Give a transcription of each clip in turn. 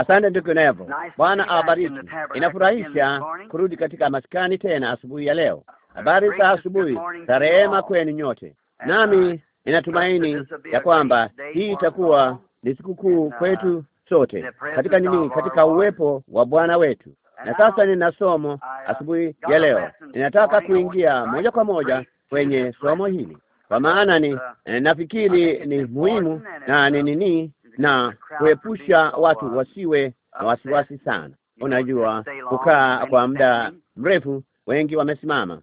Asante ndugu Nevo, Bwana awabariki. Inafurahisha kurudi katika maskani tena asubuhi ya leo. Habari za asubuhi za rehema kwenu nyote, nami uh, ninatumaini ya kwamba hii itakuwa ni sikukuu uh, kwetu sote katika nini, katika uwepo wa Bwana wetu. Na sasa nina somo uh, asubuhi ya leo, ninataka kuingia moja kwa moja kwenye somo hili kwa maana ni nafikiri ni muhimu na ni nini na kuepusha watu wasiwe na wasiwasi sana. Unajua, kukaa kwa muda mrefu, wengi wamesimama.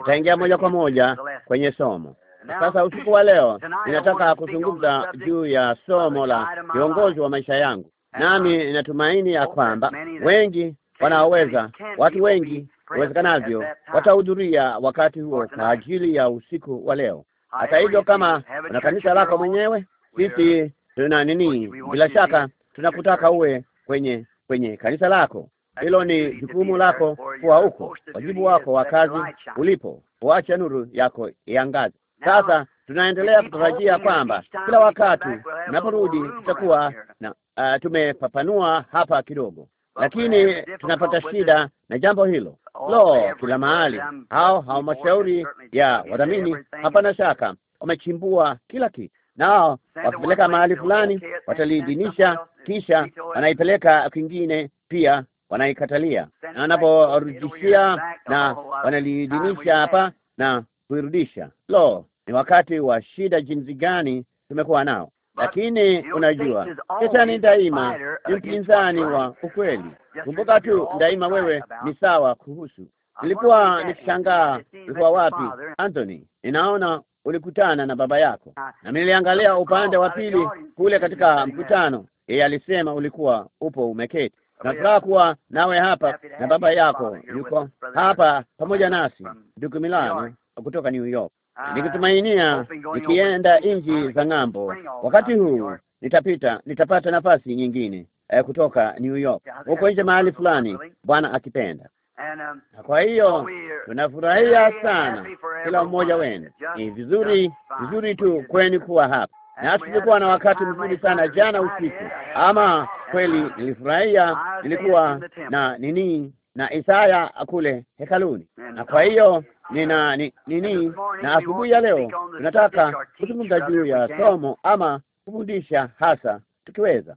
Itaingia moja kwa moja kwenye somo sasa. Usiku wa leo ninataka kuzungumza juu ya somo la viongozi wa maisha yangu, nami ninatumaini ya kwamba wengi wanaoweza, watu wengi iwezekanavyo, watahudhuria wakati huo kwa ajili ya usiku wa leo. Hata hivyo, kama una kanisa lako mwenyewe, sisi tuna nini? Bila shaka tunakutaka uwe kwenye kwenye kanisa lako. Hilo ni jukumu lako kuwa huko, wajibu wako wa kazi ulipo, uache nuru yako iangaze. Sasa tunaendelea kutarajia kwamba kila wakati tunaporudi tutakuwa na uh, ah, tumepapanua hapa kidogo, lakini tunapata shida na jambo hilo. Lo, kila mahali hao hao mashauri ya wadhamini, hapana shaka wamechimbua kila kitu nao wakipeleka mahali fulani wataliidhinisha, kisha wanaipeleka kwingine pia wanaikatalia, na wanaporudishia na wanaliidhinisha hapa na kuirudisha. Lo, ni wakati wa shida jinsi gani tumekuwa nao! Lakini unajua shetani daima ni mpinzani wa ukweli. Kumbuka tu daima, wewe ni sawa kuhusu. Nilikuwa nikishangaa, ulikuwa wapi Anthony? Ninaona ulikutana na baba yako. Ah. Na niliangalia oh, upande wa pili kule katika mkutano, yeye alisema ulikuwa upo umeketi na kuwa nawe hapa na baba yako yuko hapa pamoja nasi, ndugu Milano kutoka New York. Ah, Nikitumainia nikienda nchi za ng'ambo wakati uh, huu nitapita, nitapata nafasi nyingine eh, kutoka New York huko nje mahali fulani, Bwana akipenda. Um, na kwa hiyo tunafurahia sana kila mmoja wenu. Ni vizuri vizuri tu kwenu kuwa hapa, na tulikuwa na wakati mzuri sana jana usiku. Ama kweli uh, nilifurahia, nilikuwa na nini na Isaya kule hekaluni, na kwa hiyo nina ni, nini na asubuhi ya leo tunataka kuzungumza juu ya somo ama kufundisha hasa tukiweza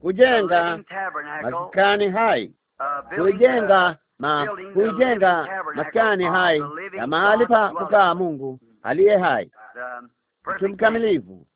kujenga maskani hai kuijenga ma kuijenga maskani hai ya mahali pa kukaa Mungu aliye hai, um, mtu mkamilifu,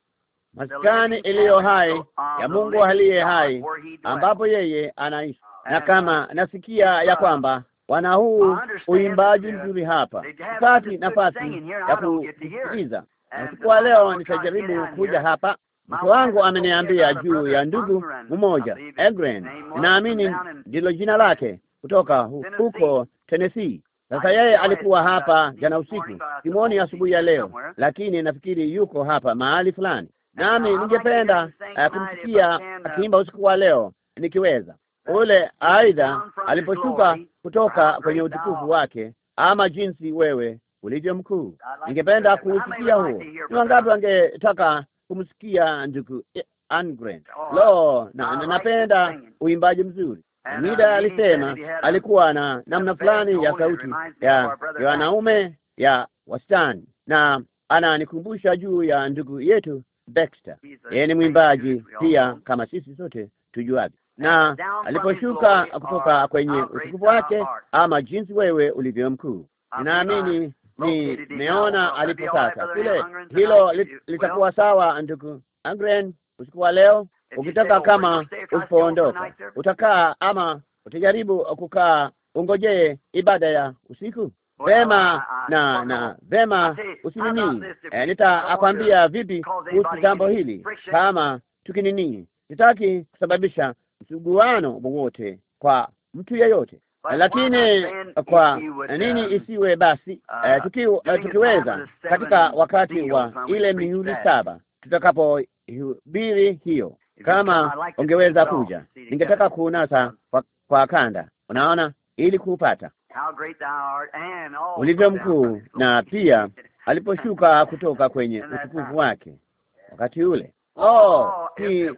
maskani iliyo hai ya Mungu aliye hai, ambapo yeye anaishi. Na kama um, nasikia ya uh, kwamba wana huu uimbaji uh, mzuri hapa, sipati nafasi ya kusikiliza, na siku leo uh, nitajaribu kuja hapa Mke wangu ameniambia juu ya ndugu mmoja Egren, naamini ndilo jina lake, kutoka huko Tennessee. Sasa yeye alikuwa hapa jana usiku, simwoni asubuhi ya leo, lakini nafikiri yuko hapa mahali fulani, nami ningependa uh, kumsikia akiimba usiku wa leo nikiweza. Ule aidha aliposhuka kutoka kwenye utukufu wake, ama jinsi wewe ulivyo mkuu. Ningependa kuusikia huo. Ni wangapi wangetaka kumsikia ndugu eh, Angren. Oh, Lo, na ah, napenda uimbaji mzuri. Mida uh, alisema alikuwa na namna fulani ya sauti ya wanaume ya wastani, na ananikumbusha juu ya ndugu yetu Baxter. Yeye ni mwimbaji pia kama sisi sote tujuavyo, na aliposhuka kutoka ah, kwenye utukufu wake, ama jinsi wewe ulivyo mkuu, ninaamini ni nimeona alipo sasa kule. Hilo litakuwa sawa, ndugu Angren, usiku wa leo ukitaka, kama usipoondoka utakaa ama utajaribu kukaa, ungojee ibada ya usiku. Vema na na vema, usinini eh, nita nitakwambia vipi kuhusu jambo hili kama tukinini. Sitaki kusababisha msuguano wowote kwa mtu yeyote lakini kwa nini um, isiwe basi eh, uh, tuki, uh, tukiweza katika wakati wa ile mihuri saba tutakapohubiri hiyo, kama ungeweza kuja, ningetaka kuunasa kwa, kwa kanda, unaona, ili kuupata ulivyo mkuu, na pia aliposhuka kutoka kwenye utukufu wake wakati ule. Oh, oh ni,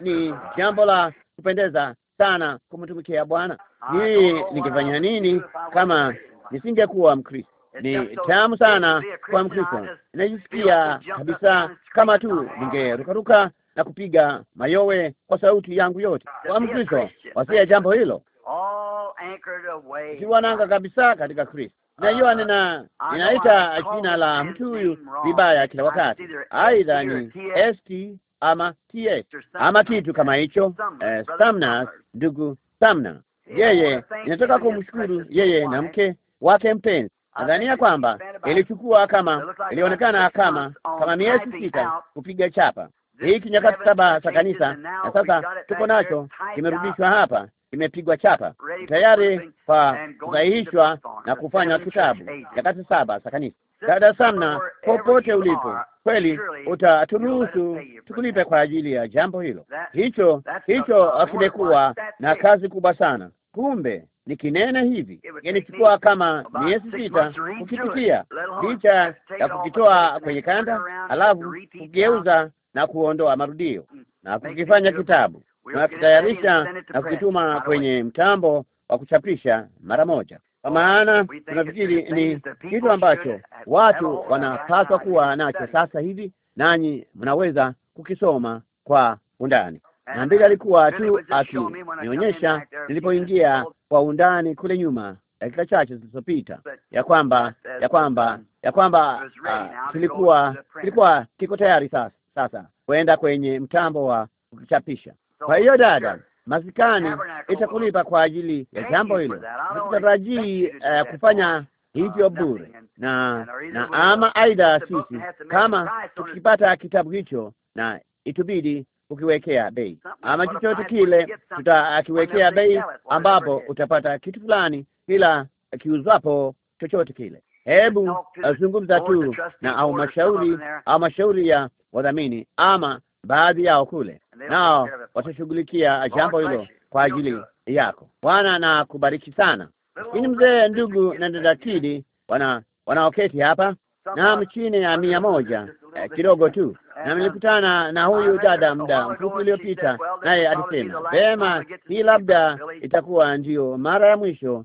ni jambo la kupendeza sana kumtumikia Bwana. Yeye ah, ningefanya nini kama nisingekuwa Mkristo? Ni tamu sana kwa Mkristo, najisikia kabisa kama tu ningerukaruka na kupiga mayowe kwa sauti yangu yote. Ah, kwa Mkristo wasia jambo hilo siwananga kabisa katika Kristo. Najua ah, nina ninaita jina la mtu huyu vibaya kila wakati, aidha ni ST ama TS ama kitu kama hicho. Eh, Samna, ndugu Samna, yeye inataka kumshukuru yeye na mke wake mpenzi. Nadhania kwamba ilichukua kama ilionekana kama kama miezi sita kupiga chapa hiki nyakati saba cha kanisa, na sasa tuko nacho, kimerudishwa hapa, kimepigwa chapa tayari kwa kusahihishwa na kufanywa kitabu. Nyakati saba za kanisa. Dada Samna, popote ulipo kweli utaturuhusu tukulipe kwa ajili ya jambo hilo. Hicho hicho kimekuwa na kazi kubwa sana. Kumbe nikinena hivi, yanichukua kama miezi sita kukipitia, licha ya kukitoa kwenye kanda, alafu kugeuza na kuondoa marudio mm. na kukifanya kitabu na kutayarisha na kukituma kwenye mtambo wa kuchapisha mara moja kwa maana tunafikiri ni kitu ambacho watu wanapaswa kuwa nacho sasa hivi, nanyi mnaweza kukisoma kwa undani. Na mbili uh, alikuwa tu akinionyesha nilipoingia kwa undani kule nyuma dakika chache zilizopita, ya kwamba ya kwamba ya kwamba uh, ah, kilikuwa kiko tayari sasa sasa kwenda kwenye mtambo wa kukichapisha. Kwa hiyo dada, masikani itakulipa kwa ajili ya jambo hilo. Hatutarajii eh, uh, kufanya hivyo bure, na na ama aidha, sisi kama tukipata kitabu hicho, na itubidi ukiwekea bei ama chochote kile, tutakiwekea bei ambapo utapata kitu fulani, ila kiuzwapo chochote kile. Hebu eh, zungumza tu na au mashauri au mashauri ya wadhamini ama baadhi yao kule, nao watashughulikia jambo hilo kwa ajili yako. Bwana na kubariki sana. Ini mzee ndugu na dada Kidi wana wanaoketi hapa na chini ya mia moja eh, kidogo tu, eh, na nilikutana na huyu dada muda mfupi uliopita, naye alisema vema, hii labda itakuwa ndiyo mara ya mwisho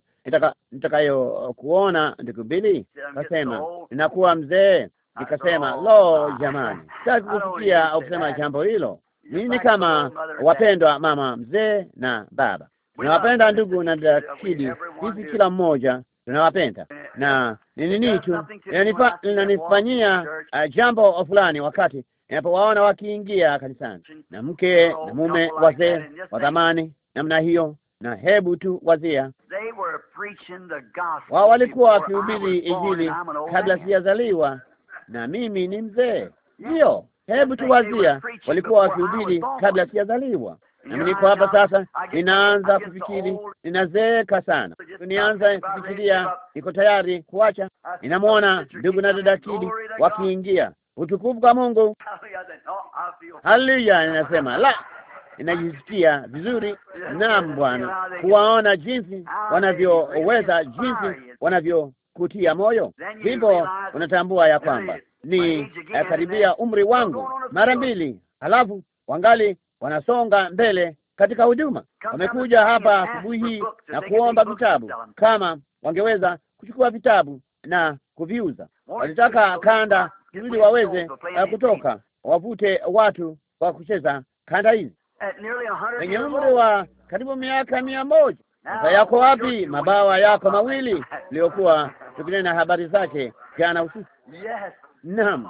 nitakayokuona ndugu Bili. Kasema ninakuwa mzee Nikasema, lo jamani, sitaki kusikia ukisema jambo hilo. Mimi kama wapendwa mama mzee na baba, tunawapenda ndugu na Kidi, sisi kila mmoja tunawapenda eh, na eh, ni nini tu linanifanyia uh, jambo fulani wakati inapowaona wakiingia kanisani na mke na mume wazee wa zamani namna hiyo, na hebu tu wazia wao walikuwa wakihubiri Injili kabla sijazaliwa na mimi ni mzee. Ndio, hebu tuwazia, walikuwa wakihubiri kabla sijazaliwa, nami niko hapa sasa, ninaanza kufikiri, ninazeeka sana, nianza kufikiria, niko tayari kuacha. Ninamwona ndugu na dada Kidi wakiingia, utukufu kwa Mungu, haleluya. Ninasema la inajisikia vizuri naam, Bwana, kuwaona jinsi wanavyoweza, jinsi wanavyo kutia moyo. Ndipo unatambua ya kwamba ni eh, karibia umri wangu mara mbili, halafu wangali wanasonga mbele katika huduma. Wamekuja hapa asubuhi hii na kuomba vitabu, kama wangeweza kuchukua vitabu na kuviuza. Walitaka kanda ili waweze eh, kutoka wavute watu wa kucheza kanda hizi. Wenye umri wa karibu miaka mia moja sasa yako wapi mabawa yako mawili niliyokuwa tukinena habari zake jana usiku? Naam,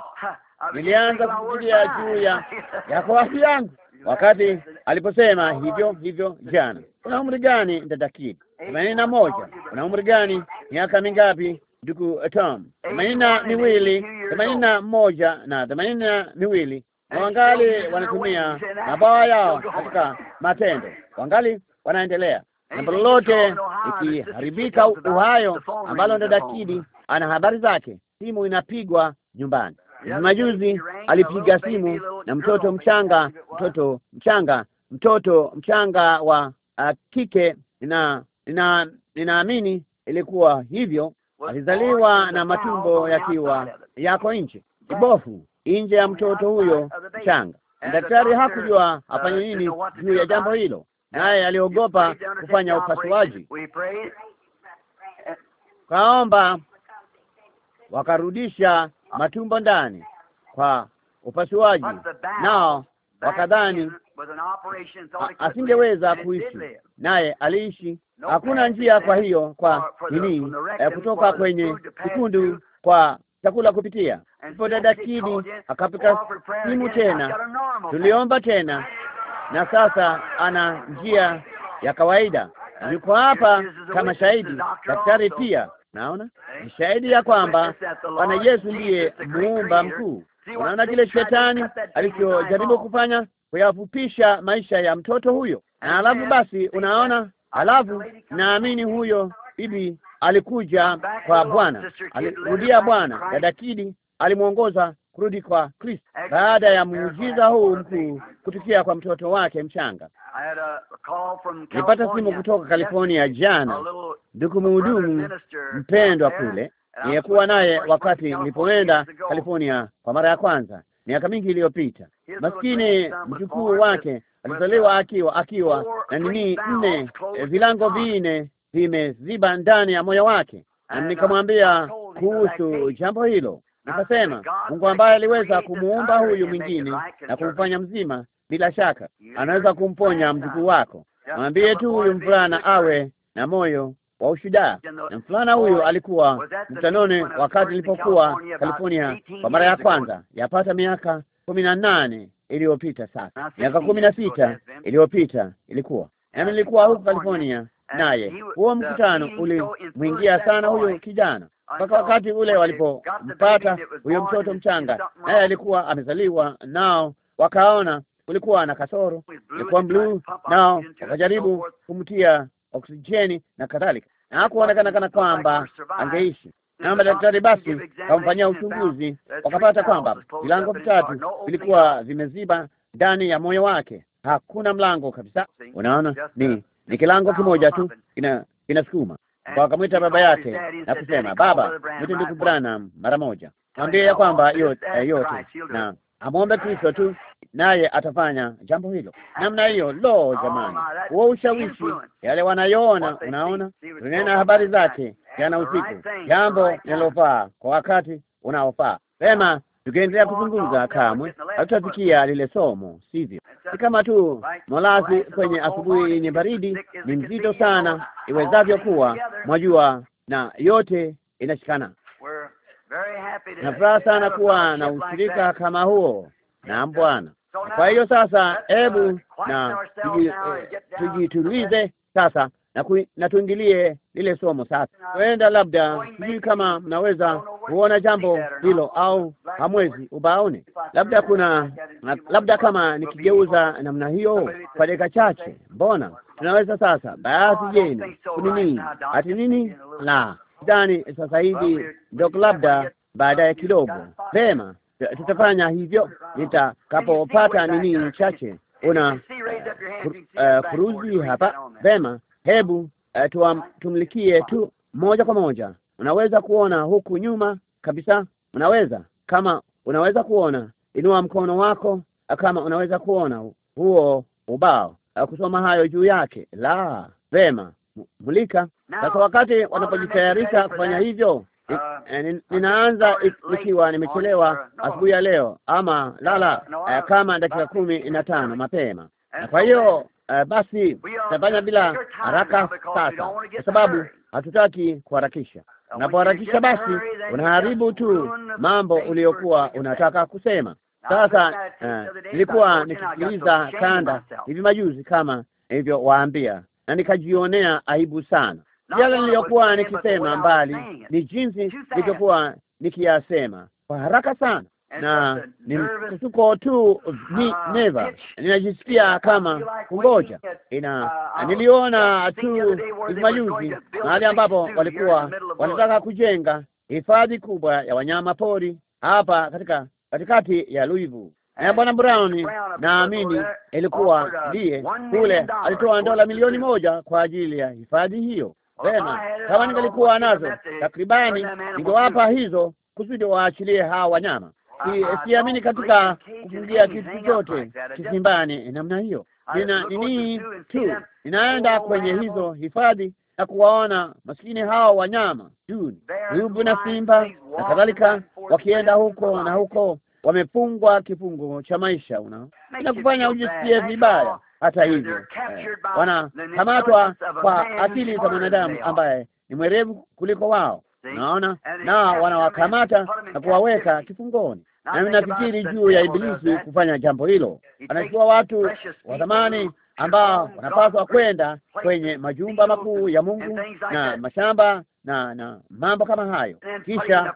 nilianza kufikiria juu ya yako wapi yangu wakati aliposema hivyo hivyo jana. Una umri gani dada Kid? themanini na moja. Una umri gani? miaka mingapi ndugu Tom? themanini na miwili, themanini na moja na themanini na miwili. Na wangali wanatumia mabawa yao katika matendo, wangali wanaendelea jambo lolote ikiharibika Uhayo, ambalo dada dakidi ana habari zake, simu inapigwa nyumbani. Majuzi alipiga simu na mtoto mchanga, mtoto mchanga, mtoto mchanga wa uh, kike, nina ninaamini nina ilikuwa hivyo. Alizaliwa na matumbo yakiwa yako nje, kibofu nje ya mtoto huyo mchanga. Daktari hakujua afanye uh, nini juu ya jambo hilo, naye aliogopa kufanya upasuaji. Kaomba wakarudisha matumbo ndani kwa upasuaji, nao wakadhani asingeweza kuishi, naye aliishi. Hakuna njia kwa hiyo kwa nini eh, kutoka kwenye kikundu kwa chakula kupitia ipo. Dada Kidi akapika simu tena, tuliomba tena na sasa ana njia ya kawaida. Yuko hapa kama shahidi, daktari pia. Naona ni shahidi ya kwamba Bwana Yesu ndiye muumba mkuu. Unaona kile shetani alichojaribu kufanya kuyafupisha maisha ya mtoto huyo, na alafu basi, unaona, alafu naamini huyo bibi alikuja kwa Bwana, alirudia Bwana. Dada Kidi alimwongoza kurudi kwa Kristo baada ya muujiza huu mkuu kutukia kwa mtoto wake mchanga. Nilipata simu kutoka California jana, ndugu mhudumu mpendwa kule niyekuwa naye wakati nilipoenda California kwa mara ya kwanza miaka mingi iliyopita. Maskini mjukuu wake alizaliwa uh, akiwa akiwa na nini nne eh, vilango vine vimeziba ndani ya moyo wake, na uh, nikamwambia kuhusu jambo hilo Nikasema, Mungu ambaye aliweza kumuumba huyu mwingine na kumfanya mzima, bila shaka anaweza kumponya mjukuu wako. Mwambie tu huyu mvulana awe na moyo wa ushujaa. Na mvulana huyu alikuwa mkutanoni wakati nilipokuwa California kwa mara ya kwanza, yapata miaka kumi na nane iliyopita. Sasa miaka kumi na sita iliyopita ilikuwa nami, nilikuwa huko California naye huo mkutano ulimwingia sana huyo kijana mpaka wakati ule walipompata huyo mtoto mchanga, naye alikuwa amezaliwa nao, wakaona ulikuwa na kasoro, ulikuwa bluu, nao wakajaribu kumtia oksijeni na kadhalika, na hakuonekana kana kwamba angeishi. Na madaktari basi wakamfanyia uchunguzi, wakapata kwamba vilango vitatu vilikuwa vimeziba ndani ya moyo wake, hakuna mlango kabisa. Unaona, ni ni kilango kimoja tu ina- inasukuma eh, kwa akamwita baba yake na kusema, baba, mwite ndugu Branham mara moja, mwambie ya kwamba yote, eh, yote na amwombe Kristo tu, naye atafanya jambo hilo. Namna hiyo, lo oh, jamani, huo ushawishi, yale wanayoona, unaona, tunena habari zake jana usiku, jambo linalofaa kwa wakati unaofaa. Sema Tukiendelea kuzungumza, kamwe hatutafikia lile somo, sivyo? Ni kama tu molasi kwenye asubuhi yenye baridi, ni mzito sana iwezavyo kuwa, mwajua, na yote inashikana. Na furaha sana kuwa na ushirika kama huo na Bwana. Kwa hiyo sasa, hebu na eh, tujitulize sasa na, kui, na tuingilie lile somo sasa. Huenda labda, sijui kama mnaweza kuona jambo hilo au hamwezi ubaone labda kuna labda, kama nikigeuza namna hiyo kwa dakika chache, mbona tunaweza sasa. Oh, baadhi yenu kuni nini ati nini la dhani sasa hivi ndio, labda baadaye kidogo, vema, tutafanya hivyo nitakapopata nini chache. Una uh, uh, kuruzi hapa, vema Hebu uh, tumlikie tu moja kwa moja. Unaweza kuona huku nyuma kabisa, unaweza kama unaweza kuona, inua mkono wako eh, kama unaweza kuona huo ubao, eh, kusoma hayo juu yake. La, vema, mulika sasa. Wakati wanapojitayarisha kufanya hivyo, uh, ninaanza ikiwa nimechelewa asubuhi ya leo, ama uh, lala kama dakika kumi na tano mapema, na kwa hiyo Uh, basi tafanya bila haraka sasa, kwa sababu hatutaki kuharakisha. Unapoharakisha basi unaharibu tu mambo uliyokuwa unataka kusema. Sasa eh, nilikuwa uh, nikisikiliza kanda hivi majuzi kama nilivyowaambia, na nikajionea aibu sana yale niliyokuwa nikisema, mbali ni jinsi nilivyokuwa nikiyasema kwa haraka sana na ni msuko tu ni uh, neva, ninajisikia kama kungoja ina. Uh, niliona tu majuzi mahali ambapo walikuwa wanataka kujenga hifadhi kubwa ya wanyama pori hapa katika katikati ya luivu na Bwana Brown naamini ilikuwa uh, ndiye kule, alitoa dola milioni moja kwa ajili ya hifadhi hiyo. Vema, kama ningelikuwa nazo takribani ningewapa hizo kusudi waachilie hawa wanyama Ah, ah, siamini katika kufungia kitu chochote kizimbani namna hiyo. Nina nini tu, ninaenda kwenye hizo hifadhi na kuwaona maskini hao wanyama duni, dubu na simba na kadhalika, wakienda huko na huko, wamefungwa kifungo cha maisha. Una inakufanya ujisikie vibaya. Hata hivyo, eh, wanakamatwa kwa akili za mwanadamu ambaye ni mwerevu kuliko wao, unaona, na wanawakamata na kuwaweka kifungoni nami nafikiri juu ya Ibilisi kufanya jambo hilo. Anachukua watu wa zamani ambao wanapaswa kwenda kwenye majumba makuu ya Mungu na mashamba na na mambo kama hayo, kisha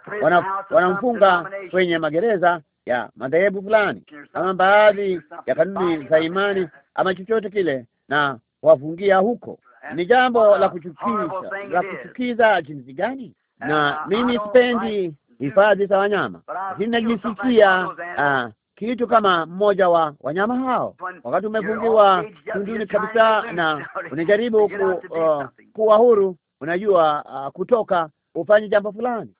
wanamfunga kwenye magereza ya madhehebu fulani ama baadhi ya kanuni za imani ama chochote kile, na wafungia huko. Ni jambo la kuchukiza, la kuchukiza jinsi gani! Na mimi sipendi hifadhi za wanyama, lakini najisikia uh, kitu kama mmoja wa wanyama hao, wakati umefungiwa tunduni kabisa na unajaribu ku, uh, kuwa huru, unajua uh, kutoka ufanye jambo fulani.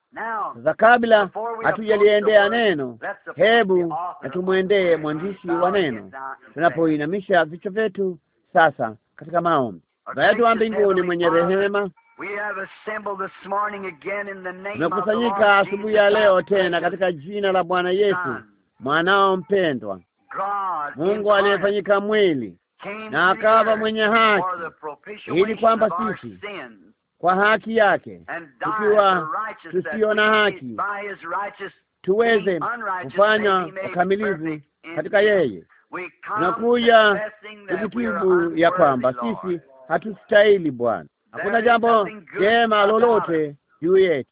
Sasa kabla hatujaliendea neno, hebu natumwendee mwandishi wa neno tunapoinamisha vichwa vyetu sasa katika maombi. Baba yetu wa mbinguni mwenye rehema Tumekusanyika asubuhi ya leo tena katika jina la Bwana Yesu mwanao mpendwa, Mungu aliyefanyika mwili na akava mwenye haki, ili kwamba sisi kwa haki yake, tukiwa tusio na haki, tuweze kufanywa ukamilifu katika yeye. Tunakuja kukitibu ya kwamba sisi hatustahili Bwana hakuna jambo jema lolote juu yetu,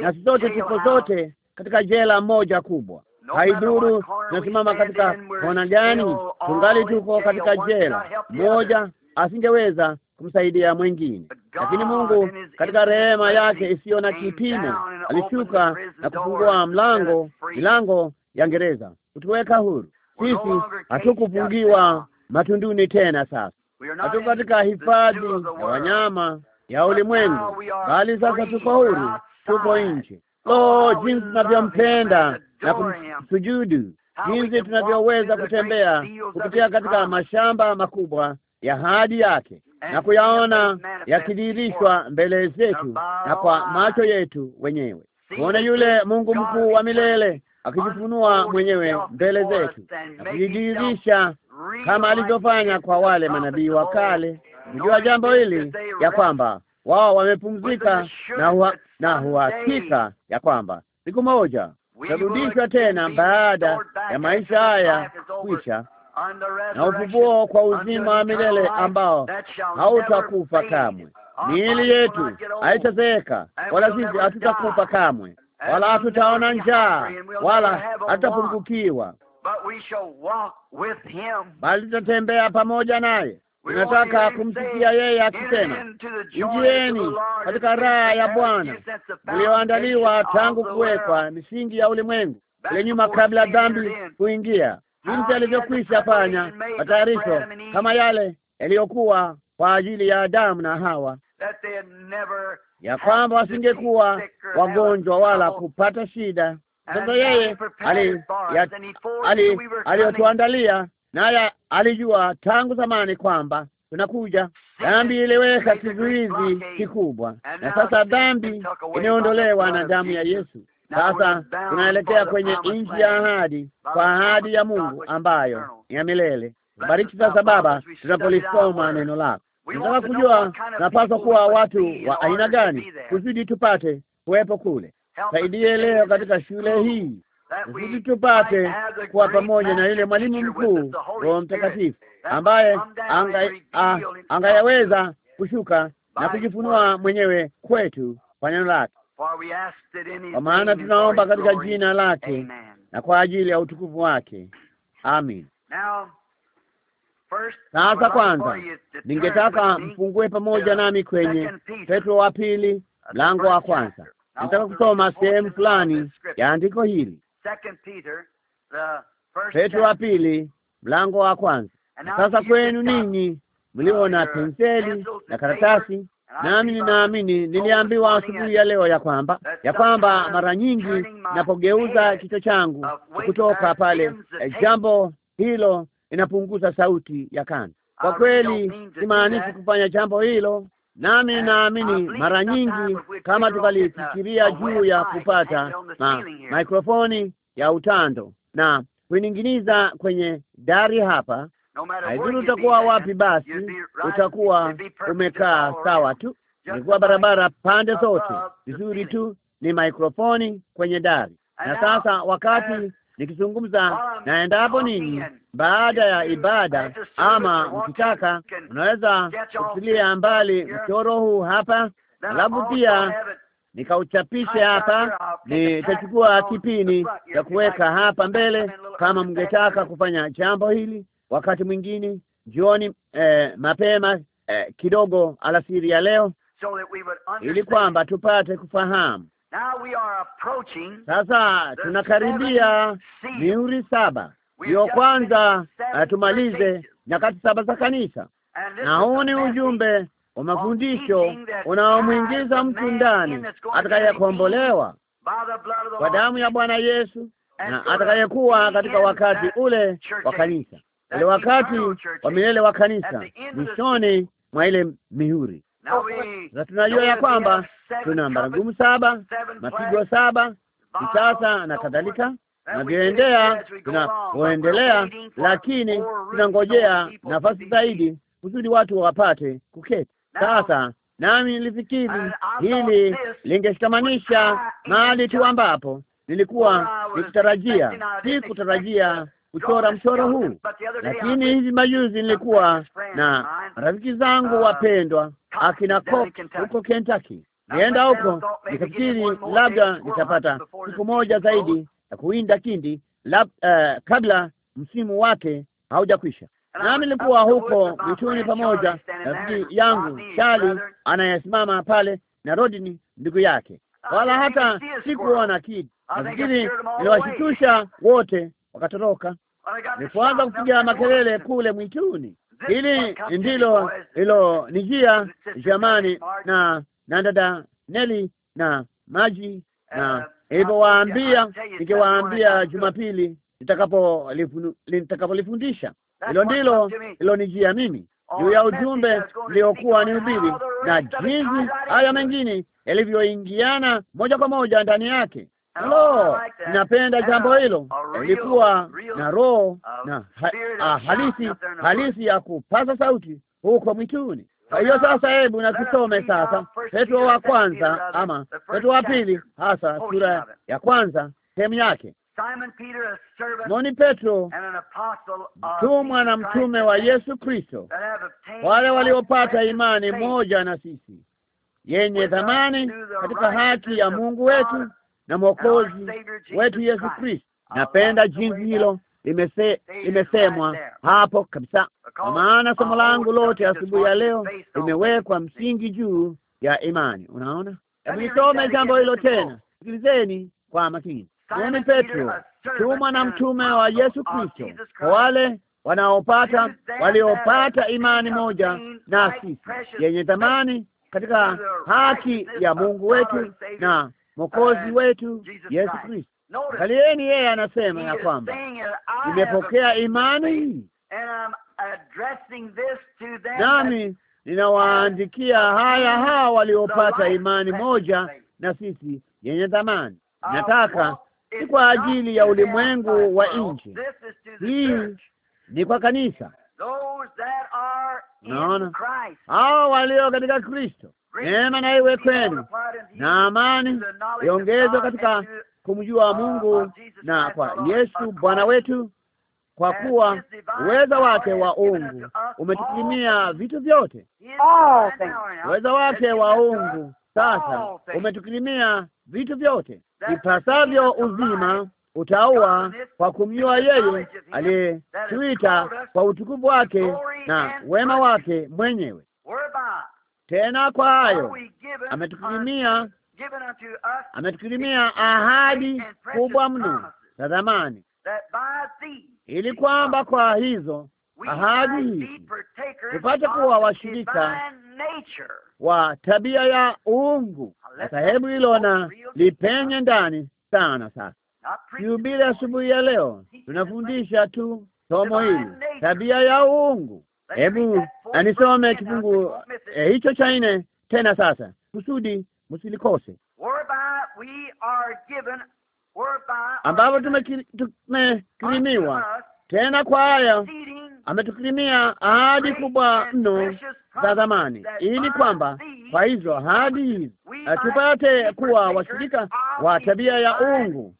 nasi sote tuko zote ah, katika jela moja kubwa. Haidhuru tunasimama katika kona gani, tungali tuko katika jela moja. Asingeweza kumsaidia mwingine, lakini Mungu katika rehema yake isiyo na kipimo alishuka na kufungua mlango milango ya gereza kutuweka huru. Sisi hatukufungiwa matunduni tena sasa Hatuko katika hifadhi ya wanyama ya ulimwengu, bali sasa tuko huru, tuko nje. Lo, oh, oh, jinsi tunavyompenda na kumsujudu, jinsi tunavyoweza kutembea kupitia katika mashamba makubwa ya hadi yake na kuyaona yakidirishwa mbele zetu na kwa macho yetu wenyewe, kuona yule Mungu mkuu wa milele akijifunua mwenyewe mbele zetu na kujidhihirisha kama alivyofanya kwa wale manabii wa kale. Kujua jambo hili ya kwamba wao wamepumzika na huwa, na uhakika ya kwamba siku moja tutarudishwa tena baada ya maisha haya kwisha na ufufuo kwa uzima wa milele ambao hautakufa kamwe. Miili yetu haitazeeka wala sisi hatutakufa kamwe, wala hatutaona njaa wala hatutapungukiwa, bali tutatembea pamoja naye. Tunataka kumsikia yeye akisema, ingieni katika raha ya Bwana iliyoandaliwa tangu kuwekwa misingi ya ulimwengu kule nyuma, kabla dhambi kuingia, jinsi alivyokwisha fanya matayarisho kama yale yaliyokuwa kwa ajili ya Adamu na Hawa ya kwamba wasingekuwa wagonjwa wala oh. kupata shida. Sasa yeye aliyotuandalia naye alijua tangu zamani kwamba tunakuja. Dhambi iliweka kizuizi kikubwa, na sasa dhambi imeondolewa na damu ya Yesu. Sasa tunaelekea kwenye nchi ya ahadi, kwa ahadi ya Mungu ambayo ni ya milele. Bariki sasa Baba, tunapolisoma neno lako nataka kujua napaswa kuwa watu wa aina gani kuzidi tupate kuwepo kule. Saidie leo katika shule hii kuzidi tupate kuwa pamoja na yule mwalimu mkuu, Roho Mtakatifu, ambaye ah, angayaweza anga kushuka na kujifunua mwenyewe kwetu kwa neno lake, kwa maana tunaomba katika jina lake na kwa ajili ya utukufu wake. Amin. Sasa kwanza, ningetaka mfungue pamoja nami kwenye Petro wa pili mlango wa kwanza. Nataka kusoma sehemu fulani ya andiko hili, Petro wa pili mlango wa kwanza. Sasa kwenu ninyi mlio na penseli na karatasi, nami ninaamini niliambiwa asubuhi ya leo ya kwamba ya kwamba mara nyingi napogeuza kichwa changu kutoka pale, eh, jambo hilo inapunguza sauti ya kanda. Kwa kweli simaanishi kufanya jambo hilo, nami uh, naamini uh, mara nyingi kama tukalifikiria juu ya kupata ma mikrofoni ya utando na kuining'iniza kwenye dari hapa, haidhuru utakuwa wapi, basi utakuwa umekaa sawa tu. Ilikuwa barabara pande zote vizuri tu, ni mikrofoni kwenye dari. Na sasa wakati nikizungumza na endapo ninyi baada ya ibada, ama mkitaka, unaweza kusilia mbali mchoro huu hapa, alafu pia nikauchapishe hapa. Nitachukua kipini cha kuweka hapa mbele, kama mngetaka kufanya jambo hili wakati mwingine jioni, eh, mapema eh, kidogo alasiri ya leo, ili kwamba tupate kufahamu sasa tunakaribia mihuri saba, hiyo, kwanza eh, tumalize nyakati saba za kanisa, na huu ni ujumbe wa mafundisho unaomwingiza mtu ndani atakayekombolewa kwa damu ya Bwana Yesu na atakayekuwa katika wakati ule wa kanisa, ule wakati wa milele wa kanisa, mwishoni mwa ile mihuri. Sasa tunajua ya kwamba tuna baragumu saba, mapigo saba, kisasa na kadhalika navyoendea tunapoendelea, lakini tunangojea nafasi zaidi kusudi watu wapate kuketi. Sasa nami nilifikiri hili lingeshikamanisha mahali tu ambapo nilikuwa nikitarajia, si kutarajia kuchora mchoro huu, lakini hivi majuzi nilikuwa na rafiki zangu uh, wapendwa akina Cox huko Kentucky nienda huko nikafikiri labda nitapata siku moja zaidi ya kuwinda kindi lab, uh, kabla msimu wake haujakwisha. Nami nilikuwa huko mituni pamoja na rafiki yangu chali anayesimama pale na Rodini ndugu yake, wala hata sikuona kitu. Nafikiri niliwashitusha wote wakatoroka. Nilipoanza kupiga makelele kule mwituni, hili ndilo ilonijia jamani, na na dada Neli na maji na hivyo waambia, ningewaambia Jumapili nitakapolifundisha hilo ndilo ilonijia mimi juu ya ujumbe uliokuwa ni ubiri na jinsi haya mengine yalivyoingiana moja kwa moja ndani yake. Oh, Lo, napenda jambo hilo. Ilikuwa na roho uh, na ah, halisi halisi ya kupaza sauti huko mwituni. Kwa hiyo sasa, hebu na sasa Petro wa kwanza ama Petro wa pili, hasa sura ya kwanza sehemu yake. moni Petro, mtumwa na mtume wa Yesu Kristo, wale waliopata imani moja na sisi yenye thamani katika haki ya Mungu wetu na mwokozi wetu Yesu Kristo. Napenda jinsi hilo limesemwa hapo kabisa, kwa maana somo langu lote asubuhi ya leo limewekwa msingi juu ya imani. Unaona, hebu nisome jambo hilo tena, sikilizeni kwa makini. Mimi Petro, tumwa na mtume wa Yesu Kristo, kwa wale wanaopata waliopata imani moja na sisi yenye thamani katika haki ya Mungu wetu na mwokozi wetu Yesu Kristo. Angalieni, yeye anasema ya kwamba nimepokea imani nami ninawaandikia haya hawa waliopata imani moja na sisi yenye thamani. Nataka si kwa ajili ya ulimwengu wa nje, hii ni kwa kanisa. Naona hao walio katika Kristo, neema na iwe kwenu na amani iongezwe katika kumjua ah, Mungu na kwa Yesu Bwana wetu, kwa kuwa uweza wake wa ungu umetukirimia vitu vyote. Uweza wake wa ungu sasa umetukirimia vitu vyote vipasavyo uzima, utaua kwa kumjua yeye aliyetuita kwa utukufu wake na wema wake mwenyewe. Tena kwa hayo ametukirimia ametukirimia ahadi kubwa mno za zamani ili kwamba kwa hizo ahadi hizi tupate kuwa washirika wa tabia ya uungu. Sasa hebu hilo na lipenye ndani sana. Sasa kihubiri asubuhi ya leo, tunafundisha tu somo hili, tabia ya uungu. Hebu anisome kifungu eh, hicho cha nne tena sasa kusudi msilikose, ambapo tumekirimiwa tena kwa haya ametukirimia ahadi kubwa mno za zamani, ili kwamba kwa hizo ahadi hizi eh, tupate kuwa washirika wa tabia ya uungu,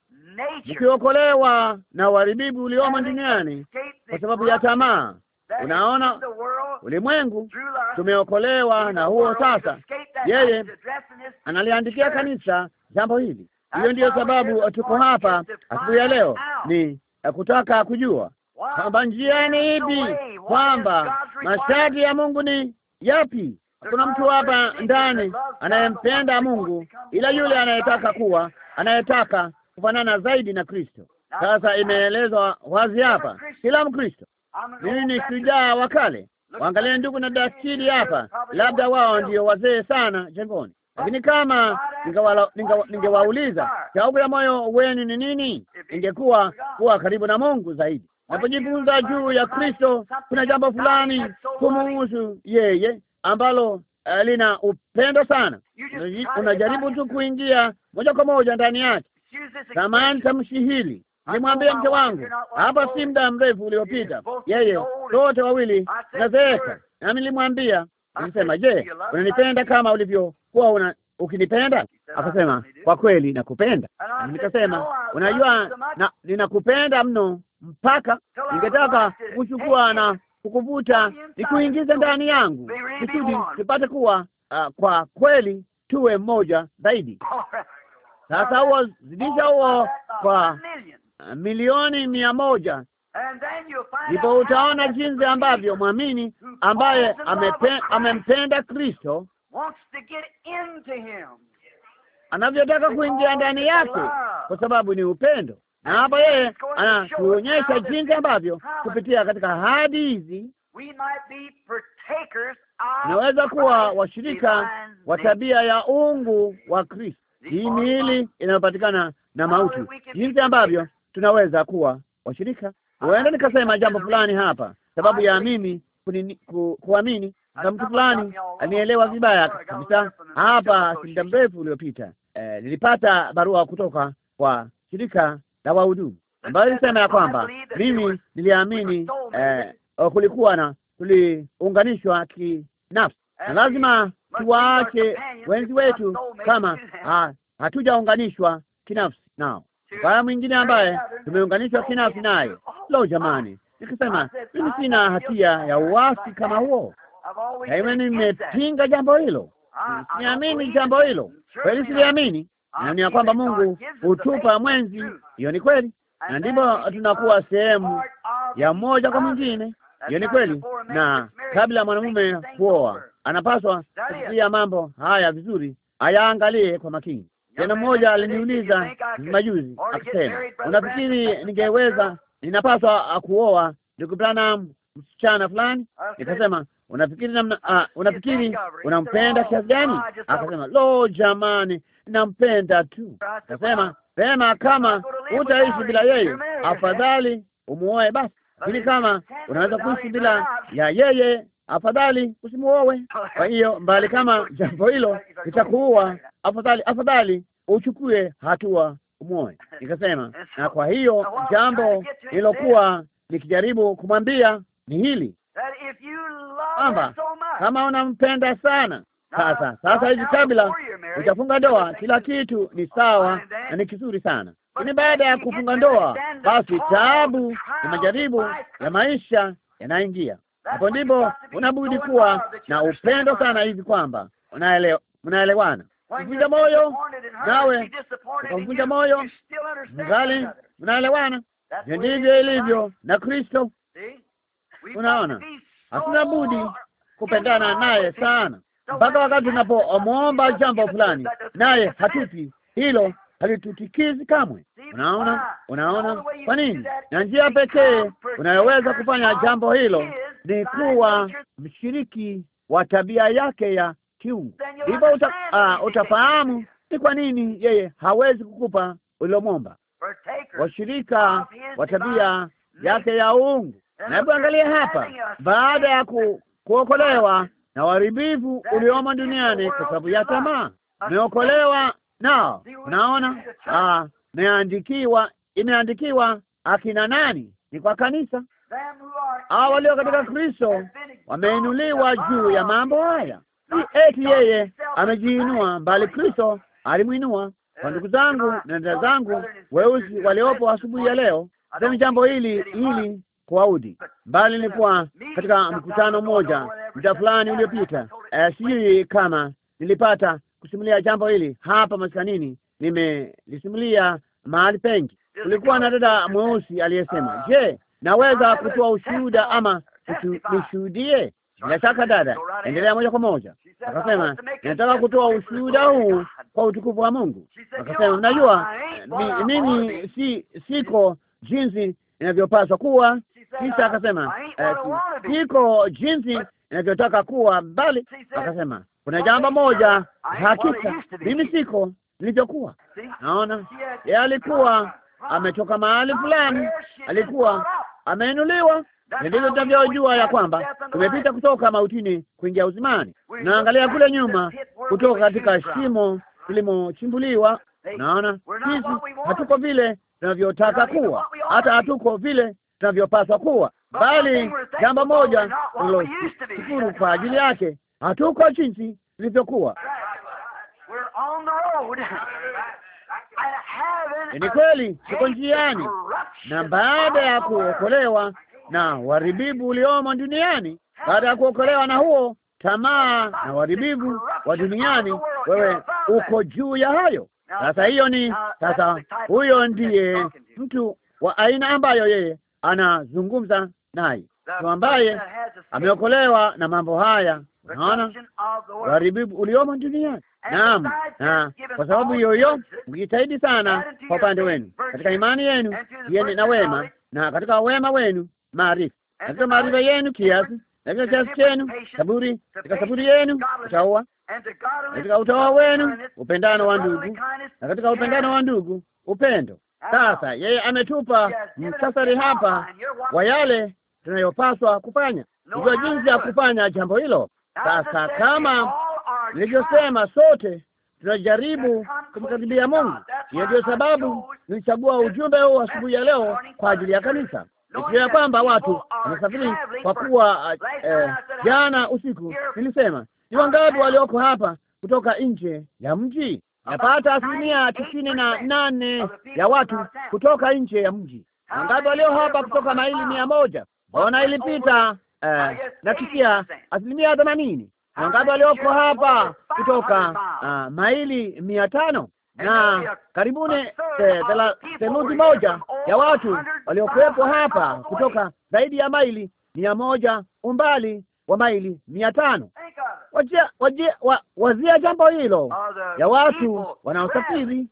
mkiokolewa na uharibifu uliomo duniani kwa sababu ya tamaa Unaona, ulimwengu tumeokolewa na huo sasa. Yeye analiandikia kanisa jambo hili. Hiyo ndiyo sababu tuko hapa asubuhi ya leo, ni kutaka kujua kwamba njia ni ipi, kwamba masharti ya Mungu ni yapi. Kuna mtu hapa ndani anayempenda Mungu, ila yule anayetaka kuwa, anayetaka kufanana zaidi na Kristo. Sasa imeelezwa wazi hapa, kila Mkristo mimi ni shujaa wa kale. Waangalie ndugu na daskili hapa, labda wao ndio wazee sana jengoni, lakini kama ningewauliza shauku ya moyo wenu ni nini, ingekuwa kuwa karibu na Mungu zaidi. Napojifunza juu ya Kristo, kuna jambo fulani kumuhusu yeye ambalo eh, lina upendo sana. Unajaribu tu kuingia moja kwa moja ndani yake. Samani tamshi hili nilimwambia mke wangu hapa si muda mrefu uliopita, yeye sote wawili nazeeka, nami nilimwambia nilisema, je, unanipenda kama ulivyokuwa una ukinipenda? Akasema, kwa kweli nakupenda. Nikasema, unajua na, ninakupenda mno mpaka ningetaka kuchukua na kukuvuta nikuingize ndani yangu kusudi tupate kuwa uh, kwa kweli tuwe mmoja zaidi. Sasa huo zidisha huo kwa Ah, milioni mia moja ndipo utaona jinsi ambavyo mwamini ambaye amempenda Kristo anavyotaka kuingia ndani yake, kwa sababu ni upendo. Na hapa yeye anatuonyesha jinsi ambavyo kupitia katika ahadi hizi naweza kuwa washirika wa tabia ya uungu wa Kristo, hii miili inayopatikana na mauti, jinsi ambavyo tunaweza kuwa washirika. Huenda nikasema jambo fulani hapa sababu ya mimi ku, kuamini na mtu fulani alielewa vibaya kabisa. Hapa si muda mrefu uliopita eh, nilipata barua kutoka kwa shirika la wahudumu ambayo ilisema ya kwamba mimi niliamini eh, oh, kulikuwa na tuliunganishwa kinafsi na eh, lazima tuwaache wenzi wetu kama ha, hatujaunganishwa kinafsi nao baya mwingine ambaye tumeunganishwa kinafsi naye. Lo jamani, nikisema mimi sina hatia ya uasi kama huo, daima nimepinga jambo hilo, niamini jambo hilo kweli, siliamini nani ya kwamba Mungu hutupa mwenzi, hiyo ni kweli, na ndipo tunakuwa sehemu ya mmoja kwa mwingine, hiyo ni kweli. Na kabla mwanamume kuoa, anapaswa kufikiria mambo haya vizuri, ayaangalie kwa makini. Jana mmoja aliniuliza majuzi akisema, unafikiri ningeweza, ninapaswa kuoa ndugu Branham, msichana fulani? Nikasema, unafikiri namna, uh, unafikiri unampenda kiasi gani? Akasema, lo, jamani, nampenda tu. Akasema, pema, kama utaishi bila yeye, afadhali umuoe basi, lakini kama unaweza kuishi bila ya yeye afadhali usimuowe. Kwa hiyo mbali, kama jambo hilo litakuua, afadhali afadhali uchukue hatua umwoe. Nikasema, na kwa hiyo jambo nilokuwa nikijaribu kumwambia ni hili kwamba kama unampenda sana sasa, sasa hivi kabla utafunga ndoa, kila kitu ni sawa na ni kizuri sana lakini baada ya kufunga ndoa, basi taabu na majaribu ya maisha yanaingia. Hapo ndipo unabudi kuwa na upendo sana hivi kwamba unaelewana, unaelewana kuvunja moyo nawe ukamvunja moyo ngali mnaelewana. Ndivyo ilivyo na Kristo. Unaona, hatuna budi kupendana naye sana mpaka wakati tunapomwomba jambo fulani, naye hatupi hilo halitutikizi kamwe. Unaona, unaona kwa nini? Na njia pekee unayoweza kufanya jambo hilo ni kuwa mshiriki wa tabia yake ya kiungu. Ndipo uta, uh, utafahamu ni kwa nini yeye hawezi kukupa ulilomwomba. Washirika wa tabia yake ya uungu. Na hebu angalia hapa, baada ya ku, kuokolewa na uharibifu uliomo duniani kwa sababu ya tamaa, umeokolewa nao unaona, ah, imeandikiwa imeandikiwa akina nani? Ni kwa kanisa. Hao walio katika Kristo wameinuliwa juu ya mambo haya, si eti yeye amejiinua, bali Kristo alimwinua. Kwa ndugu zangu na dada zangu weusi waliopo asubuhi ya leo, semi jambo hili ili kuaudi, bali nilikuwa katika mkutano mmoja muda fulani uliopita, eh, sijui kama nilipata kusimulia jambo hili hapa maskanini, nimelisimulia mahali pengi. Kulikuwa na dada mweusi aliyesema, je, naweza kutoa ushuhuda ama nishuhudie? Bila shaka dada, endelea moja kwa moja. Akasema, nataka kutoa ushuhuda huu kwa utukufu wa Mungu. Akasema, mnajua eh, mimi si siko jinsi inavyopaswa kuwa. Kisha akasema, eh, siko jinsi inavyotaka kuwa, bali akasema kuna jambo moja hakika, mimi siko nilivyokuwa. Naona yeye alikuwa ametoka mahali fulani, alikuwa ameinuliwa ndivyo tunavyojua ya kwamba tumepita kutoka mautini kuingia uzimani. Naangalia kule nyuma, kutoka katika shimo tulimochimbuliwa, naona sisi hatuko vile tunavyotaka kuwa, hata hatuko vile tunavyopaswa kuwa, bali jambo moja liloshukuru kwa ajili yake, hatuko jinsi tulivyokuwa. Ni kweli tuko njiani, na baada ya kuokolewa na uharibifu uliomo duniani, baada ya kuokolewa na huo tamaa na uharibifu wa duniani, wewe uko juu ya hayo. Sasa hiyo ni sasa, huyo ndiye mtu wa aina ambayo yeye anazungumza naye mtu ambaye ameokolewa na mambo haya. Unaona uharibifu uliomo duniani. Naam, na kwa sababu hiyo hiyo mjitahidi sana kwa upande wenu, katika imani yenu yeni na wema, na katika wema wenu maarifa, katika maarifa yenu kiasi, na katika kiasi chenu saburi, katika saburi yenu utaua, katika utaua wenu upendano wa ndugu, na katika upendano wa ndugu upendo sasa ah. yeye ametupa msasari hapa wa yale tunayopaswa kufanya, ndio jinsi ya kufanya jambo hilo. Sasa kama nilivyosema, sote tunajaribu kumkaribia Mungu. Hiyo ndio sababu nilichagua ujumbe huu asubuhi ya leo kwa ajili ya kanisa, ikiwa ya kwamba watu wanasafiri kwa kuwa. Eh, jana usiku nilisema ni wangapi walioko hapa kutoka nje ya mji? napata asilimia tisini na nane ya watu kutoka nje ya mji. Wangapi walio hapa kutoka maili mia moja? Mbona ilipita uh, eh, nafikia asilimia themanini. Wangapi walioko hapa kutoka uh, maili mia tano? Na karibuni eh, theluthi moja ya watu waliokuwepo hapa kutoka zaidi ya maili mia moja umbali wa maili mia tano. Wazia, wazia, wazia jambo hilo ya watu wanaosafiri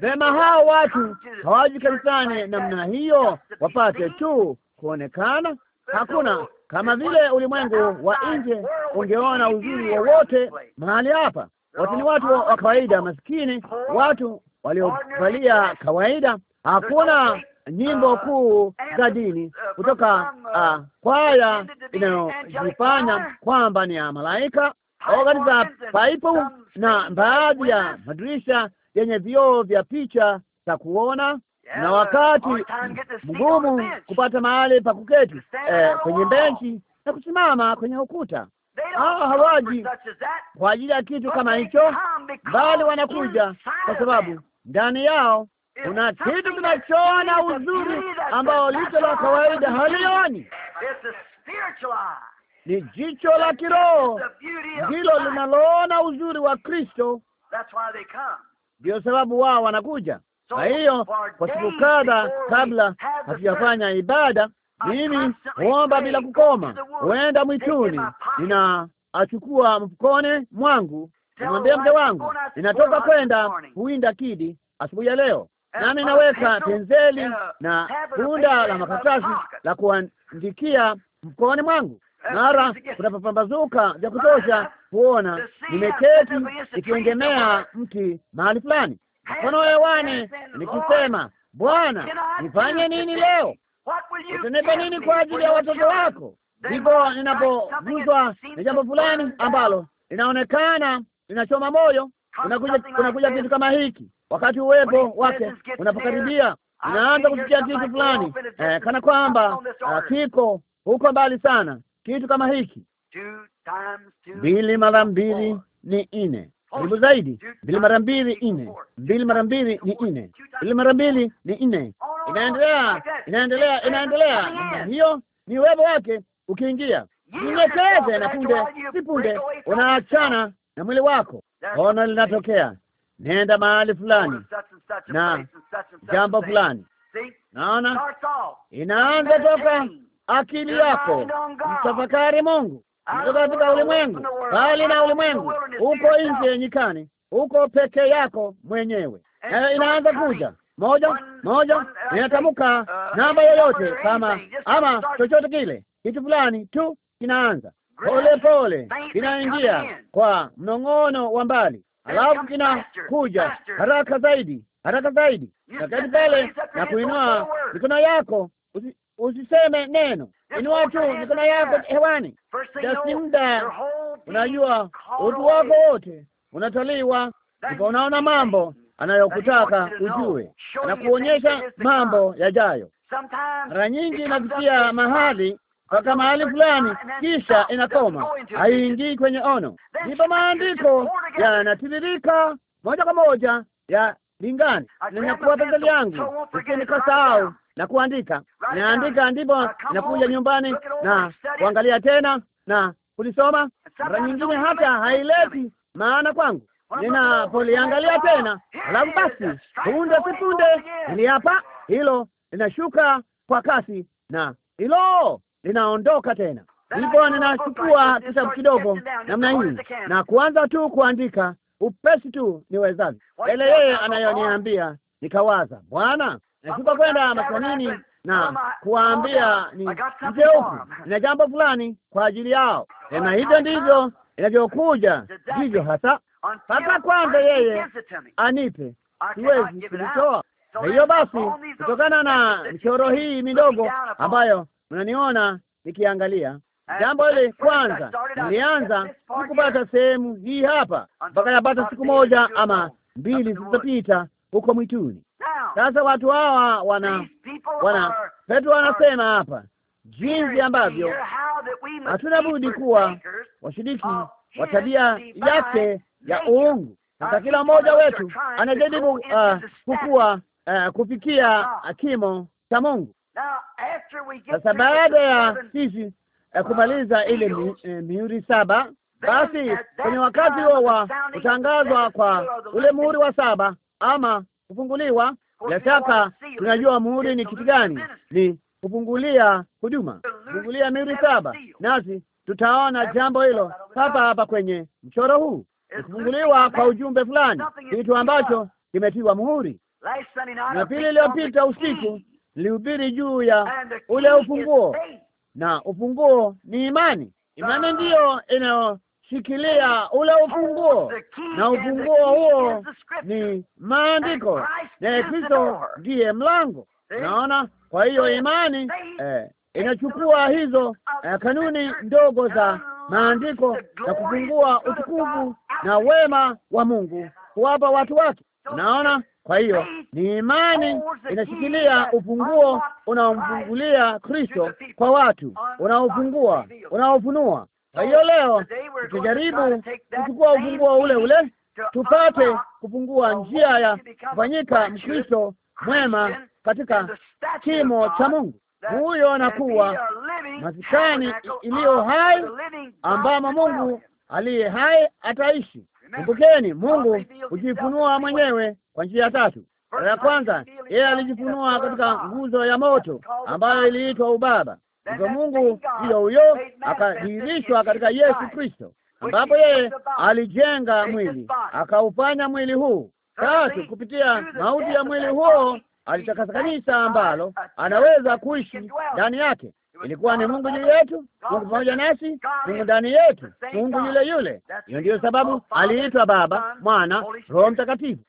vema. Hao watu hawaji kanisani namna hiyo, wapate tu kuonekana. Hakuna kama vile ulimwengu wa nje ungeona uzuri wowote mahali hapa. Watu ni watu wa kawaida, maskini, watu waliovalia kawaida, hakuna nyimbo ah, kuu za dini uh, kutoka ah, uh, kwaya inayojifanya kwamba ni ya malaika wakati za paipu na baadhi ya madirisha yenye vioo vya picha za kuona na wakati mgumu kupata mahali pa kuketi eh, kwenye benchi na kusimama kwenye ukuta. Hao hawaji kwa ajili ya kitu kama hicho, bali wanakuja kwa sababu ndani yao kuna kitu kinachoona uzuri ambao licho la kawaida halioni. Ni jicho la kiroho ndilo linaloona uzuri wa Kristo, ndiyo sababu wao wanakuja. Kwa hiyo kwa siku kadha kabla hatujafanya ibada, mimi huomba bila kukoma, huenda mwituni, ninaachukua mfukone mwangu, namwambia mke wangu, ninatoka kwenda kuwinda kidi asubuhi ya leo nami naweka penseli na bunda la makaratasi la kuandikia mkoani mwangu, mara kunapopambazuka vya kutosha kuona nimeketi ikiengemea mti mahali fulani, mkono hewani, nikisema Bwana, nifanye nini leo? Utanipa nini kwa ajili ya watoto wako? Ndipo ninapoguzwa na jambo fulani ambalo linaonekana linachoma moyo. kunakuja unakuja kitu kama hiki wakati uwepo wake unapokaribia, unaanza kufikia kitu fulani eh, kana kwamba uh, eh, kiko huko mbali sana, kitu kama hiki mbili mara mbili ni nne karibu zaidi, mbili mara mbili nne, mbili mara mbili ni nne, mbili mara mbili ni nne. Inaendelea, inaendelea, inaendelea. Mm-hmm. Hiyo ni uwepo wake ukiingia, inyekeze na punde si punde unaachana na mwili wako. Ona linatokea nenda mahali fulani na jambo fulani. Naona inaanza toka akili yako, mtafakari Mungu kutoka katika ulimwengu, bali na ulimwengu uko nje nyikani, uko peke yako mwenyewe. Nayo eh, inaanza kuja moja moja, uh, inatamka uh, uh, namba yoyote kama ama chochote kile, kitu fulani tu kinaanza pole pole, inaingia kwa mnong'ono wa mbali alafu kinakuja haraka zaidi, haraka zaidi, nakati pale na kuinua mikono yako, usiseme neno, inua tu mikono yako hewani. Basi muda unajua, utu wako wote unataliwa, ndipo unaona mambo anayokutaka ujue, anakuonyesha mambo yajayo. Mara nyingi inafikia mahali mpaka mahali fulani, kisha inakoma, haiingii kwenye ono. Ndipo maandiko yanatiririka moja kwa moja ya lingani. Ninakuwa pembeni yangu, usinikasahau na kuandika. Naandika, ndipo nakuja nyumbani na kuangalia tena na kulisoma. Mara nyingine hata haileti maana kwangu ninapoliangalia tena, oh, alafu basi punde sipunde ili hapa hilo linashuka kwa kasi na hilo linaondoka tena. Hivyo ninachukua kitabu kidogo namna hii na kuanza tu kuandika upesi tu niwezavyo, ile yeye anayoniambia. Nikawaza, Bwana, kwenda makanini na kuwaambia ni mje huku, nina jambo fulani kwa ajili yao, na hivyo ndivyo inavyokuja, ndivyo hasa hata kwanza yeye anipe, siwezi kulitoa. Hiyo basi, kutokana na michoro hii midogo ambayo mnaniona nikiangalia jambo hili. Kwanza nilianza sikupata sehemu hii hapa mpaka yapata siku moja ama mbili zilizopita huko mwituni. Sasa watu hawa wana wana Petro anasema hapa jinsi ambavyo hatuna budi kuwa washiriki wa tabia yake ya uungu. Sasa kila mmoja wetu anajaribu uh, kukua uh, kufikia kimo cha Mungu. Sasa baada ya sisi eh, uh, kumaliza ile eh, mihuri saba, basi kwenye wakati huo wa kutangazwa kwa ule muhuri wa saba ama kufunguliwa, bila shaka tunajua muhuri ni kitu gani, ni kufungulia huduma, kufungulia mihuri saba, nasi tutaona jambo hilo hapa hapa kwenye mchoro huu, ni kufunguliwa kwa ujumbe fulani, kitu ambacho kimetiwa muhuri. Na pili iliyopita usiku nilihubiri juu ya ule ufunguo, na ufunguo ni imani. Imani ah. ndiyo inayoshikilia ule ufunguo, na ufunguo huo ni maandiko, naye Kristo ndiye mlango. Naona, kwa hiyo imani eh, inachukua hizo eh, kanuni ndogo za maandiko na kufungua utukufu na wema wa Mungu kuwapa watu wake. Naona kwa hiyo ni imani inashikilia ufunguo unaomfungulia Kristo kwa watu, unaofungua unaofunua. Kwa hiyo leo tutajaribu kuchukua ufunguo ule ule tupate kufungua njia ya kufanyika Mkristo mwema katika kimo cha Mungu. Huyo anakuwa masikani iliyo hai ambamo Mungu aliye hai ataishi. Kumbukeni, Mungu hujifunua mwenyewe kwa njia tatu. Ya kwanza, yeye alijifunua katika nguzo ya moto ambayo iliitwa ubaba. Hivyo Mungu hiyo huyo akadhihirishwa katika Yesu Kristo, ambapo yeye alijenga mwili akaufanya mwili huu. Tatu, kupitia mauti ya mwili huo alitakasa kanisa ambalo anaweza kuishi ndani yake ilikuwa ni Mungu juu yetu, Mungu pamoja nasi, Mungu ndani yetu, Mungu yule yule. Hiyo ndiyo sababu aliitwa Baba, Mwana, Roho Mtakatifu,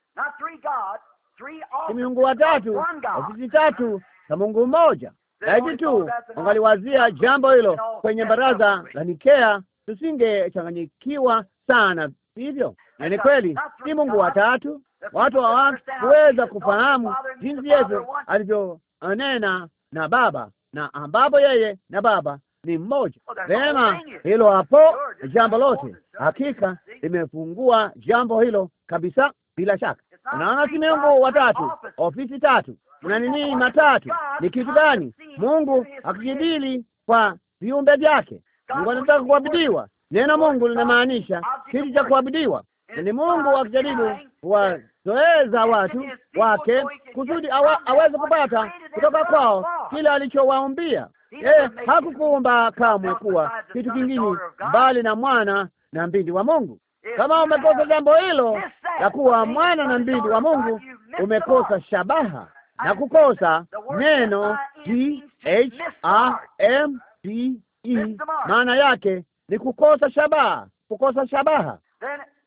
si miungu watatu, ofisi tatu za Mungu mmoja. Laiti tu angaliwazia jambo hilo kwenye baraza la Nikea, tusingechanganyikiwa sana, hivyo na ni kweli, si Mungu watatu. Watu hawakuweza kufahamu jinsi Yesu alivyonena na Baba na ambapo yeye na Baba ni mmoja. Vema, hilo hapo jambo lote hakika limefungua jambo hilo kabisa. Bila shaka, unaona, si watatu, ofisi tatu, na nini matatu? Ni kitu gani? Mungu akijibili kwa viumbe vyake. Mungu anataka kuabudiwa. Neno Mungu linamaanisha kitu cha kuabudiwa ni Mungu akijaribu kuwazoeza watu wake kusudi awa, aweze kupata kutoka kwao kile alichowaumbia. Eh, hakukuumba kamwe kuwa kitu kingine mbali na mwana na mbindi wa Mungu. Kama umekosa jambo hilo la kuwa mwana na mbindi wa Mungu, umekosa shabaha na kukosa neno G H A M D E, maana yake ni kukosa shabaha, kukosa shabaha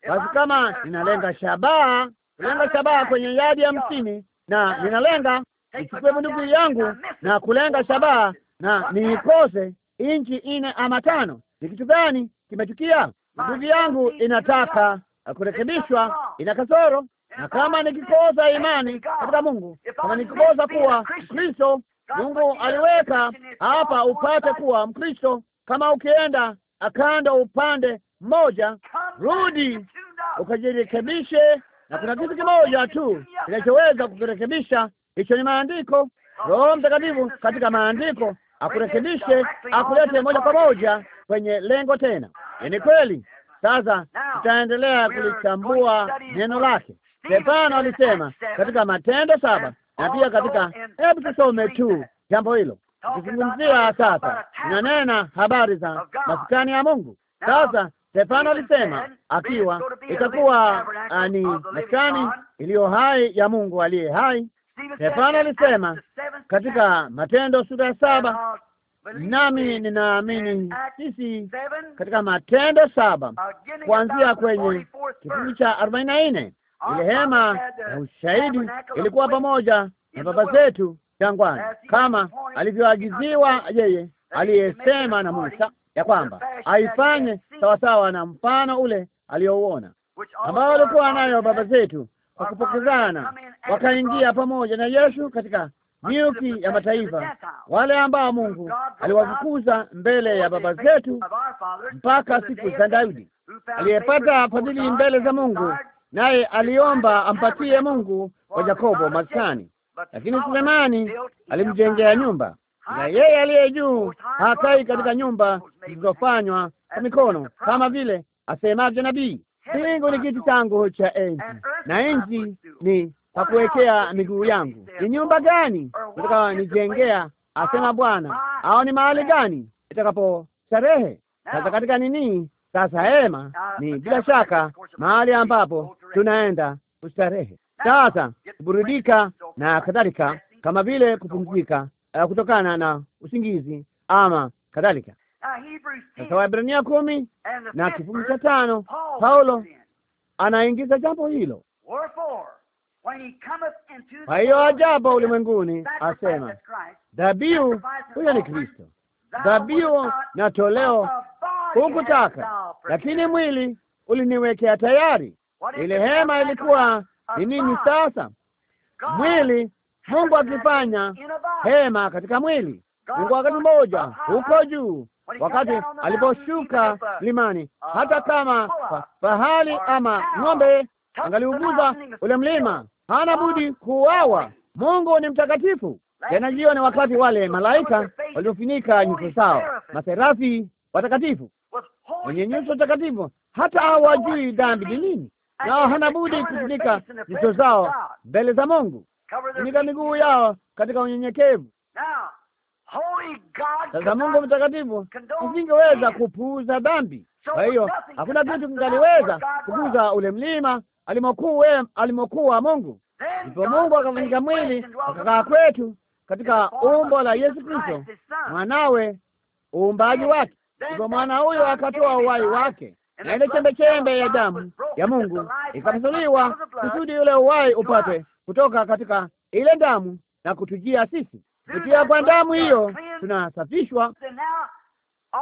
basi kama ninalenga shabaha, kulenga shabaha kwenye yadi hamsini na ninalenga nichukue bunduki yangu na kulenga shabaha na niikose inchi nne ama tano, ni kitu gani kimetukia? Bunduki yangu inataka kurekebishwa, ina kasoro na kama nikikosa imani katika Mungu, kama nikikosa kuwa Mkristo, Mungu aliweka hapa upate kuwa Mkristo. Kama ukienda akando upande moja, rudi ukajirekebishe, na kuna kitu kimoja tu kinachoweza kukirekebisha, hicho ni maandiko. Oh, Roho Mtakatifu katika maandiko akurekebishe, akulete moja kwa moja kwenye lengo tena. Ni kweli. Sasa tutaendelea kulichambua neno lake. Stefano alisema katika Matendo saba na pia katika, hebu tusome tu jambo hilo tukizungumzia sasa, nena habari za maskani ya Mungu. Sasa Stefano alisema akiwa itakuwa ah, ni maskani iliyo hai ya Mungu aliye hai. Stefano alisema katika Matendo sura ya saba, nami ninaamini sisi katika Matendo saba kuanzia kwenye kifungu cha arobaini na nne ile hema ya ushahidi ilikuwa pamoja na baba zetu jangwani, kama alivyoagiziwa yeye aliyesema na Musa ya kwamba aifanye sawasawa na mfano ule aliyouona, ambao walikuwa nayo baba zetu kwa kupokezana, wakaingia pamoja na Yesu katika miuki ya mataifa, wale ambao Mungu aliwafukuza mbele ya baba zetu mpaka siku za Daudi, aliyepata fadhili mbele za Mungu, naye aliomba ampatie Mungu wa Yakobo maskani, lakini Sulemani alimjengea nyumba na yeye aliye juu hakai katika nyumba zilizofanywa kwa mikono, kama vile asemavyo nabii, mbingu ni kiti changu cha enzi na enzi ni pa kuwekea miguu yangu. Ni nyumba gani nataka nijengea, asema Bwana, au ni mahali gani itakapo starehe? Sasa katika nini sasa? Hema ni bila shaka mahali ambapo tunaenda kustarehe, sasa kuburudika na kadhalika, kama vile kupumzika uh, kutokana na usingizi ama kadhalika. Ah, sasa Waebrania kumi na kifungu cha tano Paulo anaingiza jambo hilo. Kwa hiyo ajapo ulimwenguni, asema dhabihu huyo ni Kristo, dhabihu na toleo hukutaka, lakini mwili uliniwekea tayari. Ile hema ilikuwa ni nini? Sasa mwili Mungu akifanya hema katika mwili Mungu wakati mmoja huko juu, wakati aliposhuka mlimani, hata kama fahali ama ng'ombe angaliuguza ule mlima, hana budi kuuawa. Mungu ni mtakatifu. Jana jioni, wakati wale malaika waliofunika nyuso zao, maserafi watakatifu wenye nyuso takatifu, hata hawajui dhambi ni nini, nao hana budi kufunika nyuso zao mbele za Mungu funika miguu yao katika unyenyekevu. Sasa Mungu mtakatifu usingeweza kupuuza dhambi. Kwa hiyo hakuna kitu kingaliweza kupuuza ule mlima alimokuwa alimokuwa Mungu. Ndipo Mungu akafanyika mwili akakaa kwetu katika umbo la Yesu Kristo mwanawe, uumbaji wake. Ndipo mwana huyo akatoa uhai wake na ile yaani chembe chembe ya damu ya Mungu ikapasuliwa kusudi ule uhai upate kutoka katika ile damu na kutujia sisi. Kupitia kwa damu hiyo tunasafishwa.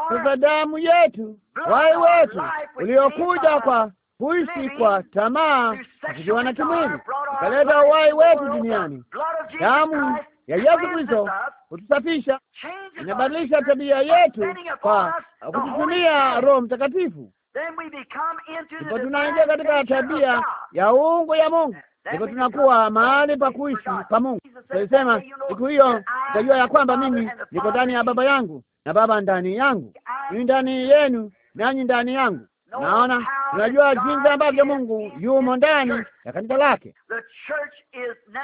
Sasa damu yetu, uhai wetu uliokuja kwa kuishi kwa tamaa akijiwa na kimwili, ukaleta uhai wetu duniani. Damu ya Yesu Kristo kutusafisha inabadilisha tabia yetu kwa kututumia Roho Mtakatifu ndipo tunaingia katika tabia ya uungu ya Mungu, ndipo tunakuwa mahali pa kuishi pa Mungu. Alisema siku hiyo tajua ya kwamba mimi niko ndani ya Baba yangu na Baba ndani yangu, mimi ndani yenu nanyi ndani yangu. Naona unajua jinsi ambavyo Mungu yumo ndani ya kanisa lake.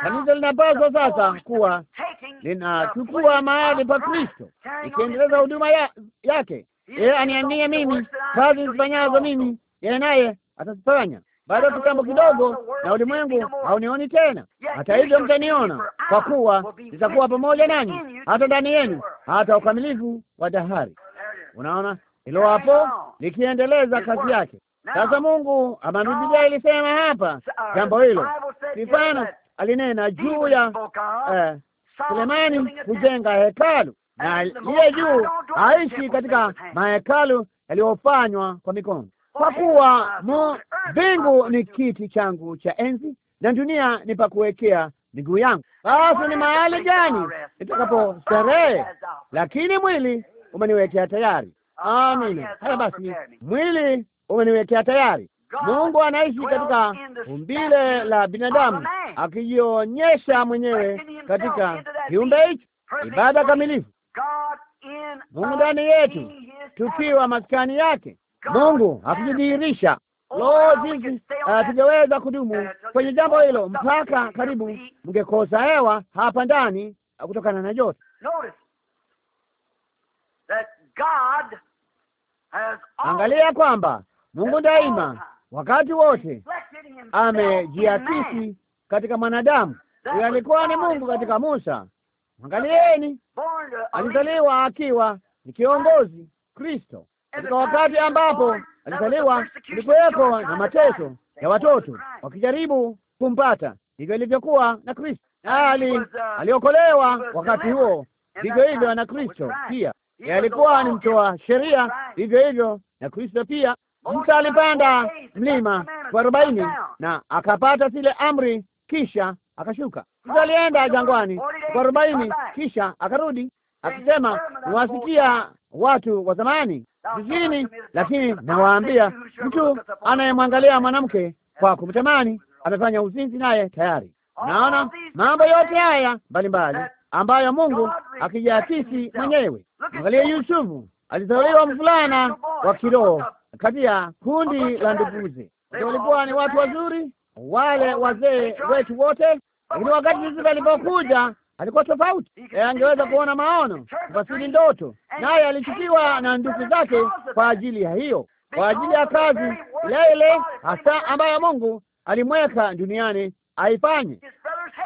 Kanisa linapaswa sasa kuwa linachukua mahali pa Kristo, ikiendeleza huduma ya, yake yeye aniambia mimi kazi zifanyazo mimi, yeye naye atazifanya. bado ya kitambo kidogo, na ulimwengu haunioni tena, hata hivyo mtaniona, kwa kuwa nitakuwa pamoja nanyi, hata ndani yenu, hata ukamilifu wa dahari. Unaona hilo hapo, likiendeleza kazi yake. Sasa Mungu ama Biblia ilisema hapa uh, jambo hilo, Stefano alinena juu ya eh, Sulemani kujenga hekalu na iye juu aishi katika mahekalu yaliyofanywa kwa mikono, oh, kwa kuwa oh, mbingu ni kiti changu cha enzi na dunia ni pa kuwekea miguu yangu. Basi ni mahali gani nitakapo starehe? Lakini oh, mwili umeniwekea tayari. Amina. Haya basi, mwili umeniwekea tayari. Mungu anaishi katika umbile la binadamu, akijionyesha mwenyewe katika kiumbe hicho, ibada kamilifu. Mungu ndani yetu tukiwa maskani yake. Mungu hakujidhihirisha. Oh, Lo, jinsi eh, hatujaweza kudumu kwenye jambo hilo mpaka karibu mngekosa hewa hapa ndani eh, kutokana na joto. Angalia kwamba Mungu daima wakati wote amejiakisi katika mwanadamu. Huyo alikuwa ni Mungu katika Musa, Angalieni, oh, alizaliwa akiwa ni kiongozi Kristo, katika wakati ambapo alizaliwa kulikuwepo na mateso ya watoto wakijaribu kumpata, hivyo ilivyokuwa na Kristo. Ali aliokolewa wakati huo, vivyo hivyo na Kristo pia. alikuwa ni mtoa sheria, vivyo hivyo na Kristo pia. Musa alipanda mlima kwa arobaini na akapata zile amri, kisha akashuka. Mtu alienda jangwani kwa arobaini, kisha akarudi akisema, niwasikia watu wa zamani vijijini, lakini nawaambia, mtu anayemwangalia mwanamke kwa kumtamani amefanya uzinzi naye tayari. Naona mambo yote haya mbalimbali ambayo Mungu akijaakisi mwenyewe. Angalia Yusufu, alizaliwa mvulana wa kiroho kati ya kundi la nduguze, walikuwa ni watu wazuri wale oh, wazee wetu wote, oh, lakini wakati Elizabeth alipokuja alikuwa tofauti. Angeweza kuona maono, kufasiri ndoto, naye alichukiwa na ndugu zake kwa ajili ya hiyo, kwa ajili ya kazi ile ile hasa ambayo Mungu alimweka duniani aifanye.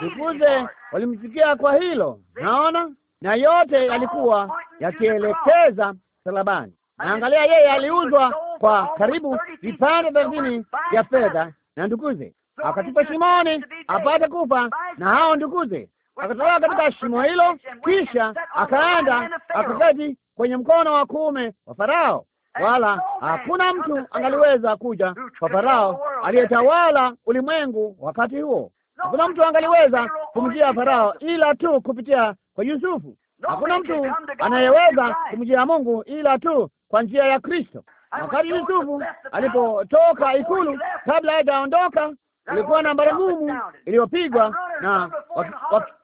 Nduguze walimsikia kwa hilo, naona na yote yalikuwa yakielekeza salabani. Naangalia yeye aliuzwa kwa karibu vipande thelathini vya fedha na nduguze akatupa shimoni apate kufa na hao nduguze, akatolewa katika shimo hilo, kisha akaenda akaketi kwenye mkono wa kuume wa Farao, wala hakuna mtu angaliweza kuja kwa Farao aliyetawala ulimwengu wakati huo. Hakuna mtu angaliweza kumjia Farao ila tu kupitia kwa Yusufu. Hakuna mtu anayeweza kumjia Mungu ila tu kwa njia ya Kristo. Wakati Yusufu alipotoka ikulu, kabla hajaondoka ilikuwa na baragumu iliyopigwa na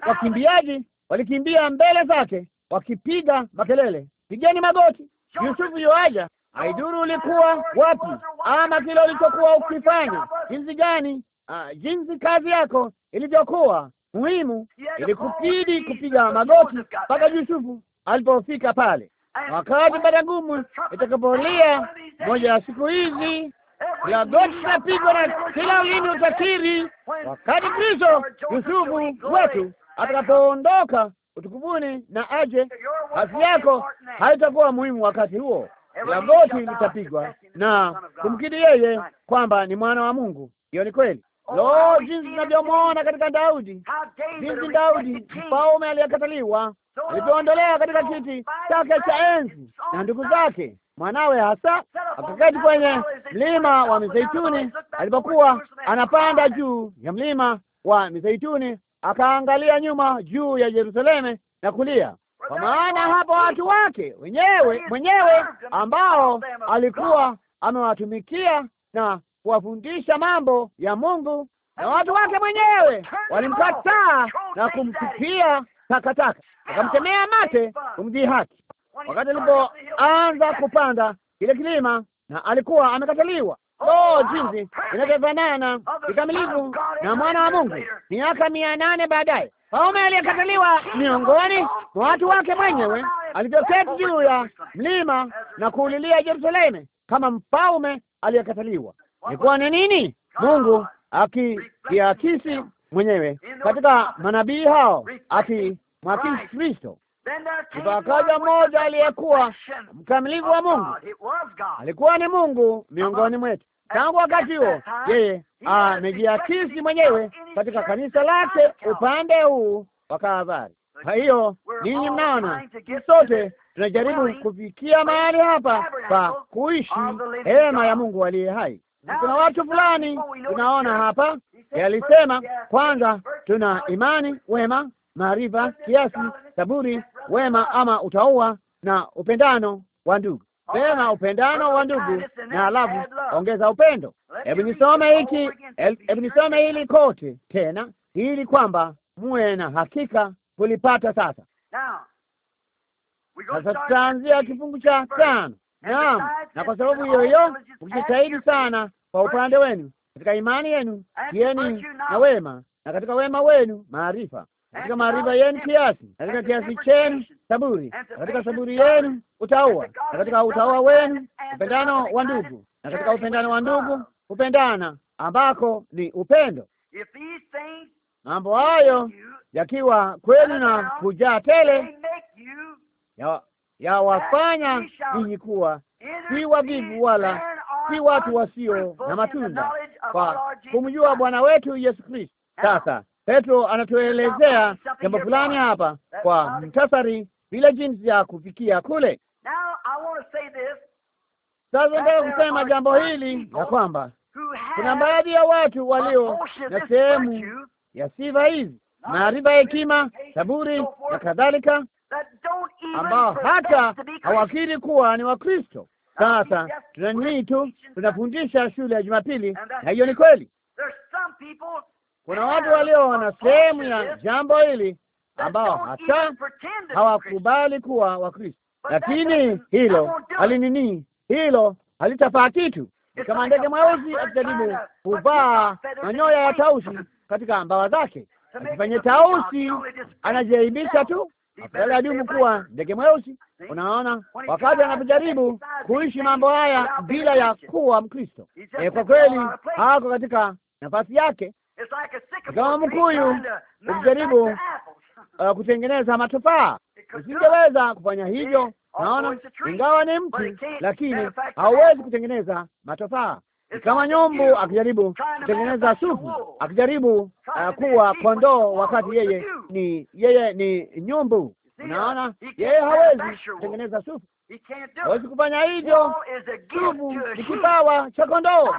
wakimbiaji, walikimbia mbele zake wakipiga makelele, pigeni magoti. Yusufu yoaja, haiduru ulikuwa wapi, ama kile ulichokuwa ukifanya, jinsi gani, uh, jinsi kazi yako ilivyokuwa muhimu, ilikubidi kupiga magoti mpaka Yusufu alipofika pale. Wakati baragumu itakapolia moja ya siku hizi kila goti litapigwa na kila ulimi utakiri, wakati Kristo Yusufu wetu atakapoondoka utukufuni na aje. hasi yako haitakuwa muhimu wakati huo, kila goti litapigwa na kumkiri yeye kwamba ni mwana wa Mungu. Hiyo ni kweli. Lo, jinsi tunavyomwona katika Daudi, jinsi Daudi mfalme aliyekataliwa alivyoondolewa katika kiti chake cha enzi na ndugu zake mwanawe hasa akaketi kwenye mlima wa mizeituni. Alipokuwa anapanda juu ya mlima wa mizeituni, akaangalia nyuma juu ya Yerusalemu na kulia, kwa maana hapo watu wake wenyewe mwenyewe ambao alikuwa amewatumikia na kuwafundisha mambo ya Mungu na watu wake mwenyewe walimkataa na kumtupia takataka, akamtemea mate, kumdhihaki wakati alipoanza kupanda kile kilima, na alikuwa amekataliwa. Oh, jinsi inavyofanana kikamilifu na mwana wa Mungu miaka mia nane baadaye. Paume aliyekataliwa miongoni mwa watu wake mwenyewe alivyoketi juu ya mlima na kuulilia Yerusalemu kama mfalme aliyekataliwa. Ilikuwa ni nini? Mungu akiakisi mwenyewe katika manabii hao akimwakisi Kristo Ndipo akaja mmoja aliyekuwa mkamilifu wa Mungu, alikuwa ni Mungu miongoni mwetu. Tangu wakati huo yeye ah, amejiakisi mwenyewe katika kanisa lake upande huu wa Kalvari. Kwa hiyo ninyi mnaona, sote tunajaribu kufikia mahali hapa pa kuishi hema ya Mungu aliye hai. Kuna watu fulani tunaona hapa, yalisema kwanza, tuna imani wema maarifa, kiasi, saburi, wema, ama utaua na upendano wa ndugu. Sema upendano wa ndugu, na alafu ongeza upendo. Hebu nisome hiki, hebu nisome hili kote tena, ili kwamba muwe na hakika kulipata. Sasa sasa tutaanzia kifungu cha tano. Naam, na kwa sababu hiyo hiyo, ukijitahidi sana kwa upande wenu katika imani yenu, kieni na wema, na katika wema wenu maarifa, katika maarifa yenu kiasi, katika kiasi chenu saburi, na katika saburi yenu utaua, na katika utaua wenu upendano wa ndugu, na katika upendano wa ndugu upendana, ambako ni upendo. Mambo hayo yakiwa kwenu na kujaa tele, yawafanya ninyi kuwa si wavivu wala si watu wasio na matunda, kwa kumjua Bwana wetu Yesu Kristo. Sasa Petro anatuelezea jambo fulani hapa kwa mtasari, bila jinsi ya kufikia kule. Sasa nataka kusema jambo hili ya kwamba kuna baadhi ya watu walio na sehemu ya sifa hizi, maarifa, hekima, saburi na kadhalika, ambao hata hawakiri kuwa ni Wakristo. Sasa tuna nini tu tunafundisha shule ya Jumapili, na hiyo ni kweli kuna watu walio wana sehemu ya jambo hili ambao hata hawakubali kuwa Wakristo, lakini hilo halinini, hilo halitafaa kitu. Kama ndege mweusi akijaribu kuvaa manyoya ya tausi katika mbawa zake, akifanye tausi, anajiaibisha tu akale adimu kuwa ndege mweusi. Unaona, wakati anapojaribu kuishi mambo haya bila ya kuwa Mkristo, e, kwa kweli hawako katika nafasi yake kama mkuyu ukijaribu uh, kutengeneza matofaa, usingeweza kufanya hivyo. Naona ingawa ni mti, lakini hauwezi kutengeneza matofaa. Kama nyumbu akijaribu kutengeneza sufu, akijaribu uh, kuwa kondoo, wakati yeye ni yeye ni nyumbu. Uh, Unaona, yeye hawezi kutengeneza sufu hawezi kufanya hivyo. Nguvu ni kipawa cha kondoo,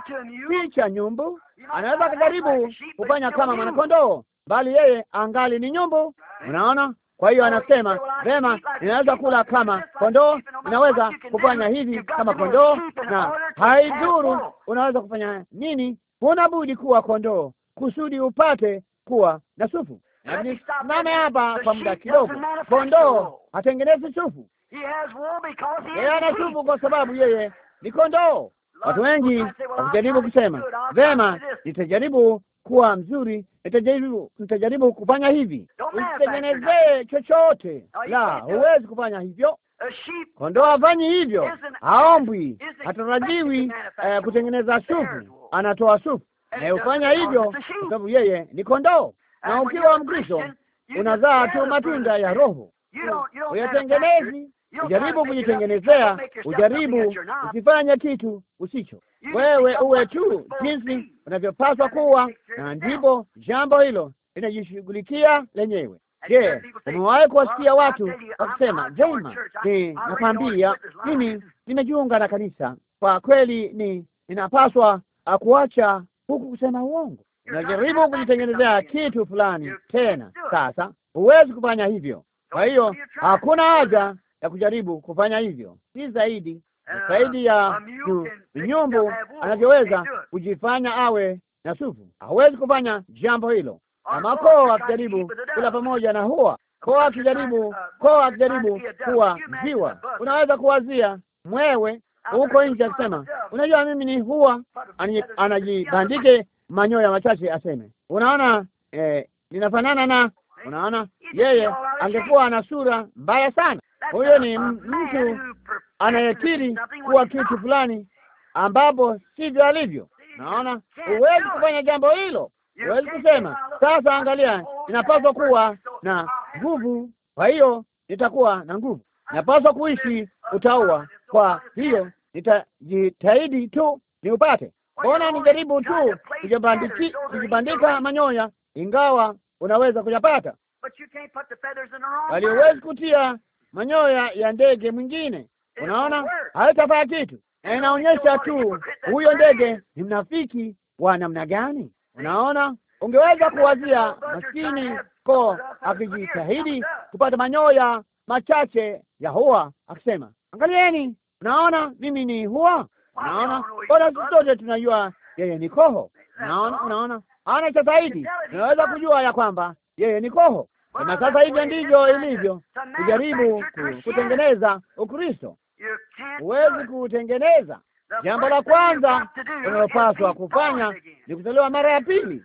si cha nyumbu. Anaweza kujaribu kufanya kama mwanakondoo, bali yeye angali ni nyumbu. Unaona? Kwa hiyo anasema vema, inaweza kula kama kondoo, inaweza kufanya hivi kama kondoo, na haidhuru unaweza kufanya nini. Huna budi kuwa kondoo kusudi upate kuwa na sufu. Nasimame hapa kwa muda kidogo. Kondoo hatengenezi sufu, yeye anasufu kwa sababu yeye ni kondoo. Watu wengi watajaribu kusema vema, nitajaribu kuwa mzuri, nitajaribu nitajaribu kufanya hivi, usitengenezee chochote. La, huwezi kufanya hivyo. Kondoo hafanyi hivyo, haombwi, hatarajiwi eh, kutengeneza sufu. Anatoa sufu na hufanya hivyo kwa sababu yeye ni kondoo. Na ukiwa Mkristo unazaa tu matunda ya Roho, uyatengenezi Ujaribu kujitengenezea, ujaribu usifanya kitu usicho wewe, uwe tu jinsi unavyopaswa kuwa, na ndipo jambo hilo linajishughulikia lenyewe. Je, umewahi kuwasikia watu wakisema, jema, nakwambia mimi nimejiunga na kanisa, kwa kweli ni ninapaswa ah, kuacha huku kusema uongo. Unajaribu kujitengenezea kitu fulani tena. Sasa huwezi kufanya hivyo, kwa hiyo hakuna haja ya kujaribu kufanya hivyo, si zaidi ah, zaidi ya nyumbu anavyoweza kujifanya awe na sufu. Hawezi kufanya jambo hilo, ah, ama oh, koo akijaribu kula pamoja na huwa koo akijaribu uh, koo akijaribu kuwa ziwa. Unaweza kuwazia mwewe huko nje akisema, unajua mimi ni huwa, anajibandike manyoya machache aseme, unaona eh, ninafanana na unaona, yeye angekuwa na sura mbaya sana huyo ni mtu anayekiri kuwa kitu fulani ambapo sivyo alivyo. Naona huwezi kufanya jambo hilo, huwezi kusema sasa, angalia, inapaswa kuwa na nguvu, kwa hiyo nitakuwa na nguvu. Inapaswa kuishi utaua, kwa hiyo nitajitahidi tu niupate. Mbona nijaribu tu kujibandika manyoya, ingawa unaweza kuyapata, bali huwezi kutia manyoya ya ndege mwingine. Unaona, haitafaa kitu, na inaonyesha tu huyo ndege ni mnafiki wa namna gani. Unaona, ungeweza kuwazia maskini ko akijitahidi kupata manyoya machache ya hua, akisema angalieni, unaona mimi ni hua. Unaona, bora sisi sote tunajua yeye ni koho. Unaona, unaona ana cha zaidi, unaweza kujua ya kwamba yeye ni koho. Na sasa hivyo ndivyo ilivyo kujaribu kutengeneza Ukristo, huwezi kuutengeneza. Jambo la kwanza unalopaswa kufanya ni kuzaliwa mara ya pili.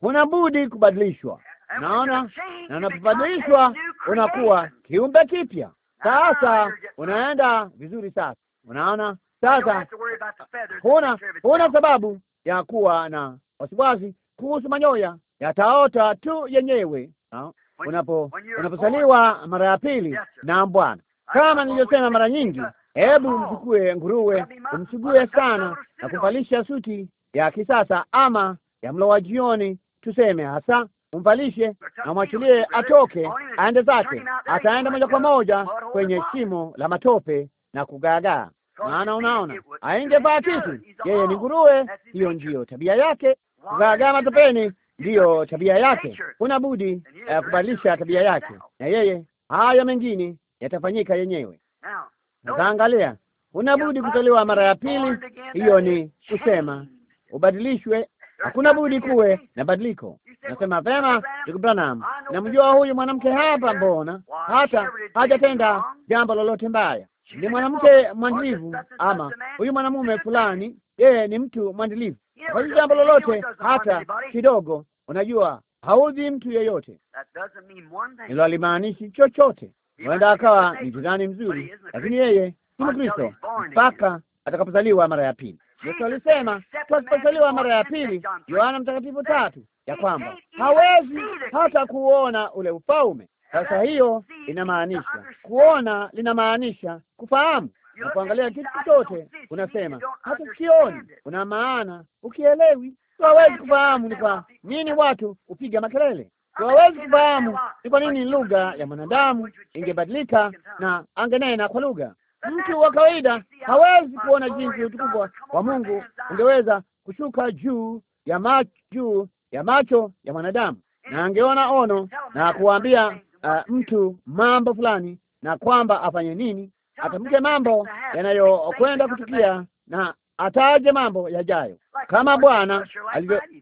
Huna budi kubadilishwa, naona na unapobadilishwa unakuwa kiumbe kipya. Sasa unaenda vizuri. Sasa unaona, sasa huna huna sababu ya kuwa na wasiwasi kuhusu manyoya yataota tu yenyewe unapo unapozaliwa mara ya pili na Bwana. Kama nilivyosema mara nyingi, hebu mchukue nguruwe, umsugue sana na kumvalisha suti ya kisasa ama ya mlo wa jioni tuseme, hasa umvalishe na mwachilie atoke aende zake, ataenda moja kwa moja kwenye shimo la matope na kugaagaa. Maana unaona, aingevaa kitu, yeye ni nguruwe, hiyo ndiyo tabia yake, kugaagaa matopeni ndiyo tabia yake. Huna budi uh, kubadilisha tabia yake, na yeye haya mengine yatafanyika yenyewe. nakaangalia kuna huna budi kutolewa mara ya pili. Hiyo ni kusema ubadilishwe. Hakuna budi kuwe na badiliko. Nasema vema, ndugu Branham, namjua huyu mwanamke hapa, mbona hata hajatenda jambo lolote mbaya. Ni mwanamke mwandilivu, ama huyu mwanamume fulani, yeye ni mtu mwandilivu hili jambo lolote hata kidogo, unajua haudhi mtu yeyote, hilo alimaanishi chochote. Huenda akawa ni jirani mzuri, lakini yeye ni Mkristo mpaka atakapozaliwa mara ya pili. Yesu alisema pasipozaliwa mara ya pili, Yohana Mtakatifu tatu, ya kwamba hawezi hata kuona ule ufalme. Sasa hiyo inamaanisha kuona, linamaanisha kufahamu na kuangalia kitu chote, unasema hata ukioni una maana, ukielewi hawezi kufahamu ni kwa nini watu hupiga makelele hawawezi kufahamu ni kwa nini lugha ya mwanadamu ingebadilika na angenena kwa lugha. Mtu wa kawaida hawezi kuona jinsi utukufu wa Mungu ungeweza kushuka juu ya macho, juu ya macho ya mwanadamu, na angeona ono na kuambia uh, mtu mambo fulani na kwamba afanye nini atamke mambo yanayokwenda kutukia na ataje mambo yajayo, kama Bwana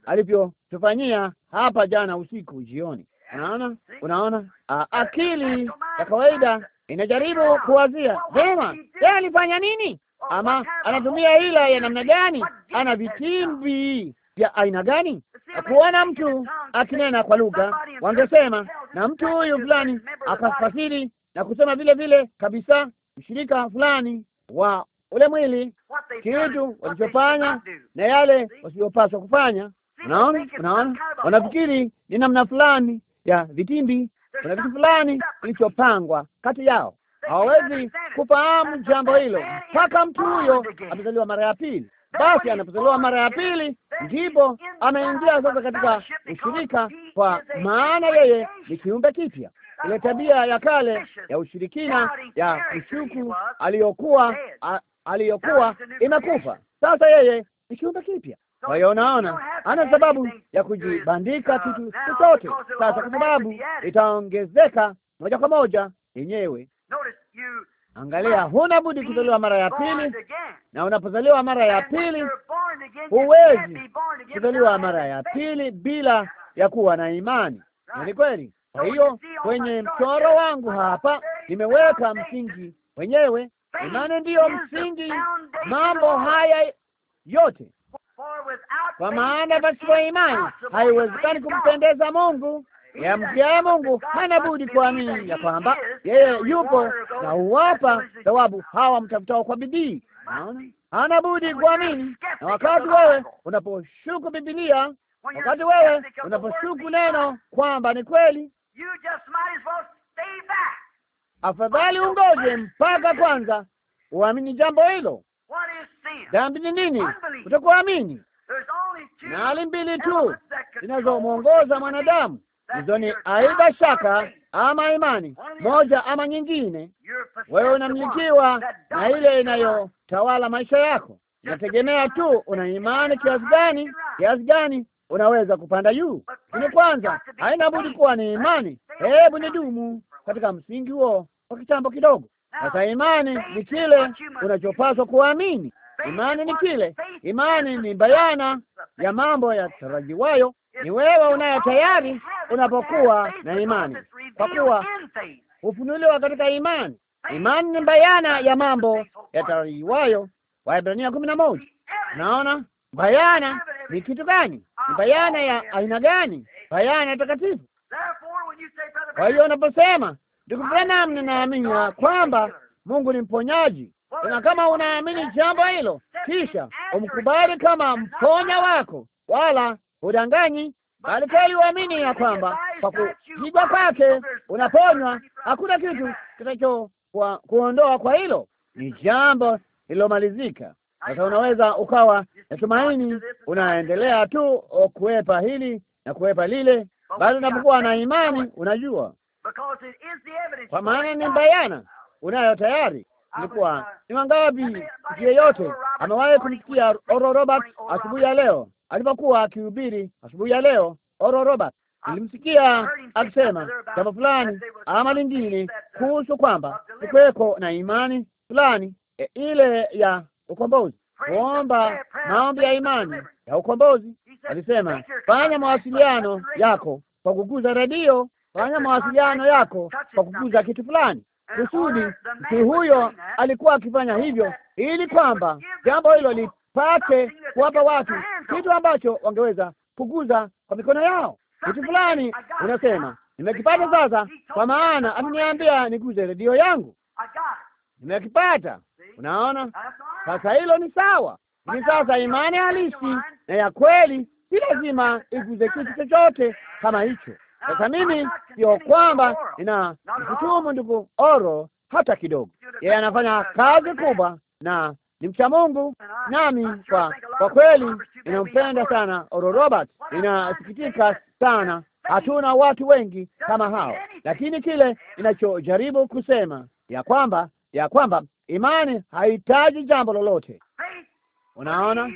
alivyotufanyia hapa jana usiku jioni. Unaona, unaona akili ya kawaida inajaribu kuwazia vema, yeye alifanya nini, ama anatumia hila ya namna gani, ana vitimbi vya aina gani. Kuona mtu akinena kwa lugha, wangesema na mtu huyu fulani akafasiri na kusema vile vile kabisa mshirika fulani wa ule mwili, kitu walichofanya na yale wasiyopaswa kufanya. Unaona, unaona, wanafikiri ni namna fulani ya vitimbi, kuna vitu fulani kilichopangwa kati yao. Hawawezi kufahamu jambo hilo mpaka mtu huyo amezaliwa mara ya pili. Basi anapozaliwa mara ya pili, ndipo ameingia sasa katika ushirika, kwa maana yeye ni kiumbe kipya ile tabia ya kale ya ushirikina ya kishuku aliyokuwa aliyokuwa imekufa sasa. Yeye ni kiumbe kipya. Kwa hiyo unaona, ana sababu ya kujibandika uh, kitu chochote sasa, kwa sababu itaongezeka moja kwa moja yenyewe. Angalia, huna budi kuzaliwa mara ya pili, na unapozaliwa mara ya pili huwezi kuzaliwa mara ya pili bila ya kuwa na imani. Ni kweli kwa hiyo kwenye mchoro wangu hapa nimeweka msingi wenyewe. Imani ndiyo msingi mambo haya yote, kwa maana pasipo imani haiwezekani kumpendeza Mungu. Yamjia Mungu hana budi kuamini ya kwamba yeye yupo na huwapa thawabu hawa mtafutao kwa bidii. Naona hana budi kuamini, na wakati wewe unaposhuku Biblia, wakati wewe unaposhuku neno kwamba ni kweli Afadhali ungoje mpaka kwanza uamini jambo hilo. Dhambi ni nini? Utakuamini. Na hali mbili tu zinazomwongoza mwanadamu hizo ni aidha shaka ama imani, moja ama nyingine. Wewe unamilikiwa na ile inayotawala maisha yako, inategemea tu una imani kiasi gani, kiasi gani unaweza kupanda juu. Ni kwanza, haina budi kuwa ni imani. Hebu dumu katika msingi huo kwa kitambo kidogo. Sasa imani ni kile unachopaswa kuamini. Imani ni kile, imani ni bayana ya mambo yatarajiwayo. Ni wewe unaye tayari unapokuwa na imani, kwa kuwa hufunuliwa katika imani. Imani ni bayana ya mambo yatarajiwayo, Waebrania kumi na moja. Unaona bayana ni kitu gani? bayana ya aina gani? Bayana ya takatifu. Kwa hiyo unaposema ndugu Branham, ninaamini ya kwamba Mungu ni mponyaji, na kama unaamini jambo hilo, kisha umkubali kama mponya wako, wala udanganyi, bali kweli uamini ya kwamba kwa kupigwa kwake unaponywa. Hakuna kitu kitachokuondoa kwa hilo, ni jambo lililomalizika. Sasa unaweza ukawa na tumaini, unaendelea tu kuwepa hili na kuwepa lile, bali unapokuwa na imani, unajua, kwa maana ni bayana, unayo tayari. Ilikuwa ni wangapi, mtu yeyote amewahi kumsikia Oro Robert asubuhi ya leo alipokuwa akihubiri asubuhi ya leo? Oro Robert nilimsikia akisema jambo fulani ama lingine uh, kuhusu kwamba kukuweko na imani fulani e, ile ya ukombozi, kuomba maombi ya imani ya ukombozi. Alisema fanya mawasiliano yako kwa kuguza redio, fanya mawasiliano yako kwa kuguza kitu fulani kusudi mtu huyo alikuwa akifanya hivyo ili kwamba jambo hilo lipate kuwapa watu kitu ambacho wangeweza kuguza kwa mikono yao. Kitu fulani unasema nimekipata sasa, kwa maana ameniambia niguze redio yangu nimekipata. Unaona, sasa hilo ni sawa, ni sasa imani halisi na ya kweli si lazima iguze kitu chochote kama hicho. Sasa mimi sio kwamba nina mshutumu ndugu Oro hata kidogo, yeye anafanya kazi kubwa na ni mcha Mungu, nami kwa kwa kweli ninampenda sana Oro Robert. Ninasikitika sana hatuna watu wengi kama hao, lakini kile ninachojaribu kusema ya kwamba ya kwamba imani haihitaji jambo lolote. Unaona,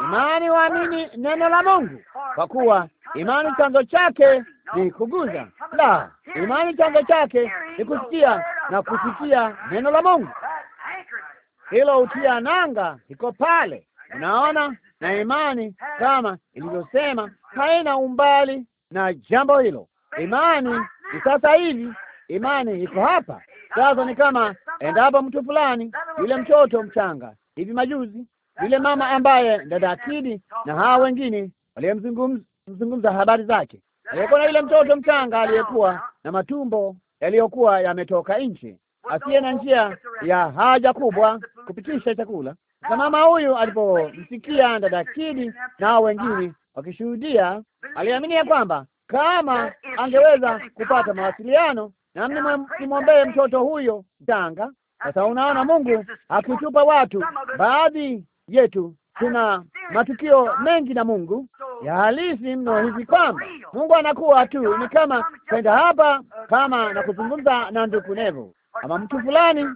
imani waamini neno la Mungu, kwa kuwa imani chanzo chake ni kuguza. La, imani chanzo chake ni kusikia na kusikia neno la Mungu. Hilo utia nanga iko pale, unaona. Na imani kama ilivyosema haina umbali na jambo hilo. Imani ni sasa hivi, imani iko hapa sasa ni kama endapo mtu fulani, yule mtoto mchanga hivi majuzi, yule mama ambaye dada Akidi na hawa wengine waliyemzungumza habari zake, alikuwa na yule mtoto mchanga aliyekuwa na matumbo yaliyokuwa yametoka nje, asiye na njia ya haja kubwa kupitisha chakula. Na mama huyu alipomsikia dada Akidi na hawa wengine wakishuhudia, aliamini ya kwamba kama angeweza kupata mawasiliano nami nimwombee mtoto huyo janga Sasa unaona, Mungu akitupa watu, baadhi yetu tuna matukio mengi na Mungu ya halisi mno, hivi kwamba Mungu anakuwa tu ni kama kwenda hapa uh, kama na kuzungumza na ndugu Nevo ama mtu fulani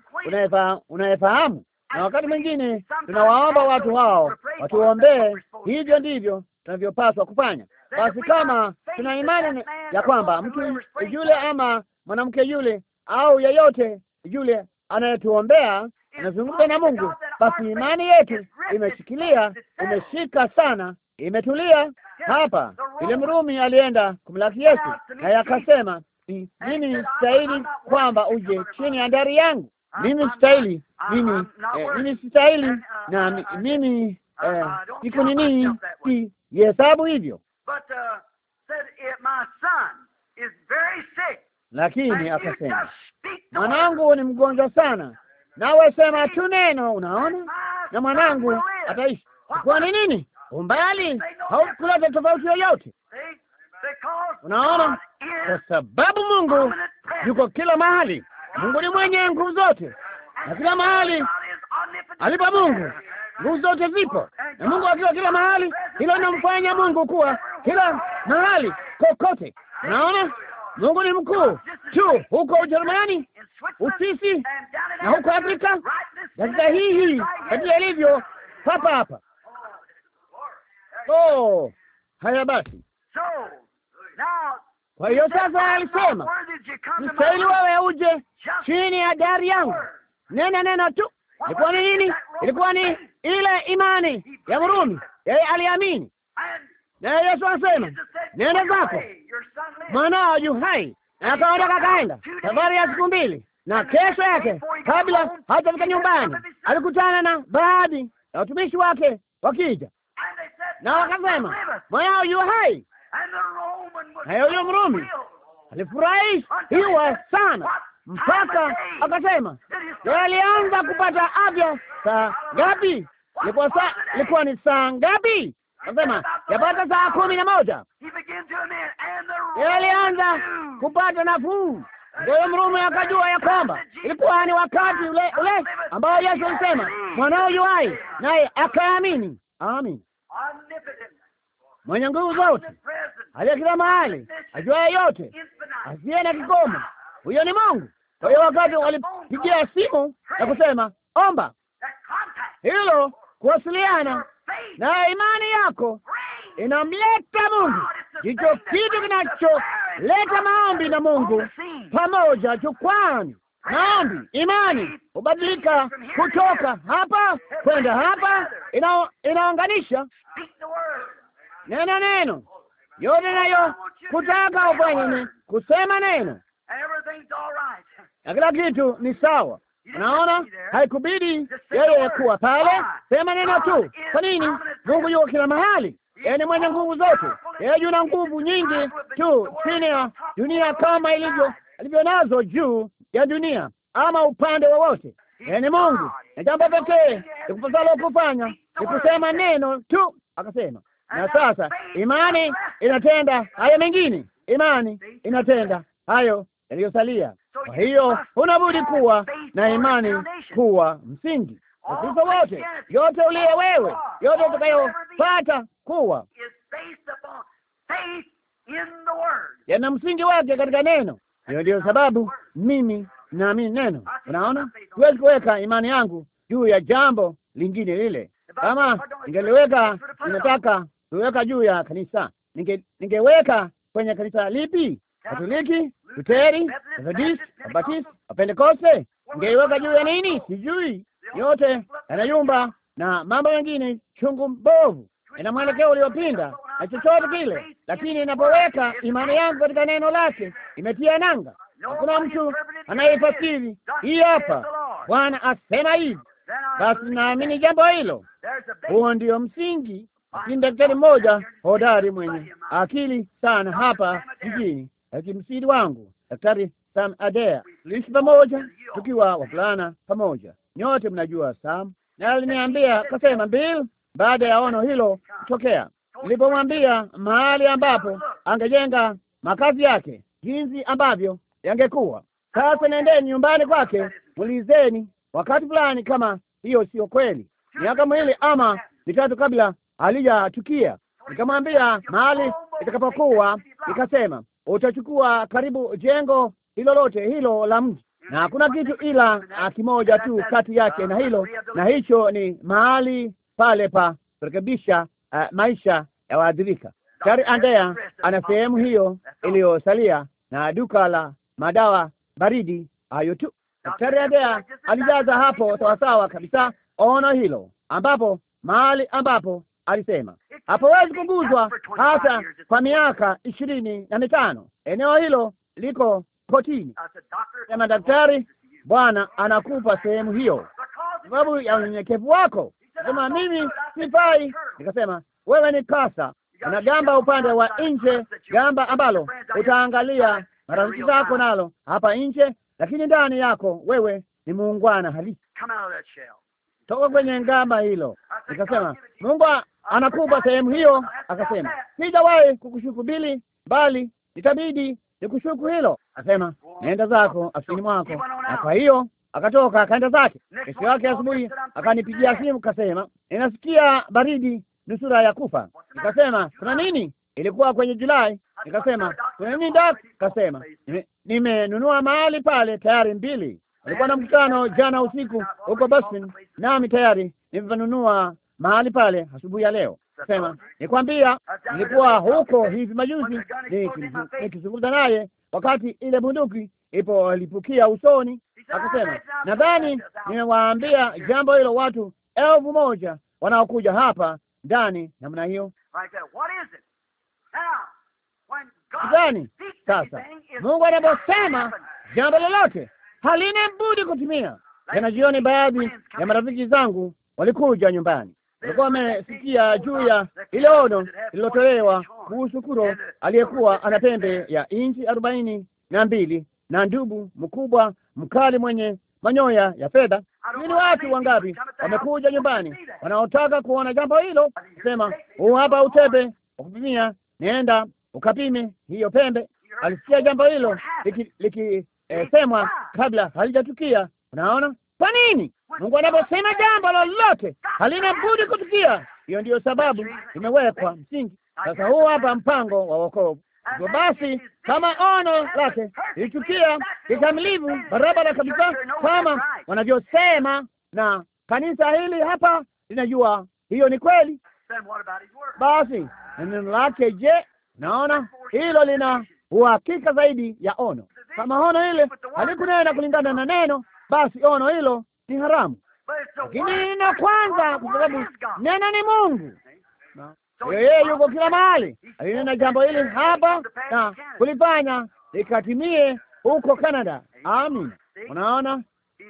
unayefahamu, na wakati mwingine tunawaomba watu hao watuombee. Hivyo ndivyo tunavyopaswa kufanya. Basi kama tuna imani ya kwamba mtu yule ama mwanamke yule au yeyote yule anayetuombea anazungumza na Mungu, basi imani yetu imeshikilia, imeshika sana, imetulia. Hapa ile Mrumi alienda kumlaki Yesu, naye akasema mimi sitahili kwamba uje chini ya dari yangu, mimi eh, sitahili, uh, mimi eh, mimi sitahili, na mimi siku nini si hesabu hivyo uh, eh, lakini akasema, mwanangu ni mgonjwa sana, nawe sema tu neno, unaona, na mwanangu ataishi. Kwa ni nini? Umbali haukuleta tofauti yoyote, unaona, kwa sababu Mungu yuko kila mahali. Mungu ni mwenye nguvu zote, na kila mahali alipo Mungu nguvu zote zipo, na Mungu akiwa kila mahali, hilo linamfanya Mungu kuwa kila mahali kokote, unaona Mungu ni mkuu tu huko Ujerumani, Uswisi na huko Afrika, dakika hii hii katia ilivyo hapa hapa. Oh, haya basi. Kwa hiyo sasa alisema, mstahili wewe uje chini ya dari yangu, nena nena tu. Ilikuwa ni nini? Ilikuwa ni ile imani ya murumi yeye aliamini Naye Yesu anasema nenda zako, mwanao yu hai. Akaondoka akaenda safari ya siku mbili, na kesho yake kabla hajafika nyumbani alikutana na baadhi ya watumishi wake wakija, na wakasema mwanao yu hai. Naye huyo Mrumi alifurahiwa sana mpaka akasema, alianza kupata afya saa ngapi? Likuwa ni saa ngapi? Anasema yapata saa kumi na moja alianza kupata nafuu. Ndio Mrumi akajua ya kwamba ilikuwa ni wakati ule ule ambao Yesu alisema mwanao yuai, naye akaamini. Amin, mwenye nguvu zote, aliye kila mahali, ajuaye yote, asiye na kikomo, huyo ni Mungu. Kwa hiyo wakati walipigia simu na kusema omba hilo, kuwasiliana na imani yako inamleta Mungu. Ndicho kitu kinacholeta maombi na Mungu pamoja jukwani. Maombi, imani hubadilika kutoka hapa kwenda hapa, ina inaunganisha neno neno yote nayo kutaka ufanye ni kusema neno na kila kitu ni sawa. Unaona, haikubidi yeye yakuwa pale, ah, sema neno tu. Kwa nini? Mungu yuko kila mahali, yeye ni mwenye nguvu zote, yeye yuna nguvu nyingi tu chini ya dunia kama ilivyo alivyo nazo juu ya dunia ama upande wowote. Yeye ni Mungu, na jambo pekee ikupasalo kufanya ni kusema neno tu, akasema. Na sasa imani inatenda hayo mengine, imani inatenda hayo yaliyosalia. Kwa hiyo unabudi kuwa na imani kuwa msingi Ukristo wote, yote uliye wewe, yote utakayopata kuwa yana msingi wake katika neno. Hiyo ndiyo sababu mimi naamini neno. Unaona, siwezi kuweka imani yangu juu ya jambo lingine lile. Kama ningeliweka ninataka kuweka juu ya kanisa, ninge- ningeweka kwenye kanisa lipi? Katoliki Luteri, Methodist, Baptist, Pentecoste, Ngeiweka juu ya nini? Sijui, yote yanayumba na mambo mengine chungu mbovu, ina mwelekeo uliopinda na chochote kile, lakini inapoweka imani yangu katika neno lake imetia nanga. Hakuna mtu anayefasiri hii hapa, Bwana asema hivi, basi naamini jambo hilo. Huo ndio msingi. Lakini daktari mmoja hodari mwenye akili sana hapa jijini msidi wangu Daktari Sam Adea, tuliishi pamoja tukiwa wavulana pamoja, nyote mnajua Sam, na aliniambia kasema, Bill, baada ya ono hilo kutokea, nilipomwambia mahali ambapo angejenga makazi yake, jinsi ambavyo yangekuwa sasa, nendeni nyumbani kwake, mulizeni wakati fulani kama hiyo sio kweli, miaka miwili ama mitatu kabla halijatukia. Nikamwambia mahali itakapokuwa, nikasema utachukua karibu jengo hilo lote hilo la mji, na hakuna kitu ila ah, kimoja tu kati yake na hilo, na hicho ni mahali pale pa kurekebisha uh, maisha ya waadhirika. Daktari Andrea ana sehemu hiyo iliyosalia na duka la madawa baridi. Hayo tu. Daktari Andrea alijaza hapo sawasawa kabisa ono hilo, ambapo mahali ambapo alisema hapawezi kuguzwa hata kwa miaka ishirini na mitano. Eneo hilo liko kotini ya madaktari. Bwana anakupa sehemu hiyo sababu ya unyenyekevu wako. Sema mimi sifai, nikasema wewe ni kasa, una gamba upande wa nje, gamba ambalo utaangalia marafiki zako nalo hapa nje, lakini ndani yako wewe ni muungwana halisi toka kwenye ngamba hilo. Nikasema Mungu anakupa sehemu hiyo. Akasema sijawahi kukushuku Bili, bali itabidi nikushuku hilo. Akasema nenda zako afisini mwako, na kwa hiyo akatoka akaenda zake. Kesho yake asubuhi akanipigia simu, kasema ninasikia baridi, ni sura ya kufa. Nikasema kuna nini? Ilikuwa kwenye Julai. Nikasema kuna nini dak? Kasema nimenunua mahali pale tayari mbili Alikuwa na mkutano jana usiku huko Boston, nami tayari nimevanunua mahali pale asubuhi ya leo. Sema nikwambia, nilikuwa huko hivi majuzi nikizungumza naye wakati ile bunduki ilipolipukia usoni, akasema, nadhani nimewaambia jambo hilo watu elfu moja wanaokuja hapa ndani namna hiyo gani. Sasa Mungu anaposema jambo lolote halina budi kutimia. Jana jioni, baadhi ya marafiki zangu walikuja nyumbani, walikuwa wamesikia juu ya ile ono lililotolewa kuhusu kuro aliyekuwa ana pembe ya inchi arobaini na mbili na ndubu mkubwa mkali mwenye manyoya ya fedha. Ni watu wangapi wamekuja nyumbani wanaotaka kuona jambo hilo? Sema huu hapa utepe wa kupimia, nenda ukapime hiyo pembe. Alisikia jambo hilo likitendeka Eh, semwa kabla halijatukia. Unaona kwa nini Mungu anaposema jambo lolote halina budi kutukia? Hiyo ndiyo sababu imewekwa msingi. Sasa huu hapa mpango wa wokovu. Hivyo basi, kama ono lake ilitukia kikamilivu barabara kabisa kama wanavyosema, na kanisa hili hapa linajua hiyo ni kweli. Basi neno lake, je, naona hilo lina uhakika zaidi ya ono. Kama ono ile halikunena kulingana na neno, basi ono hilo ni haramu. Lakini na kwanza, kwa sababu neno ni Mungu, yeye yuko kila mahali. Alinena jambo hili hapa na kulifanya ikatimie huko Canada. Amin. Unaona,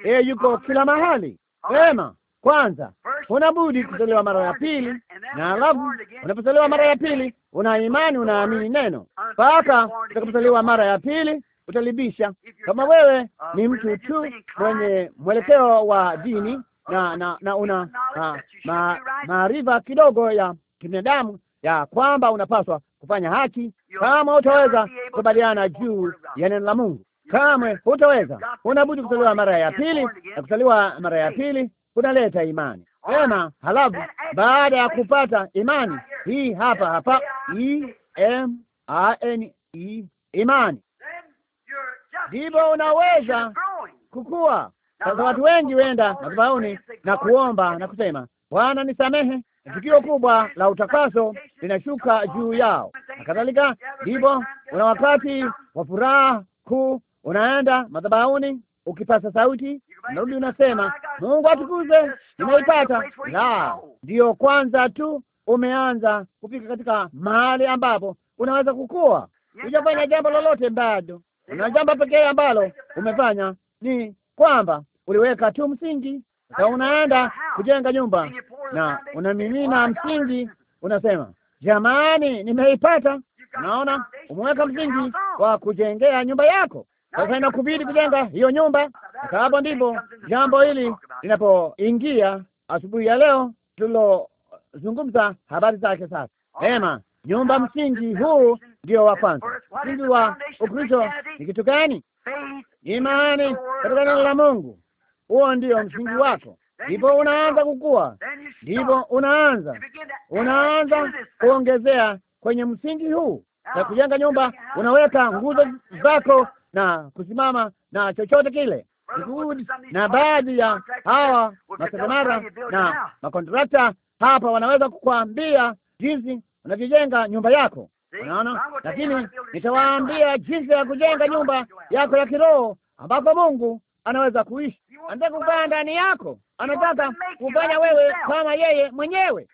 yeye yuko kila mahali. Wema, kwanza unabudi budi kutolewa mara ya pili, na alafu unapotolewa mara ya pili, una imani, unaamini neno mpaka utakapotolewa mara ya pili utalibisha. Kama wewe uh, ni mtu tu mwenye mwelekeo wa dini na na, na una ah, maarifa ma, kidogo ya kibinadamu ya kwamba unapaswa kufanya haki, kama utaweza kukubaliana juu ya neno la Mungu, kamwe hutaweza. Unabudi kutolewa mara ya pili, na kutolewa mara ya pili kunaleta imani ema. Halafu baada ya kupata imani hii hapa hapa, e m a n e, imani ndipo unaweza kukua. Sasa watu wengi wenda madhabahuni na kuomba na kusema, Bwana nisamehe, na tukio kubwa la utakaso linashuka juu yao na kadhalika. Ndipo una wakati wa furaha kuu, unaenda madhabahuni ukipasa sauti, unarudi unasema, Mungu atukuze, inaipata La, ndiyo kwanza tu umeanza kufika katika mahali ambapo unaweza kukua, hujafanya jambo lolote bado na jambo pekee ambalo umefanya ni kwamba uliweka tu msingi, sasa unaenda kujenga nyumba na unamimina msingi, unasema jamani, nimeipata. Unaona, umeweka msingi wa kujengea nyumba yako. Sasa inakubidi kujenga hiyo nyumba. Sasa hapo ndipo jambo hili linapoingia. Asubuhi ya leo tulilozungumza habari zake sasa, ema nyumba msingi huu ndio wa kwanza. Msingi wa Ukristo ni kitu gani? Imani katika neno la Mungu, huo ndio msingi wako. Ndipo unaanza kukua, ndipo unaanza unaanza kuongezea kwenye msingi huu na kujenga nyumba. Unaweka nguzo zako na kusimama na chochote kile na baadhi ya hawa maseremara na makontrakta hapa wanaweza kukuambia jinsi unavyojenga nyumba yako. Unaona, lakini nitawaambia jinsi ya kujenga nyumba yako ya kiroho ambapo Mungu anaweza kuishi. Anataka kukaa ndani yako, anataka kufanya wewe kama yeye mwenyewe,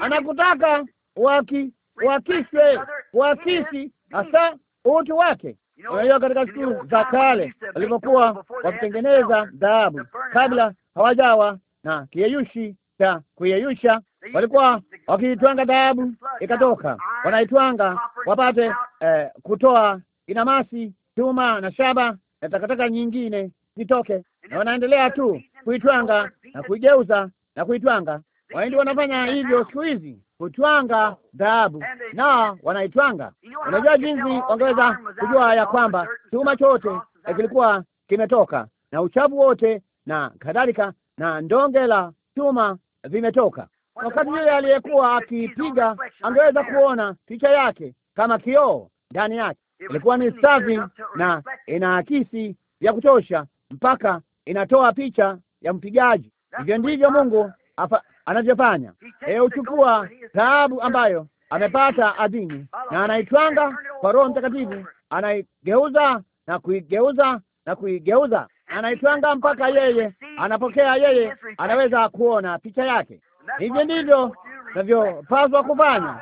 anakutaka waki uakiswe uakisi hasa utu wake. Unajua, katika siku za kale walipokuwa wakitengeneza dhahabu, kabla hawajawa na kiyeyushi cha kuyeyusha walikuwa wakiitwanga dhahabu ikatoka, wanaitwanga wapate eh, kutoa inamasi, chuma na shaba na takataka nyingine zitoke, na wanaendelea tu kuitwanga na kuigeuza na kuitwanga. Wahindi wanafanya hivyo siku hizi, kutwanga dhahabu na wanaitwanga. Unajua jinsi wangeweza kujua ya kwamba chuma chote eh, kilikuwa kimetoka na uchafu wote na kadhalika na ndonge la chuma vimetoka wakati yeye aliyekuwa akiipiga angeweza kuona picha yake kama kioo ndani yake. Ilikuwa ni safi na inaakisi ya kutosha mpaka inatoa picha ya mpigaji. Hivyo ndivyo Mungu anavyofanya. Yeye huchukua taabu ambayo amepata adhini na anaitwanga kwa Roho Mtakatifu, anaigeuza na kuigeuza na kuigeuza, anaitwanga mpaka yeye anapokea, yeye anaweza kuona picha yake. Hivyo ndivyo navyopaswa kufanya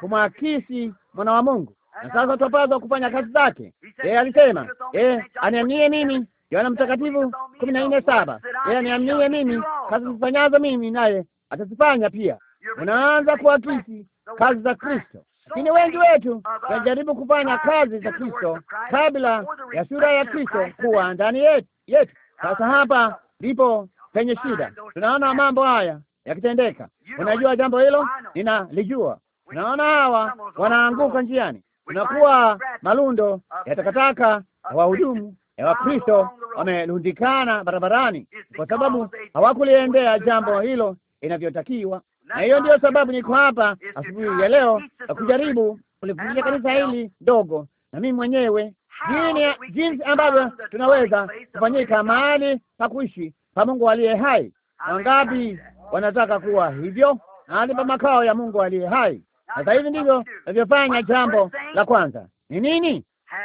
kumwakisi mwana wa Mungu. Na sasa tutapaswa kufanya kazi zake. Yeye alisema eh, aniaminie mimi, Yohana Mtakatifu kumi na nne saba. Yeye aniaminie mimi, kazi zifanyazo mimi naye atazifanya pia. Unaanza kuakisi kazi za Kristo, lakini wengi wetu tunajaribu kufanya kazi za Kristo kabla ya sura ya Kristo kuwa ndani yetu yetu. Sasa hapa ndipo penye shida, tunaona mambo haya yakitendeka. Unajua jambo hilo, ninalijua. Naona hawa wanaanguka njiani, unakuwa malundo ya takataka ya wahudumu ya Wakristo wamelundikana barabarani, kwa sababu hawakuliendea jambo hilo inavyotakiwa. Na hiyo ndiyo sababu niko hapa asubuhi ya leo ya kujaribu kulifundisha kanisa hili dogo na mimi mwenyewe jini, jinsi ambavyo tunaweza kufanyika mahali pa kuishi pa Mungu aliye hai. Wangapi wanataka kuwa hivyo, ni makao ya Mungu aliye hai. Sasa hivi ndivyo navyofanya. Jambo la kwanza ni nini?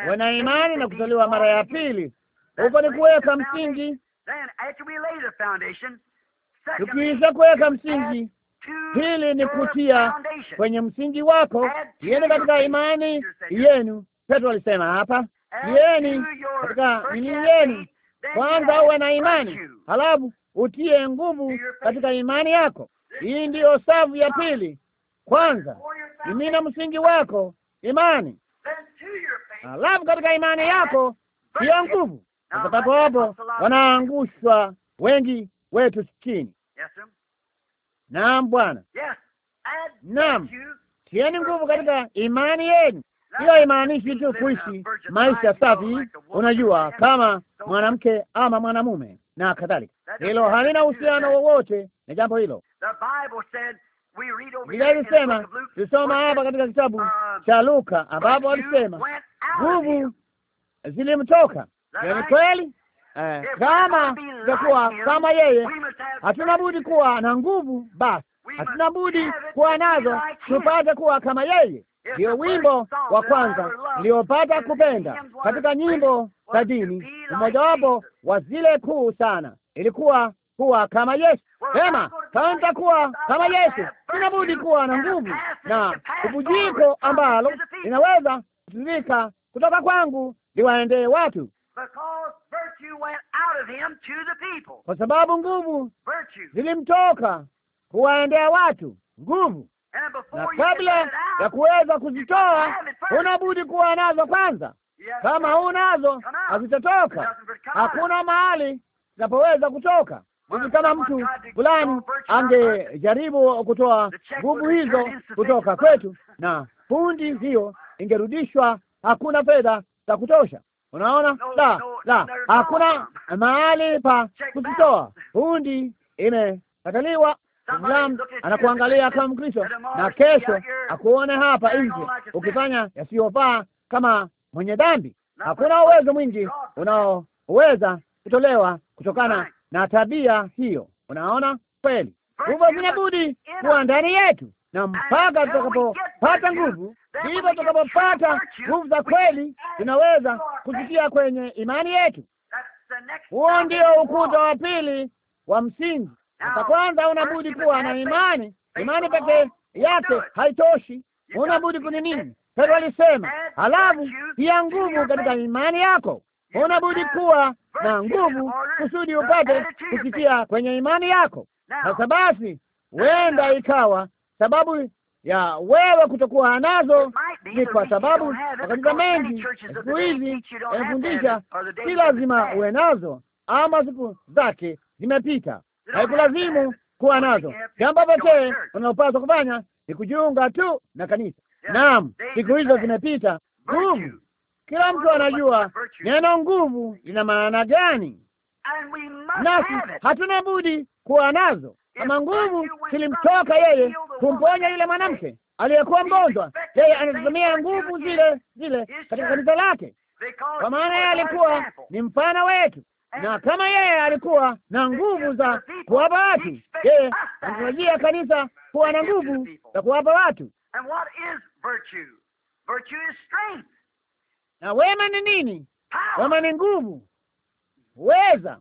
Wana imani na kuzaliwa mara ya pili. Huko ni kuweka msingi. Tukiisha kuweka msingi, hili ni kutia kwenye msingi wako, tieni katika imani yenu. Petro alisema hapa, tieni katika nini yenu kwanza, uwe na imani halafu utie nguvu katika imani yako. Hii ndiyo safu ya pili. Kwanza imina msingi wako imani, alafu katika imani yako hiyo nguvu. Sasa papo hapo wanaangushwa wengi wetu chini. Naam Bwana, naam, tieni nguvu katika imani yenu. Hiyo haimaanishi tu kuishi maisha safi, unajua, kama mwanamke ama mwanamume na kadhalika. Hilo halina uhusiano wowote na jambo hilo. Biblia ilisema, tusoma hapa katika kitabu um, cha Luka ambapo alisema nguvu zilimtoka. Ni kweli, eh, kama tutakuwa kama yeye, hatuna budi kuwa na nguvu, basi hatuna budi kuwa nazo tupate kuwa kama yeye. Ndiyo wimbo wa kwanza niliopata kupenda katika nyimbo za dini, mmojawapo wa zile kuu sana ilikuwa kuwa kama Yesu. Sema kama nitakuwa kama Yesu, inabudi kuwa na nguvu na kubujiko uh, ambalo linaweza kutumika kutoka kwangu liwaendee watu, kwa sababu nguvu zilimtoka kuwaendea watu. Nguvu na kabla ya kuweza kuzitoa unabudi kuwa nazo kwanza. Kama nazo hazitatoka, hakuna mahali zinapoweza kutoka. Hivi kama mtu fulani angejaribu kutoa nguvu hizo kutoka kwetu na fundi hiyo ingerudishwa, hakuna fedha za kutosha. Unaona, la la, hakuna mahali pa kuzitoa. Fundi imekataliwa Islam anakuangalia kama Mkristo na kesho akuone hapa nje ukifanya yasiyofaa kama mwenye dhambi. Hakuna uwezo mwingi unaoweza kutolewa kutokana na tabia hiyo. Unaona kweli, hivyo zinabudi kuwa ndani yetu, na mpaka tutakapopata nguvu, hivyo tutakapopata nguvu za kweli, tunaweza kufikia kwenye imani yetu. Huo ndio ukuta wa pili wa msingi sasa kwanza, unabudi kuwa na imani. Imani pekee yake haitoshi, unabudi kuni nini? Petro alisema, halafu pia nguvu katika imani yako. Unabudi kuwa na nguvu kusudi upate kufikia kwenye imani yako. Sasa basi, huenda ikawa sababu ya wewe kutokuwa nazo ni kwa sababu makanisa mengi siku hizi yanafundisha si lazima uwe nazo, ama siku zake zimepita haikulazimu kuwa nazo. Jambo pekee unalopaswa kufanya ni kujiunga tu na kanisa. Naam, siku hizo zimepita. Nguvu, kila mtu anajua neno nguvu lina maana gani, nasi hatuna budi kuwa nazo. Kama nguvu zilimtoka yeye kumponya yule mwanamke aliyekuwa mgonjwa, yeye anatumia nguvu zile zile katika kanisa lake, kwa maana yeye alikuwa ni mfano wetu na kama yeye alikuwa na nguvu za kuwapa watu, yeye anatarajia kanisa kuwa na nguvu za kuwapa watu. Na wema ni nini? Wema ni nguvu, uweza.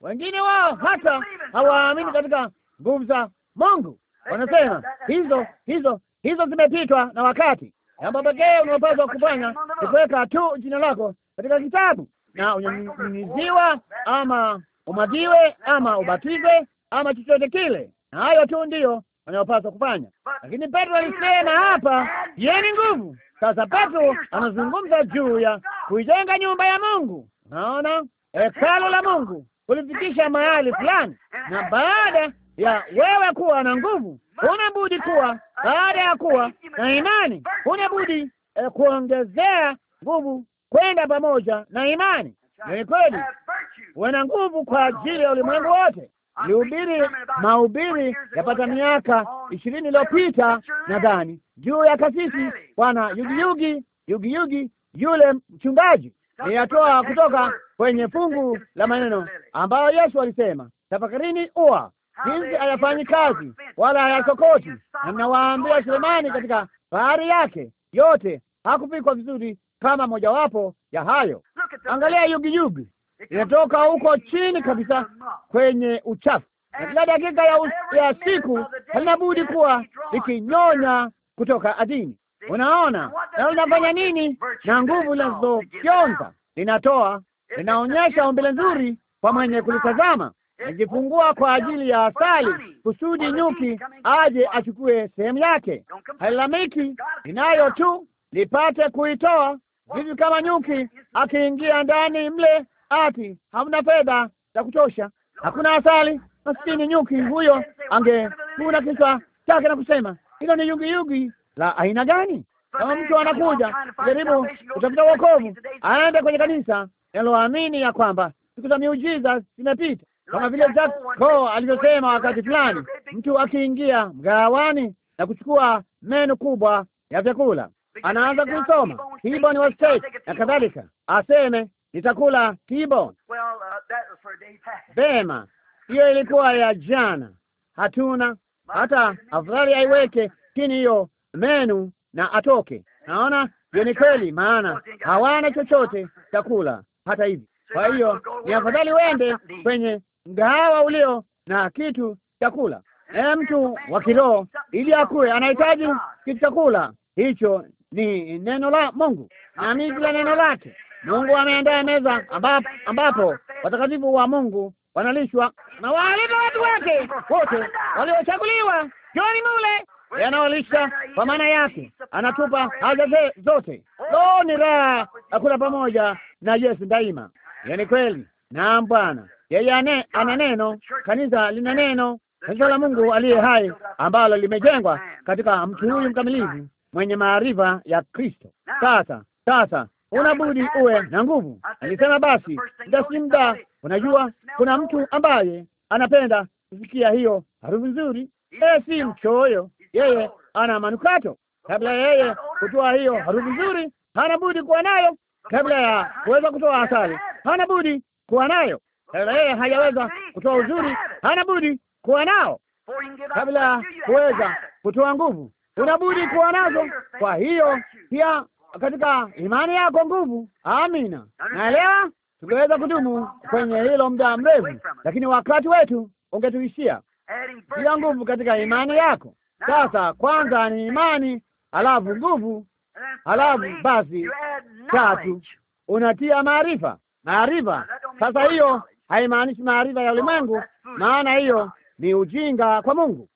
Wengine wao hata hawaamini katika nguvu za Mungu, wanasema hizo hizo hizo zimepitwa na wakati. Jambo pekee unaopaswa kufanya ni kuweka tu jina lako katika kitabu na unyunyiziwa ama umwagiwe ama ubatizwe ama chochote kile, na hayo tu ndiyo wanayopaswa kufanya. Lakini Petro alisema hapa, yeni nguvu. Sasa Petro anazungumza juu ya kuijenga nyumba ya Mungu, naona hekalo la Mungu kulifikisha mahali fulani, na baada ya wewe kuwa na nguvu, huna budi kuwa, baada ya kuwa na imani, huna budi eh, kuongezea nguvu kwenda pamoja na imani. Ni kweli wana nguvu kwa ajili ya ulimwengu wote. Nilihubiri mahubiri yapata miaka ishirini iliyopita nadhani, juu ya kasisi bwana yugiyugi yugiyugi yule mchungaji niyatoa kutoka kwenye fungu la maneno ambayo Yesu alisema, tafakarini ua jinsi hayafanyi kazi wala hayasokoti, na mnawaambia Sulemani katika fahari yake yote hakupikwa vizuri kama mojawapo ya hayo. Angalia yugiyugi inatoka huko chini kabisa kwenye uchafu, na kila dakika ya, ya siku halinabudi kuwa ikinyonya kutoka ardhini. Unaona, na linafanya nini? Na nguvu linazofyonza linatoa, linaonyesha umbile nzuri kwa mwenye kulitazama, najifungua kwa ajili ya asali kusudi nyuki aje achukue sehemu yake. Halalamiki inayo tu lipate kuitoa vivi kama nyuki akiingia ndani mle, ati hamna fedha za kutosha, hakuna asali. Maskini nyuki huyo angekuna kichwa chake na kusema hilo ni yugi la aina gani? Kama mtu anakuja jaribu kutafuta wokovu, aende kwenye kanisa naloamini ya kwamba siku za miujiza zimepita, kama vile Jakobo alivyosema wakati fulani, mtu akiingia mgawani na kuchukua menu kubwa ya vyakula anaanza kusoma T-bone was steak na kadhalika, aseme nitakula T-bone. Uh, Vema, hiyo ilikuwa ya jana, hatuna hata afadhali aiweke chini hiyo menu na atoke. Naona hiyo ni kweli, maana hawana chochote chakula hata hivi. Kwa hiyo ni afadhali wende kwenye mgahawa ulio na kitu chakula. E, mtu wa kiroho ili akuwe anahitaji kitu chakula hicho ni neno la Mungu na mizi ya neno lake. Mungu ameandaa meza ambapo, ambapo watakatifu wa Mungu wanalishwa na waalika watu wake wote waliochaguliwa. Joni mule yanawalisha kwa maana yake anatupa haja zote. Lo, ni raha akula pamoja na Yesu daima. Yani kweli, naam Bwana, yeye ana neno, kanisa lina neno, kanisa la Mungu aliye hai ambalo limejengwa katika mtu huyu mkamilifu mwenye maarifa ya Kristo. Sasa sasa unabudi uwe na nguvu. Alisema basi ndasimda. Unajua, kuna mtu ambaye anapenda kusikia hiyo harufu nzuri. Yeye si mchoyo, yeye ana manukato. Kabla yeye kutoa hiyo harufu nzuri, hana budi kuwa nayo. Kabla ya kuweza kutoa asali, hana budi kuwa nayo. Kabla yeye hajaweza kutoa uzuri, hana budi kuwa nao. Kabla kuweza kutoa nguvu, unabudi kuwa nazo. Kwa hiyo pia katika imani yako nguvu. Amina, naelewa. Tungeweza kudumu kwenye hilo muda mrefu, lakini wakati wetu ungetuishia ya nguvu katika imani yako. Sasa kwanza ni imani, halafu nguvu, halafu basi tatu unatia maarifa. Maarifa sasa, hiyo haimaanishi maarifa ya ulimwengu, maana hiyo ni ujinga kwa Mungu,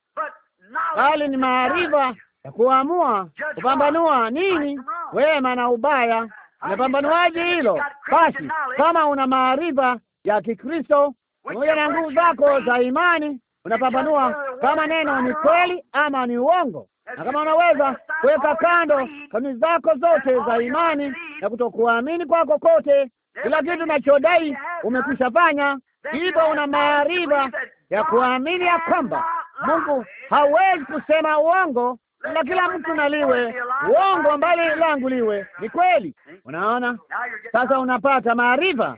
bali ni maarifa ya kuamua kupambanua nini wema na ubaya. Unapambanuaje hilo? Basi kama una maarifa ya Kikristo pamoja na nguvu zako za imani, unapambanua kama neno ni kweli ama ni uongo, na kama unaweza kuweka kando kanuni zako zote za imani na kutokuamini kwako kote, kila kitu unachodai umekwisha fanya hivyo. Una maarifa ya kuamini ya kwamba Mungu hawezi kusema uongo na kila mtu naliwe uongo mbali langu liwe ni kweli. Unaona, sasa unapata maarifa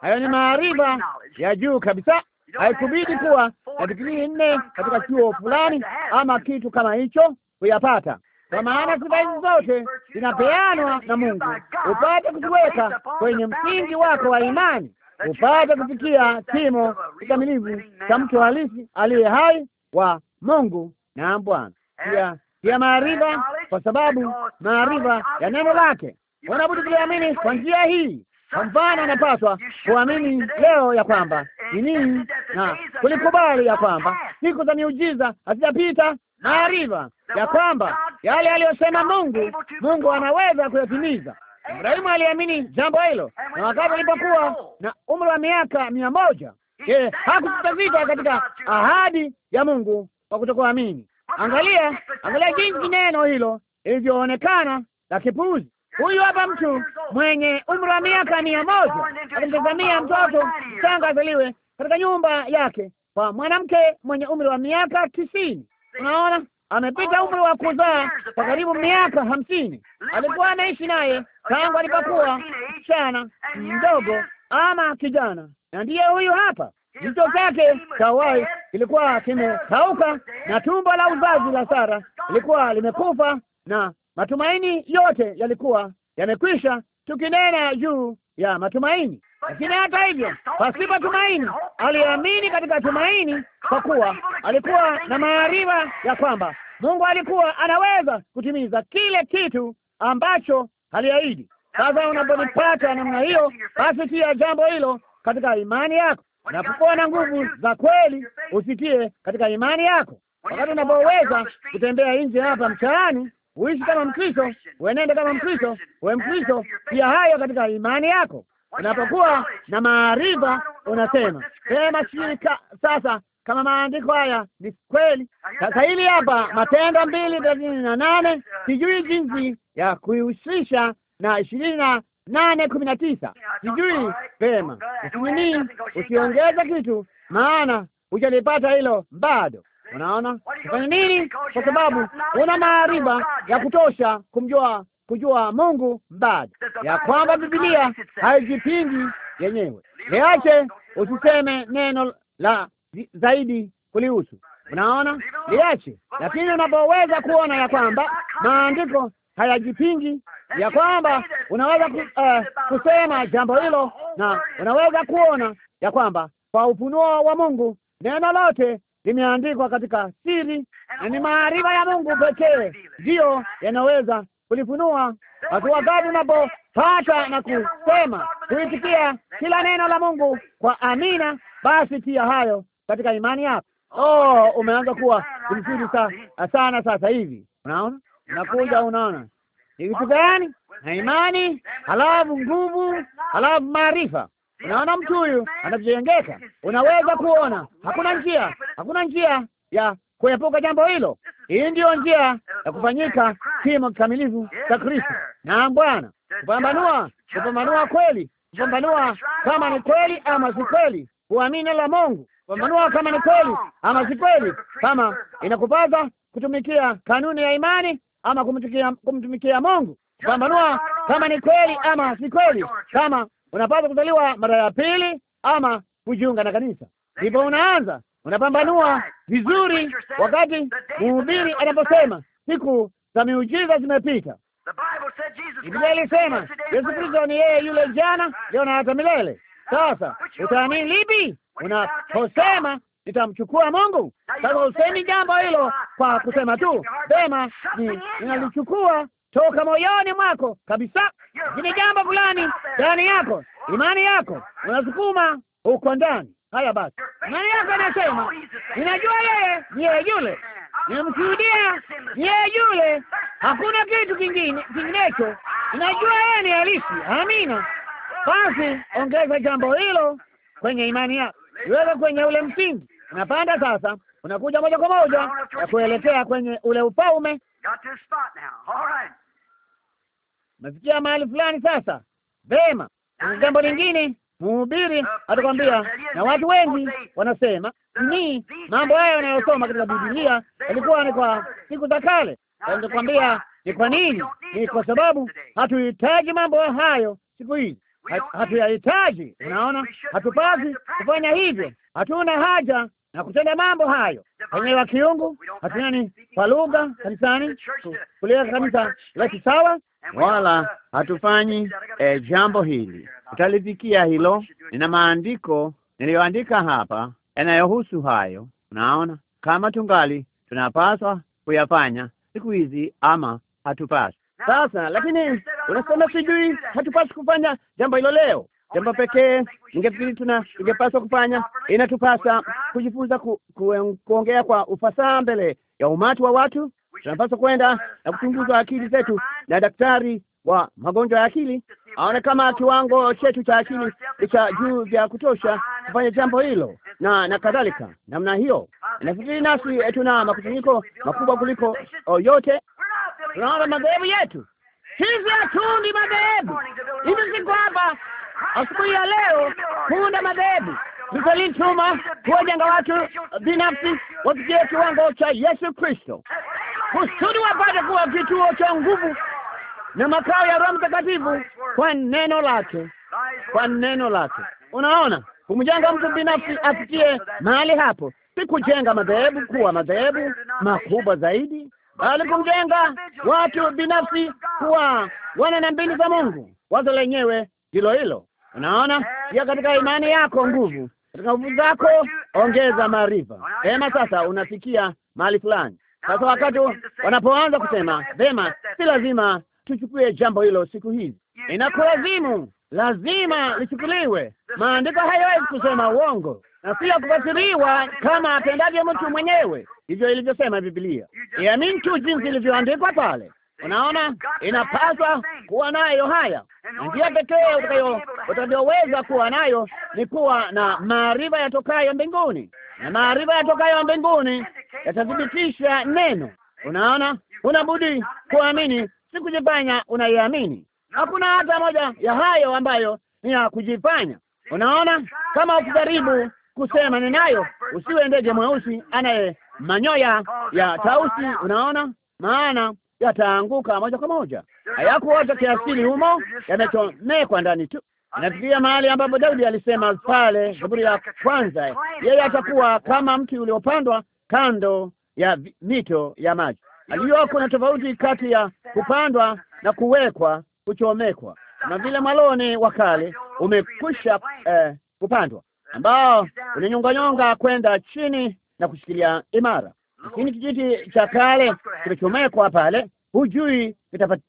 hayo, ni maarifa ya juu kabisa. Haikubidi kuwa na digrii nne katika chuo fulani ama kitu kama hicho kuyapata, kwa maana sifa hizi zote zinapeanwa na Mungu upate kuziweka kwenye msingi wako wa imani, upate kufikia kimo kikamilifu cha mtu halisi aliye hai wa Mungu na Bwana. Pia ya maarifa, kwa sababu maarifa ya neno lake. Unabudi kuliamini kwa njia hii. Kwa mfano, anapaswa kuamini leo ya kwamba ni nini na kulikubali ya kwamba siku za miujiza hazijapita, maarifa ya kwamba yale aliyosema Mungu, Mungu anaweza kuyatimiza. Ibrahimu aliamini jambo hilo, na wakati alipokuwa na umri wa miaka mia moja, yeye hakutatavita katika ahadi ya Mungu kwa kutokuamini. Angalia, angalia jinsi neno hilo ilivyoonekana la kipuzi. Huyu hapa mtu mwenye umri wa miaka mia moja akimtazamia mtoto mchanga azaliwe katika nyumba yake kwa mwanamke mwenye umri wa miaka tisini. Unaona, amepita umri wa kuzaa kwa karibu miaka hamsini. Alikuwa anaishi naye tangu alipokuwa msichana mdogo ama kijana, na ndiye huyu hapa Kichwa chake cha Wai kilikuwa kimekauka na tumbo la uzazi la Sara lilikuwa limekufa na matumaini yote yalikuwa yamekwisha, tukinena juu ya matumaini. Lakini hata hivyo, pasipo tumaini, aliamini katika tumaini, kwa kuwa alikuwa na maarifa ya kwamba Mungu alikuwa anaweza kutimiza kile kitu ambacho aliahidi. Sasa unaponipata namna hiyo, basi tia jambo hilo katika imani yako unapokuwa na nguvu za kweli, usikie katika imani yako, wakati unapoweza kutembea nje hapa mtaani, uishi kama Mkristo, uenende kama Mkristo, we Mkristo pia. Hayo katika imani yako, unapokuwa na maarifa, unasema sema shirika sasa kama maandiko haya ni kweli. Sasa hili hapa Matendo mbili thelathini na nane sijui jinsi ya kuihusisha na ishirini na nane kumi na tisa sijui pema usinini usiongeza kitu, maana hujalipata hilo bado. Unaona fanya nini? Kwa sababu una maarifa ya kutosha kumjua kujua Mungu bado, ya kwamba Biblia haijipingi yenyewe. Liache usiseme neno la zaidi kulihusu. Unaona, liache. Lakini unapoweza kuona ya kwamba maandiko hayajipingi ya kwamba unaweza ku, uh, kusema jambo hilo na unaweza kuona ya kwamba kwa ufunuo wa Mungu neno lote limeandikwa katika siri na ni maarifa ya Mungu pekee ndiyo yanaweza kulifunua watu. Wakati unapopata na kusema kuitikia kila neno la Mungu kwa amina, basi tia hayo katika imani yako. Oh, umeanza kuwa mzuri sa, sana sasa hivi, unaona nakuja unaona ni vitu gani na imani, halafu nguvu, halafu maarifa. Unaona, mtu huyu anajengeka. Unaweza kuona hakuna njia, hakuna njia ya kuepuka jambo hilo. Hii ndiyo njia ya kufanyika kimo kikamilifu cha Kristo. Naam Bwana, kupambanua, kupambanua kweli, kupambanua kama ni kweli ama si kweli, kuamini la Mungu, kupambanua kama ni kweli ama si kweli, kama inakupasa kutumikia kanuni ya imani ama kumtumikia, kumtumikia Mungu. Pambanua kama ni kweli ama si kweli, kama unapaswa kuzaliwa mara ya pili ama kujiunga na kanisa. Ndipo unaanza unapambanua vizuri, wakati mhubiri anaposema siku za miujiza zimepita. Biblia ilisema Yesu Kristo ni yeye yule jana, leo na hata milele. Sasa utaamini lipi unaposema nitamchukua Mungu. Sasa usemi jambo hilo kwa kusema tu, sema ninalichukua toka moyoni mwako kabisa. Ni jambo fulani ndani yako, imani yako unasukuma uko ndani. Haya basi, imani yako inasema, ninajua yeye yeye yule, ninamshuhudia yeye yule, hakuna kitu kingine kinginecho, ninajua yeye ni halisi. Amina. Basi ongeza jambo hilo kwenye imani yako iweka kwenye ule msingi. Unapanda sasa, unakuja moja kwa moja ya kuelekea kwenye ule ufalme. Nasikia mahali fulani sasa. Vema, jambo lingine mhubiri atakwambia, na watu wengi wanasema ni mambo haya yanayosoma katika Biblia yalikuwa ni kwa siku za kale. Nitakwambia ni kwa nini. Ni kwa sababu hatuhitaji mambo hayo siku hizi hatuyahitaji. Unaona, hatupasi kufanya hivyo, hatuna haja na kutenda mambo hayo wenyewe wa kiungu hatunani kwa lugha kanisani, kulia kanisa la kisawa, wala uh, hatufanyi eh, jambo hili utalifikia hilo. Nina maandiko niliyoandika hapa yanayohusu hayo. Unaona, kama tungali tunapaswa kuyafanya siku hizi ama hatupaswi sasa, lakini unasema sijui, hatupaswi kufanya jambo hilo leo. Jambo pekee ningefikiri tuna ingepaswa kufanya, inatupasa kujifunza ku, ku, kuongea kwa ufasaha mbele ya umati wa watu. Tunapaswa kwenda na kuchunguzwa akili zetu na daktari wa magonjwa ya akili, aone kama kiwango chetu cha akili ni cha juu vya kutosha kufanya jambo hilo na na kadhalika namna hiyo. Nafikiri nasi eh, tuna makusanyiko makubwa kuliko yote tunaona madhehebu yetu, sisi hatundi madhehebu. Hivyo si kwamba asubuhi ya leo kuunda madhehebu tutalituma kuwajenga watu binafsi wapitie kiwango cha Yesu Kristo kusudi wapate kuwa kituo cha nguvu na makao ya Roho Mtakatifu kwa neno lake, kwa neno lake. Unaona, kumjenga mtu binafsi afikie mahali hapo, si kujenga madhehebu kuwa madhehebu makubwa zaidi, bali kumjenga watu binafsi kuwa wana na mbili za Mungu. Wazo lenyewe ndilo hilo. Unaona, pia katika imani yako nguvu, katika nguvu zako ongeza maarifa. Sema sasa unafikia mahali fulani. Sasa wakati wanapoanza kusema vema, si lazima tuchukue jambo hilo siku hizi, inakulazimu lazima lichukuliwe. Maandiko hayawezi kusema uongo na sio kufasiriwa kama apendavyo mtu mwenyewe. Hivyo ilivyosema Biblia, iamini e, tu jinsi ilivyoandikwa pale. Unaona, inapaswa kuwa nayo haya, na njia pekee utakayoweza kuwa nayo ni kuwa na maarifa yatokayo mbinguni, na maarifa yatokayo mbinguni yatathibitisha neno. Unaona, unabudi kuamini, si kujifanya unaiamini. Hakuna hata moja ya hayo ambayo ni ya kujifanya. Unaona, kama ukijaribu kusema ninayo. Usiwe ndege mweusi anaye manyoya ya tausi, unaona, maana yataanguka moja kwa moja. Hayakuota kiasili humo, yamechomekwa ndani tu. Nafikiria mahali ambapo Daudi alisema pale Zaburi ya kwanza, yeye atakuwa kama mti uliopandwa kando ya mito ya maji. Aliyoko na tofauti kati ya kupandwa na kuwekwa, kuchomekwa, na vile mwaloni wa kale umekwisha eh, kupandwa ambao nyonga kwenda chini na kushikilia imara, lakini kijiti cha kale kilichomekwa pale, hujui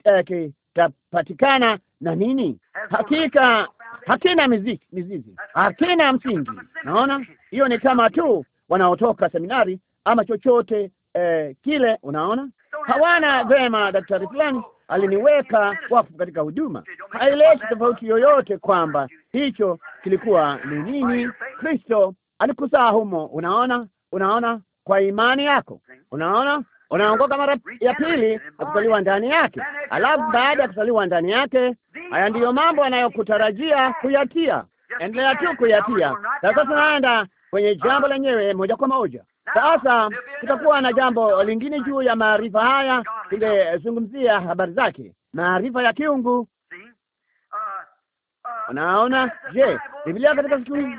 eh, kitapatikana na nini. Hakika hakina miziki, mizizi hakina msingi. Naona hiyo ni kama tu wanaotoka seminari ama chochote eh, kile. Unaona hawana vema daktari fulani aliniweka wafu katika huduma. Haileti tofauti yoyote kwamba hicho kilikuwa ni nini. Kristo alikuzaa humo. Unaona, unaona, kwa imani yako, unaona unaongoka mara ya pili ya kuzaliwa ndani yake. Alafu baada ya kuzaliwa ndani yake, haya ndiyo mambo anayokutarajia kuyatia. Endelea tu kuyatia. Sasa tunaenda kwenye jambo lenyewe moja kwa moja. Sasa kutakuwa na jambo lingine juu ya maarifa haya, tulizungumzia habari zake, maarifa ya kiungu. Unaona, je, Biblia katika siku hizi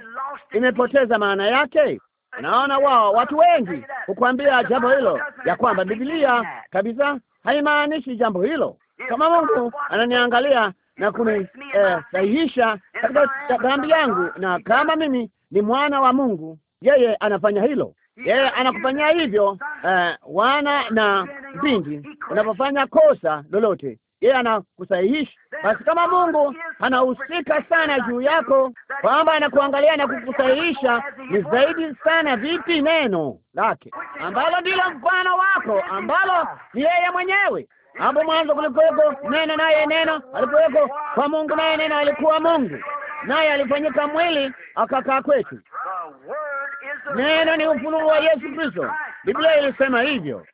imepoteza maana yake? Unaona, wao watu wengi hukuambia jambo hilo, ya kwamba Biblia kabisa haimaanishi jambo hilo. Kama Mungu ananiangalia na kunisahihisha eh, katika dhambi yangu, na kama mimi ni mwana wa Mungu, yeye anafanya hilo yeye anakufanyia hivyo uh, wana na binti, unapofanya kosa lolote yeye anakusahihisha. Basi kama Mungu anahusika sana juu yako, kwamba anakuangalia na kukusahihisha, ni zaidi sana vipi neno lake ambalo ndilo mfano wako, ambalo ni yeye mwenyewe. Hapo mwanzo kulikuweko neno, naye neno alikuweko kwa Mungu, naye neno alikuwa Mungu, naye alifanyika mwili akakaa kwetu. Neno ni ufunuo wa Yesu Kristo. Biblia ilisema hivyo,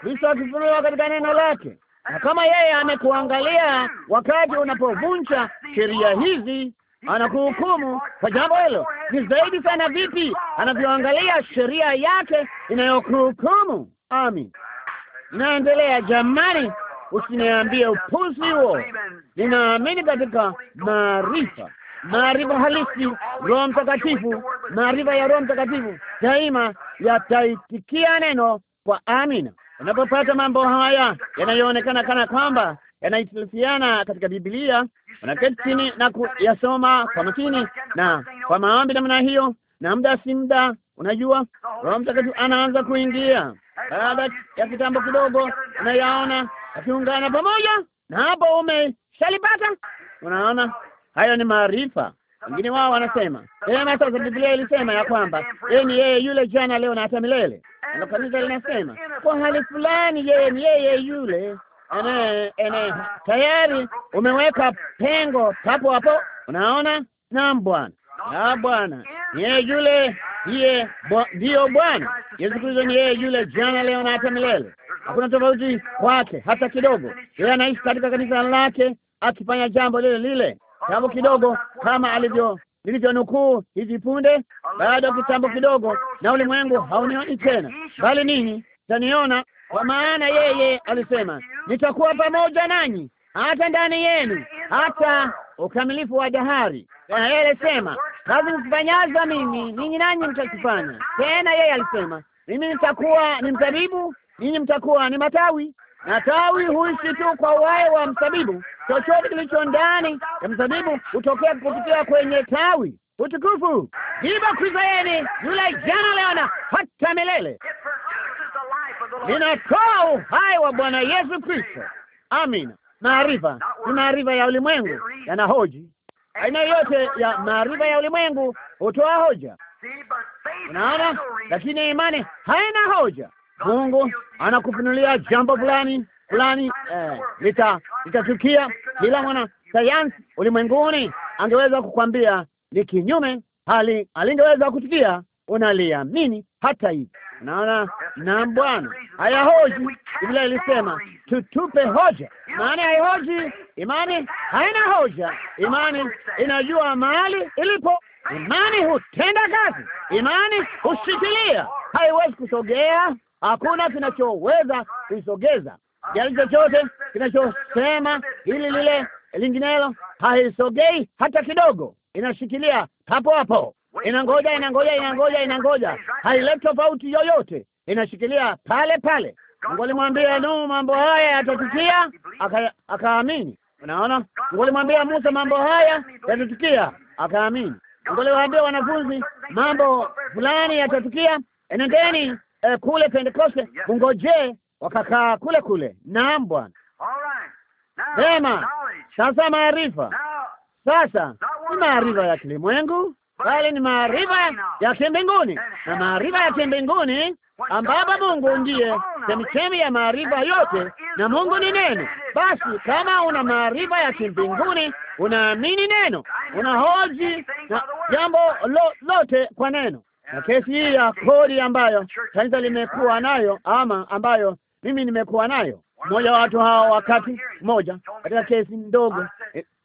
Kristo akifunuliwa katika neno lake, na kama yeye amekuangalia wakati unapovunja sheria hizi anakuhukumu kwa jambo hilo. Ni zaidi sana vipi anavyoangalia sheria yake inayokuhukumu. Ami, naendelea jamani, usiniambie upuzi huo. Ninaamini katika maarifa, maarifa halisi Roho Mtakatifu, maarifa ya Roho Mtakatifu daima yataitikia neno kwa amina. Unapopata mambo haya yanayoonekana kana kwamba yanahusiana katika Biblia, unaketi chini na kuyasoma kwa makini na kwa maombi namna hiyo, na muda si muda, unajua Roho Mtakatifu anaanza kuingia. Baada ya kitambo kidogo, unayaona yakiungana pamoja, na hapo umeshalipata unaona Hayo ni maarifa. Wengine wao wanasema vyema, yaani sasa Biblia ilisema ya kwamba yeye ni yeye yule jana, leo na hata milele, na kanisa linasema kwa hali fulani yeye ni yeye yule ene ene. Tayari umeweka pengo papo hapo, unaona. Naam Bwana, ah Bwana ni yeye yule, yeye ndiyo Bwana Yesu Kristo ni yeye yule jana, leo na hata milele. Hakuna tofauti kwake hata kidogo. Yeye anaishi katika kanisa lake akifanya jambo lile lile tabu kidogo kama alivyo nilivyonukuu hivi punde, baada ya kitambo kidogo na ulimwengu haunioni tena, bali nini taniona, kwa maana yeye alisema nitakuwa pamoja nanyi hata ndani yenu hata ukamilifu wa dahari. Tena yeye alisema kazi mkifanyaza mimi ninyi nanyi mtakifanya. Tena yeye alisema mimi nitakuwa ni mzabibu, ninyi mtakuwa ni matawi na tawi huishi tu kwa wae wa mzabibu. Chochote kilicho ndani ya mzabibu hutokea kupitia kwenye tawi. Utukufu! Ndivyo Kristo yeye ni yule jana, leo na hata milele. Linatoa uhai wa Bwana Yesu Kristo. Amina. Maarifa ni maarifa ya ulimwengu, yanahoji aina yote ya maarifa ya ulimwengu, hutoa hoja. Unaona, lakini imani haina hoja. Mungu anakufunulia jambo fulani fulani eh, lita- bila mwana sayansi ulimwenguni angeweza kukwambia ni kinyume hali alingeweza kutukia, unaliamini hata hivi. Naona na Bwana haya hoji, Biblia ilisema tutupe hoja, maana haihoji imani, haina hoja imani, inajua mahali ilipo. Imani hutenda kazi, imani hushikilia, haiwezi kusogea Hakuna kinachoweza kuisogeza gari chochote kinachosema hili lile linginelo, haisogei hata kidogo, inashikilia hapo hapo, inangoja inangoja inangoja inangoja, haileti tofauti yoyote, inashikilia pale pale. Mungu alimwambia Nuhu mambo haya yatatukia, akaamini. Unaona, Mungu alimwambia Musa mambo haya yatatukia, akaamini. Mungu aliwaambia wanafunzi mambo fulani yatatukia, enendeni eh, kule Pentekoste, ungoje wakakaa kule kule. Naam Bwana, Sema Sasa maarifa, sasa ni maarifa ya kilimwengu, bali ni maarifa ya kimbinguni, na maarifa ya kimbinguni ambapo Mungu ndiye chemichemi ya maarifa yote, na Mungu ni neno. Basi kama una maarifa ya kimbinguni, unaamini neno, unahoji na jambo lo, lote kwa neno na kesi hii ya kodi ambayo kanisa limekuwa nayo ama ambayo mimi nimekuwa nayo. Mmoja wa watu hao, wakati mmoja katika kesi ndogo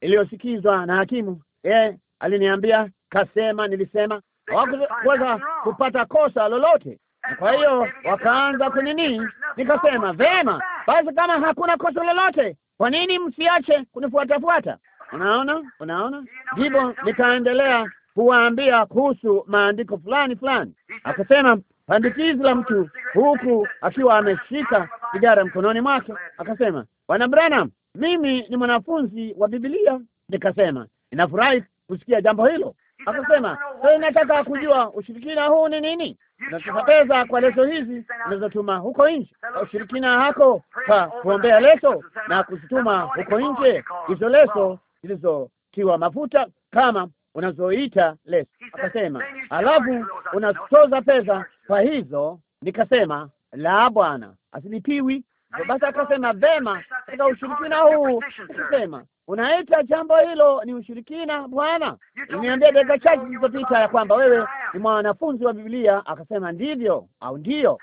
iliyosikizwa na hakimu, eh, aliniambia kasema, nilisema hawakuweza kupata kosa lolote, kwa hiyo wakaanza kunini. Nikasema vema, basi kama hakuna kosa lolote, kwa nini msiache kunifuatafuata? Unaona, unaona, ndipo nikaendelea kuwaambia kuhusu maandiko fulani fulani. Akasema pandikizi la mtu huku akiwa ameshika sigara mkononi mwake, akasema, Bwana Branham, mimi ni mwanafunzi wa Biblia. Nikasema, ninafurahi kusikia jambo hilo. Akasema, nataka kujua ushirikina huu ni nini? Nataka pesa kwa leso hizi unazotuma huko nje. Ushirikina hako kwa kuombea leso na kuzituma huko nje, hizo leso zilizotiwa mafuta kama unazoita lesi. Akasema, alafu unatoza pesa kwa hizo. Nikasema, la bwana, asilipiwi. Basi oh, akasema, vema, katika ushirikina huu. Akasema unaita jambo hilo ni ushirikina bwana? Niambia dakika chache zilizopita ya kwamba wewe ni mwanafunzi wa Biblia. Akasema, ndivyo au ndiyo?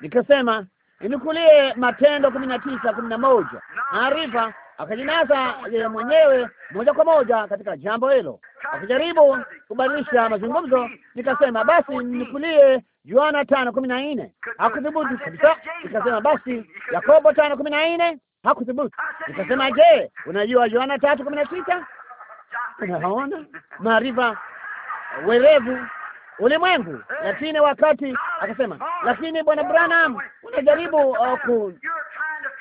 Nikasema, inukulie Matendo kumi na tisa kumi na moja maarifa akajinasa yeye mwenyewe moja kwa moja katika jambo hilo, akijaribu kubadilisha mazungumzo. Nikasema basi nikulie Yohana tano kumi na nne. Hakuthubutu kabisa. Nikasema basi Yakobo tano kumi na nne. Hakuthubutu. Nikasema je, unajua Yohana tatu kumi na sita Unaona maarifa werevu ulimwengu lakini wakati akasema, lakini bwana Branham unajaribu uh,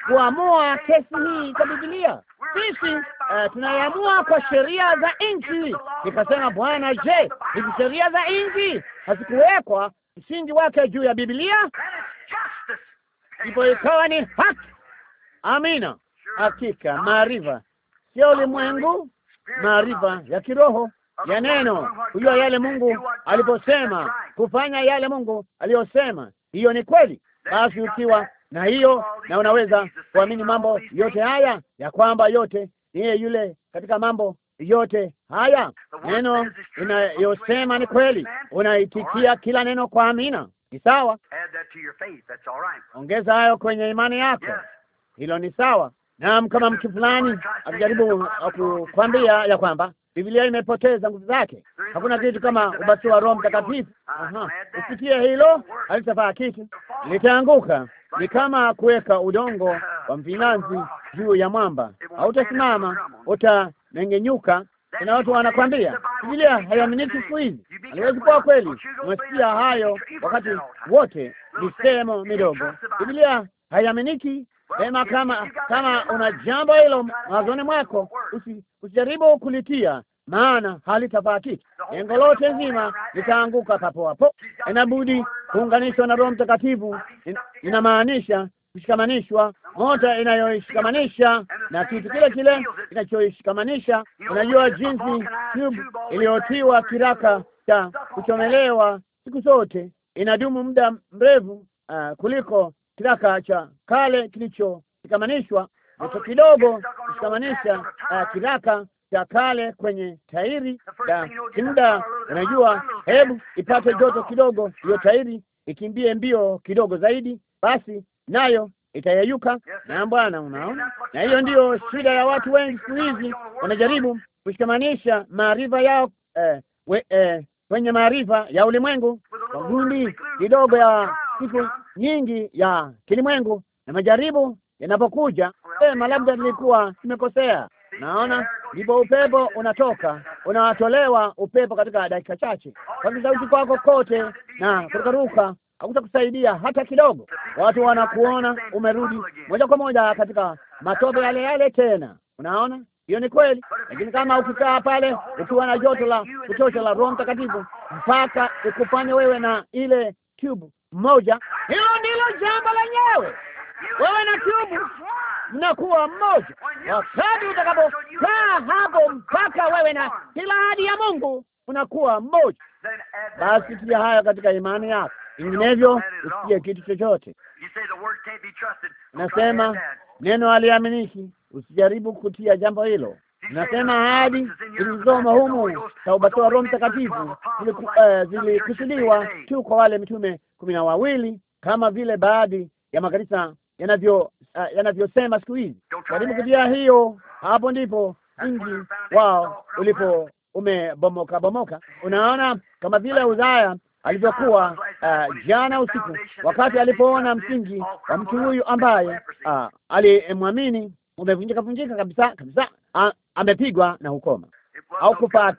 kuamua kesi hii kwa Biblia. Sisi uh, tunaiamua kwa sheria za nchi. Nikasema, Bwana, je, hizi sheria za nchi hazikuwekwa msingi wake juu ya Biblia? Ipo, ikawa ni haki. Amina, hakika maarifa, sio ulimwengu, maarifa ya kiroho ya neno, kujua yale Mungu aliposema, kufanya yale Mungu aliyosema. Hiyo ni kweli. Basi ukiwa na hiyo, na unaweza kuamini mambo yote haya ya kwamba yote yeye yule katika mambo yote haya, neno inayosema ni kweli, unaitikia kila neno kwa amina. Ni sawa, ongeza hayo kwenye imani yako, hilo ni sawa. Naam, kama mtu fulani akijaribu kukwambia ya kwamba Biblia imepoteza nguvu zake, hakuna kitu kama ubasi wa Roho Mtakatifu. Usikie hilo, halitafaa kitu, litaanguka ni kama kuweka udongo wa mfinyanzi juu ya mwamba, hautasimama, utamengenyuka Kuna watu wanakwambia Biblia haiaminiki siku hizi. Aliwezi kuwa kweli, umesikia hayo wakati wote, misemo midogo. Biblia haiaminiki. Sema kama kama una jambo hilo mawazoni mwako, usijaribu kulitia maana halitafatika. Jengo lote nzima litaanguka papo hapo. Inabudi kuunganishwa na Roho Mtakatifu, inamaanisha kushikamanishwa. mota inayoishikamanisha na kitu kile kile kinachoishikamanisha. Unajua jinsi tube iliyotiwa kiraka cha kuchomelewa siku zote inadumu muda mrefu uh, kuliko kiraka cha kale kilichoshikamanishwa. Moto kidogo kushikamanisha uh, kiraka cha kale kwenye tairi ya muda, unajua, hebu ipate joto kidogo, hiyo tairi ikimbie mbio kidogo zaidi, basi nayo itayayuka Na bwana, unaona, na hiyo ndiyo shida ya watu wengi siku hizi, wanajaribu kushikamanisha maarifa yao eh, we, eh, kwenye maarifa ya ulimwengu, gundi kidogo ya siku nyingi ya kilimwengu, na majaribu yanapokuja, sema labda nilikuwa nimekosea naona, ndipo upepo unatoka, unawatolewa upepo katika dakika chache, kakisauti kwako kote na kurukaruka hakutakusaidia hata kidogo. Watu wanakuona umerudi moja kwa moja katika matope yale yale tena. Unaona, hiyo ni kweli, lakini kama ukikaa pale ukiwa na joto la kutosha la Roho Mtakatifu mpaka ukufanya wewe na ile cube moja, hilo ndilo jambo lenyewe, wewe na cube mnakuwa mmoja, wakati utakapokaa hapo mpaka wewe na kila ahadi ya Mungu unakuwa mmoja. Basi tia hayo katika imani yako, vinginevyo usikie kitu chochote. Nasema neno aliaminiki usijaribu kutia jambo hilo. Nasema ahadi zilizoma humu za ubatizo wa Roho Mtakatifu eh, zilikusudiwa tu kwa wale mitume kumi na wawili kama vile baadhi ya makanisa yanavyo uh, yanavyosema siku hizi. Karibu kutia hiyo, hapo ndipo mji wao ulipo umebomoka bomoka. Unaona, kama vile Uzaya alivyokuwa uh, jana usiku wakati alipoona msingi wa mtu huyu ambaye uh, ah, alimwamini umevunjika vunjika kabisa kabisa, amepigwa na ukoma au kufaa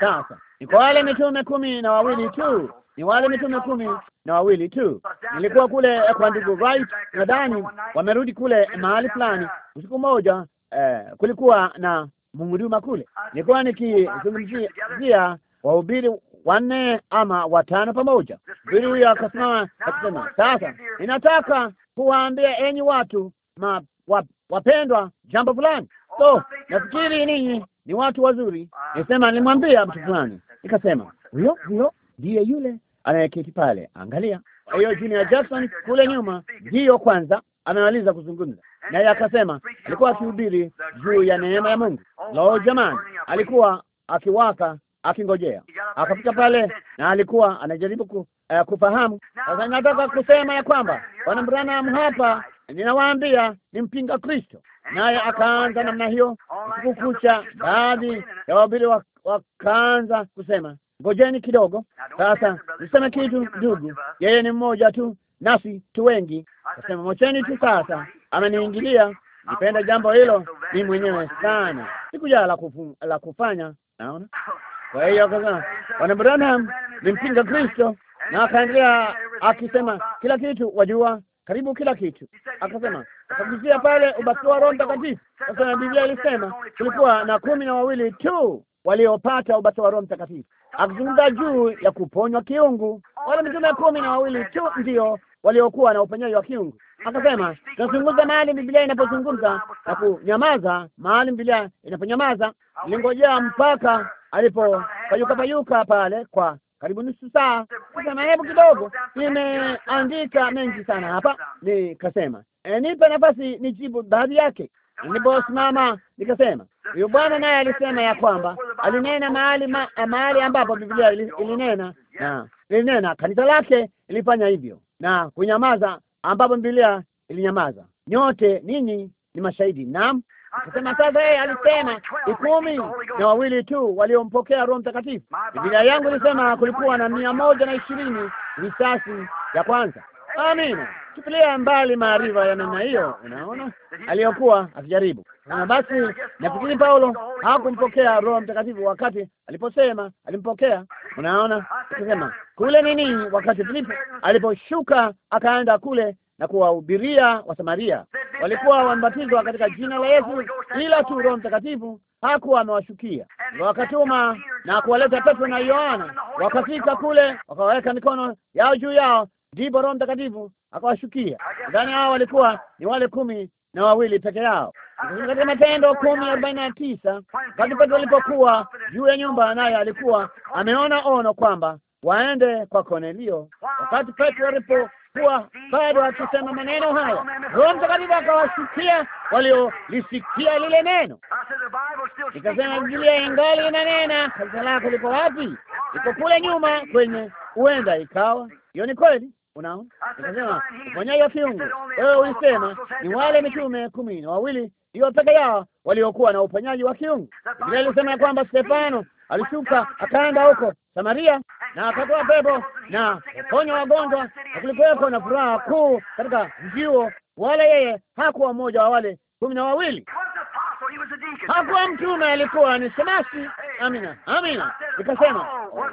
Sasa ni kwa wale mitume kumi na wawili tu ni wale mitume kumi na wawili tu. Nilikuwa kule eh, kwa ndugu Wright, nadhani wamerudi kule mahali fulani usiku mmoja. Eh, kulikuwa na mhuduma kule, nilikuwa nikizungumzia wahubiri wanne ama watano pamoja. Mhubiri huyo akasimama akasema, sasa ninataka kuwaambia enyi watu ma, wa, wapendwa jambo fulani. So nafikiri ninyi ni watu wazuri. Nisema nilimwambia mtu fulani, nikasema huyo huyo ndiye yule anayeketi pale. Angalia, kwa hiyo ya Jackson kule nyuma ndiyo kwanza amemaliza kuzungumza, naye akasema, alikuwa akihubiri juu ya neema ya Mungu. Lo, jamani, alikuwa akiwaka akingojea, akafika pale na alikuwa anajaribu ku, uh, kufahamu. Sasa nataka kusema ya kwamba Bwana Branham hapa, ninawaambia ni mpinga Kristo, naye akaanza namna hiyo. Usiku kucha, baadhi ya wahubiri wakaanza kusema Ngojeni kidogo sasa, niseme kitu ndugu, yeye ni mmoja tu nasi tu wengi. Nasema mocheni tu sasa, ameniingilia nipenda jambo hilo ni mwenyewe sana, sikuja la, kufu, la kufanya. Naona kwa hiyo akasema, Bwana Branham ni mpinga Kristo, na akaendelea akisema kila kitu, wajua karibu kila kitu akasema, akagusia pale ubatizo wa Roho Mtakatifu. Sasa Biblia ilisema kulikuwa na kumi na wawili tu waliopata ubatizo wa Roho Mtakatifu, akizungumza juu ya kuponywa kiungu. Wale mitume kumi na wawili tu ndio waliokuwa na uponyaji wa kiungu. Akasema tunazungumza mahali Biblia inapozungumza na kunyamaza mahali Biblia inaponyamaza. Nilingojea mpaka alipopayuka payuka pale kwa karibu nusu saa, kasema hebu kidogo, nimeandika mengi sana hapa. Nikasema e, nipe nafasi nijibu baadhi yake niliposimama nikasema, huyu bwana naye alisema ya kwamba alinena mahali ma, mahali ambapo Biblia ili, ilinena na ilinena kanisa lake ilifanya hivyo na kunyamaza ambapo Biblia ilinyamaza. Nyote ninyi ni mashahidi. Naam, kasema sasa, yeye alisema ikumi na wawili tu waliompokea Roho Mtakatifu. Biblia yangu ilisema kulikuwa na mia moja na ishirini risasi ya kwanza Amina. Tupilia mbali maarifa ya namna hiyo, unaona aliyokuwa akijaribu. Na basi nafikiri Paulo hakumpokea Roho Mtakatifu wakati aliposema alimpokea, unaona akisema kule nini, wakati Filipo aliposhuka akaenda kule na kuwahubiria wa samaria walikuwa wamebatizwa katika jina la Yesu, ila tu Roho Mtakatifu hakuwa amewashukia. Wakatuma na kuwaleta Petro na Yohana, wakafika kule, wakaweka mikono yao juu yao ndipo Roho Mtakatifu akawashukia. Ndani hao walikuwa ni wale kumi na wawili peke yao. Katika Matendo kumi arobaini na tisa wakati Petro alipokuwa juu ya nyumba, naye alikuwa ameona ono kwamba waende kwa Kornelio. Wakati Petro alipokuwa bado akisema maneno haya, Roho Mtakatifu akawashukia waliolisikia lile neno. Ikasema Biblia ingali inanena, kanisa lako liko wapi? Iko kule nyuma kwenye huenda ikawa. Hiyo ni kweli. Unaona, akasema fanya hiyo kiungu. Wewe ulisema ni wale mitume kumi na wawili ndio peke yao waliokuwa na uponyaji wa kiungu. Biblia ilisema ya kwamba Stefano alishuka akaenda huko Samaria na akatoa pepo na ponya wagonjwa, na kulikuweko na furaha kuu katika mji huo, wala yeye hakuwa mmoja wa wale kumi na wawili hakuwa mtume, alikuwa ni shemasi. Amina, amina. Nikasema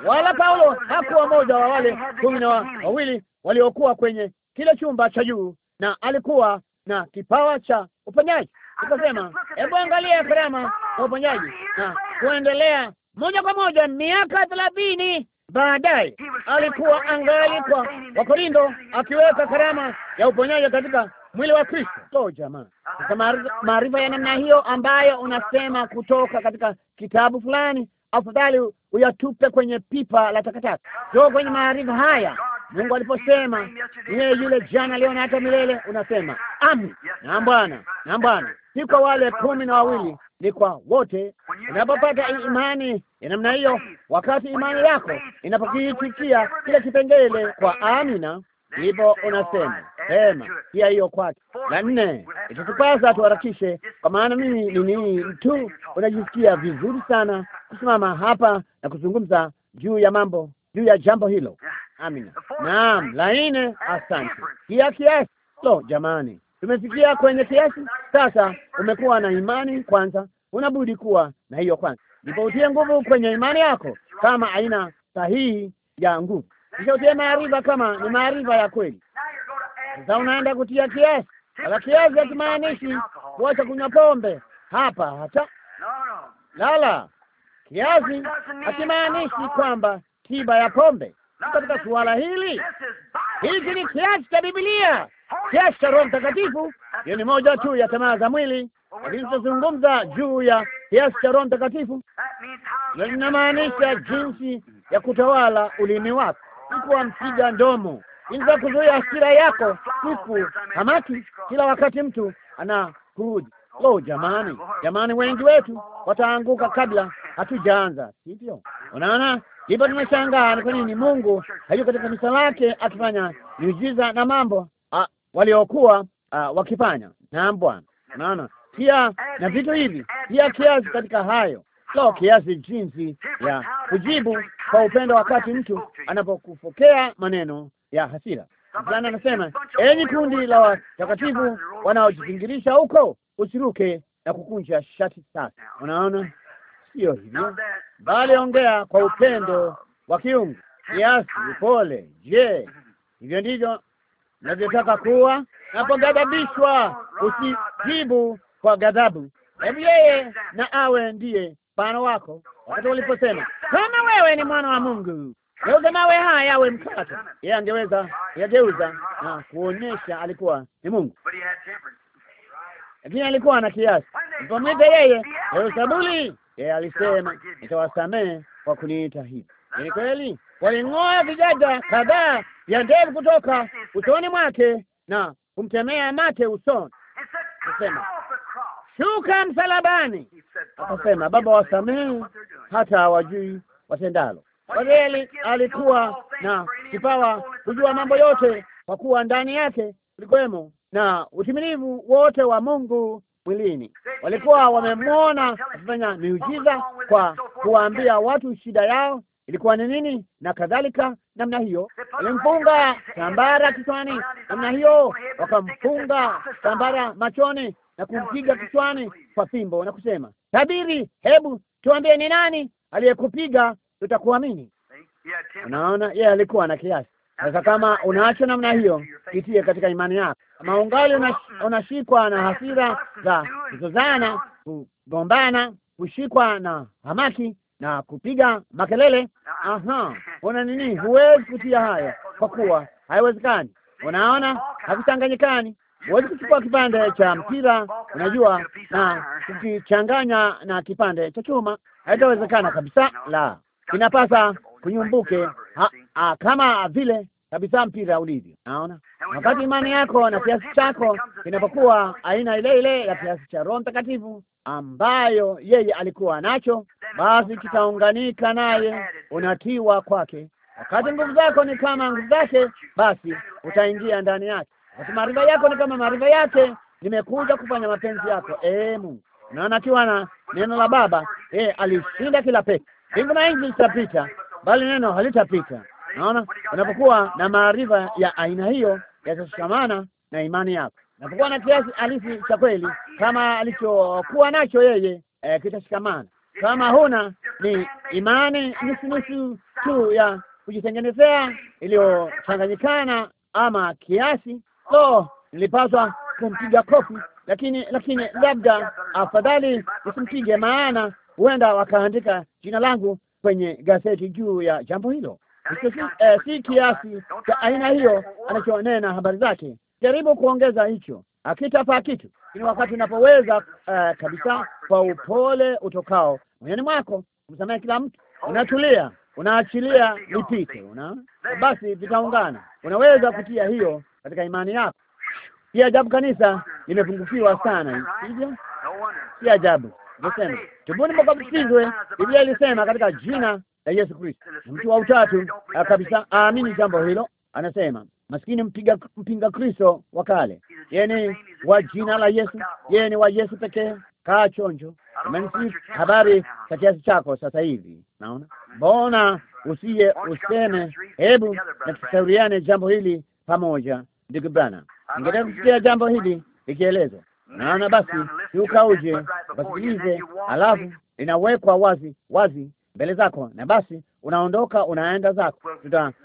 wala Paulo hakuwa mmoja wa wale kumi na wawili waliokuwa kwenye kile chumba cha juu, na alikuwa na kipawa cha uponyaji. Nikasema hebu angalia karama ya uponyaji na kuendelea moja kwa moja miaka thelathini Baadaye alikuwa angali kwa wakorindo akiweka karama ya uponyaji katika mwili wa Kristo. Jamaa, maarifa ya namna hiyo ambayo unasema kutoka katika kitabu fulani, afadhali uyatupe kwenye pipa la takataka. so kwenye maarifa haya. Mungu aliposema niye yule jana, leo na hata milele, unasema amu na Bwana na Bwana. Si kwa wale kumi na wawili ni kwa wote. Unapopata imani ya namna hiyo, wakati imani yako inapokiitikia kila kipengele kwa amina, ndipo unasema sema pia hiyo kwake. La nne, itatupasa tuharakishe, kwa maana mimi ninii tu unajisikia vizuri sana kusimama hapa na kuzungumza juu ya mambo juu ya jambo hilo. Amina. Naam, la nne, asante. Kia kiasi lo, jamani tumefikia kwenye kiasi sasa. Umekuwa na imani kwanza, unabudi kuwa na hiyo kwanza, ndipo utie nguvu kwenye imani yako kama aina sahihi ya nguvu, kisha utie maarifa kama ni maarifa ya kweli. Sasa unaenda kutia kiasi. Ala, kiasi hakimaanishi kuacha kunywa pombe hapa hata lala. Kiasi hakimaanishi kwamba tiba ya pombe katika suala hili, hiki ni kiasi cha Biblia kiasi Roho Mtakatifu. Hiyo ni moja tu ya tamaa za mwili, lakini tutazungumza juu ya kiasi cha Roho Mtakatifu. Hiyo inamaanisha jinsi ya kutawala ulimi wako, kuwa mpiga ndomo, inza ya kuzuia hasira yako siku hamaki. Kila wakati mtu ana kurudi Oh, jamani, jamani, wengi wetu wataanguka kabla hatujaanza, sivyo? Unaona, ndipo tumeshangaa ni kwa nini Mungu hayuko katika kanisa lake akifanya miujiza na mambo waliokuwa uh, wakifanya. Naam Bwana, naona pia na vitu hivi pia kiasi katika hayo lo, kiasi jinsi ya kujibu kwa upendo wakati mtu anapokupokea maneno ya hasira. Jana anasema enyi kundi la watakatifu wanaojizingirisha huko, usiruke na kukunja shati. Sasa unaona, sio hivyo, bali ongea kwa upendo wa kiungu, kiasi, upole. Je, hivyo ndivyo navyotaka kuwa napoghadhabishwa, usijibu kwa ghadhabu. Hebu yeye na awe ndiye pano wako, wakati waliposema kama wewe ni mwana wa Mungu geuza mawe haya yawe mkate. Yeye angeweza yageuza na kuonyesha alikuwa ni Mungu, lakini alikuwa na kiasi. Mpomwita yeye Beelzebuli, yeye alisema nitawasamehe kwa kuniita hivi. Ni kweli waling'oa vijaja kadhaa ya ndevu kutoka usoni mwake na kumtemea mate usoni. Akasema, shuka msalabani. Akasema, Baba, wasamehe, hata hawajui watendalo. Babeli alikuwa na kipawa kujua mambo yote, kwa kuwa ndani yake kulikuwemo na utimilivu wote wa Mungu mwilini. Walikuwa wamemwona akifanya miujiza kwa kuwaambia watu shida yao ilikuwa ni nini na kadhalika, namna hiyo. Walimfunga tambara kichwani namna hiyo, wakamfunga tambara machoni na kumpiga kichwani kwa fimbo na kusema, tabiri, hebu tuambie ni nani aliyekupiga, tutakuamini. Unaona, yeye yeah, alikuwa na kiasi. Sasa kama unaacho namna hiyo, itie katika imani yako. Kama ungali unashikwa una na hasira za kuzozana, kugombana, kushikwa na hamaki na kupiga makelele. Aha, ona nini? Huwezi kutia haya kwa kuwa haiwezekani. Unaona, hakuchanganyikani. Huwezi kuchukua kipande cha mpira, unajua, na kukichanganya na kipande cha chuma, haitawezekana kabisa. La, inapasa kunyumbuke ha, ha, ah, kama vile kabisa mpira ulivyo. Naona wakati imani yako na kiasi chako inapokuwa aina ile ile ya kiasi cha Roho Mtakatifu ambayo yeye alikuwa nacho basi kitaunganika naye, unatiwa kwake. Wakati nguvu zako ni kama nguvu zake, basi utaingia ndani yake. Wakati maarifa yako ni kama maarifa yake, nimekuja kufanya mapenzi yako, ee Mungu. Naona akiwa na neno la Baba, yeye eh, alishinda kila peke. Mbingu na nchi zitapita, bali neno halitapita. Naona unapokuwa na maarifa ya aina hiyo yatashikamana na imani yako, unapokuwa na kiasi halisi cha kweli kama alichokuwa nacho yeye, eh, kitashikamana. Kama huna ni imani nusunusu tu ya kujitengenezea iliyochanganyikana ama kiasi. So nilipaswa kumpiga kofi, lakini lakini labda afadhali usimpige, maana huenda wakaandika jina langu kwenye gazeti juu ya jambo hilo. Eh, si kiasi cha aina hiyo anachonena habari zake. Jaribu kuongeza hicho, akitapaa kitu, ni wakati unapoweza uh, kabisa kwa upole utokao moyoni mwako kumsamehe kila mtu, unatulia, unaachilia lipite, una basi vitaungana. Unaweza kutia hiyo katika imani yako. Si ajabu kanisa limepungukiwa sana, hivyo Si ajabu. Nasema tubuni mkabatizwe. Biblia ilisema katika jina ya Yesu Kristo. Mtu wa utatu ah, kabisa aamini ah, jambo hilo, anasema maskini mpiga mpinga Kristo wa kale, yeye wa jina la Yesu, yeye ni wa Yesu pekee. Kaa chonjo, mani habari za kiasi chako sasa hivi. Naona mbona usiye useme, hebu na tushauriane jambo hili pamoja. Ndugu bana, ningetaka kusikia jambo hili ikielezwa. Naona basi, siukauje, wasikilize, alafu inawekwa wazi wazi mbele zako, na basi unaondoka unaenda zako.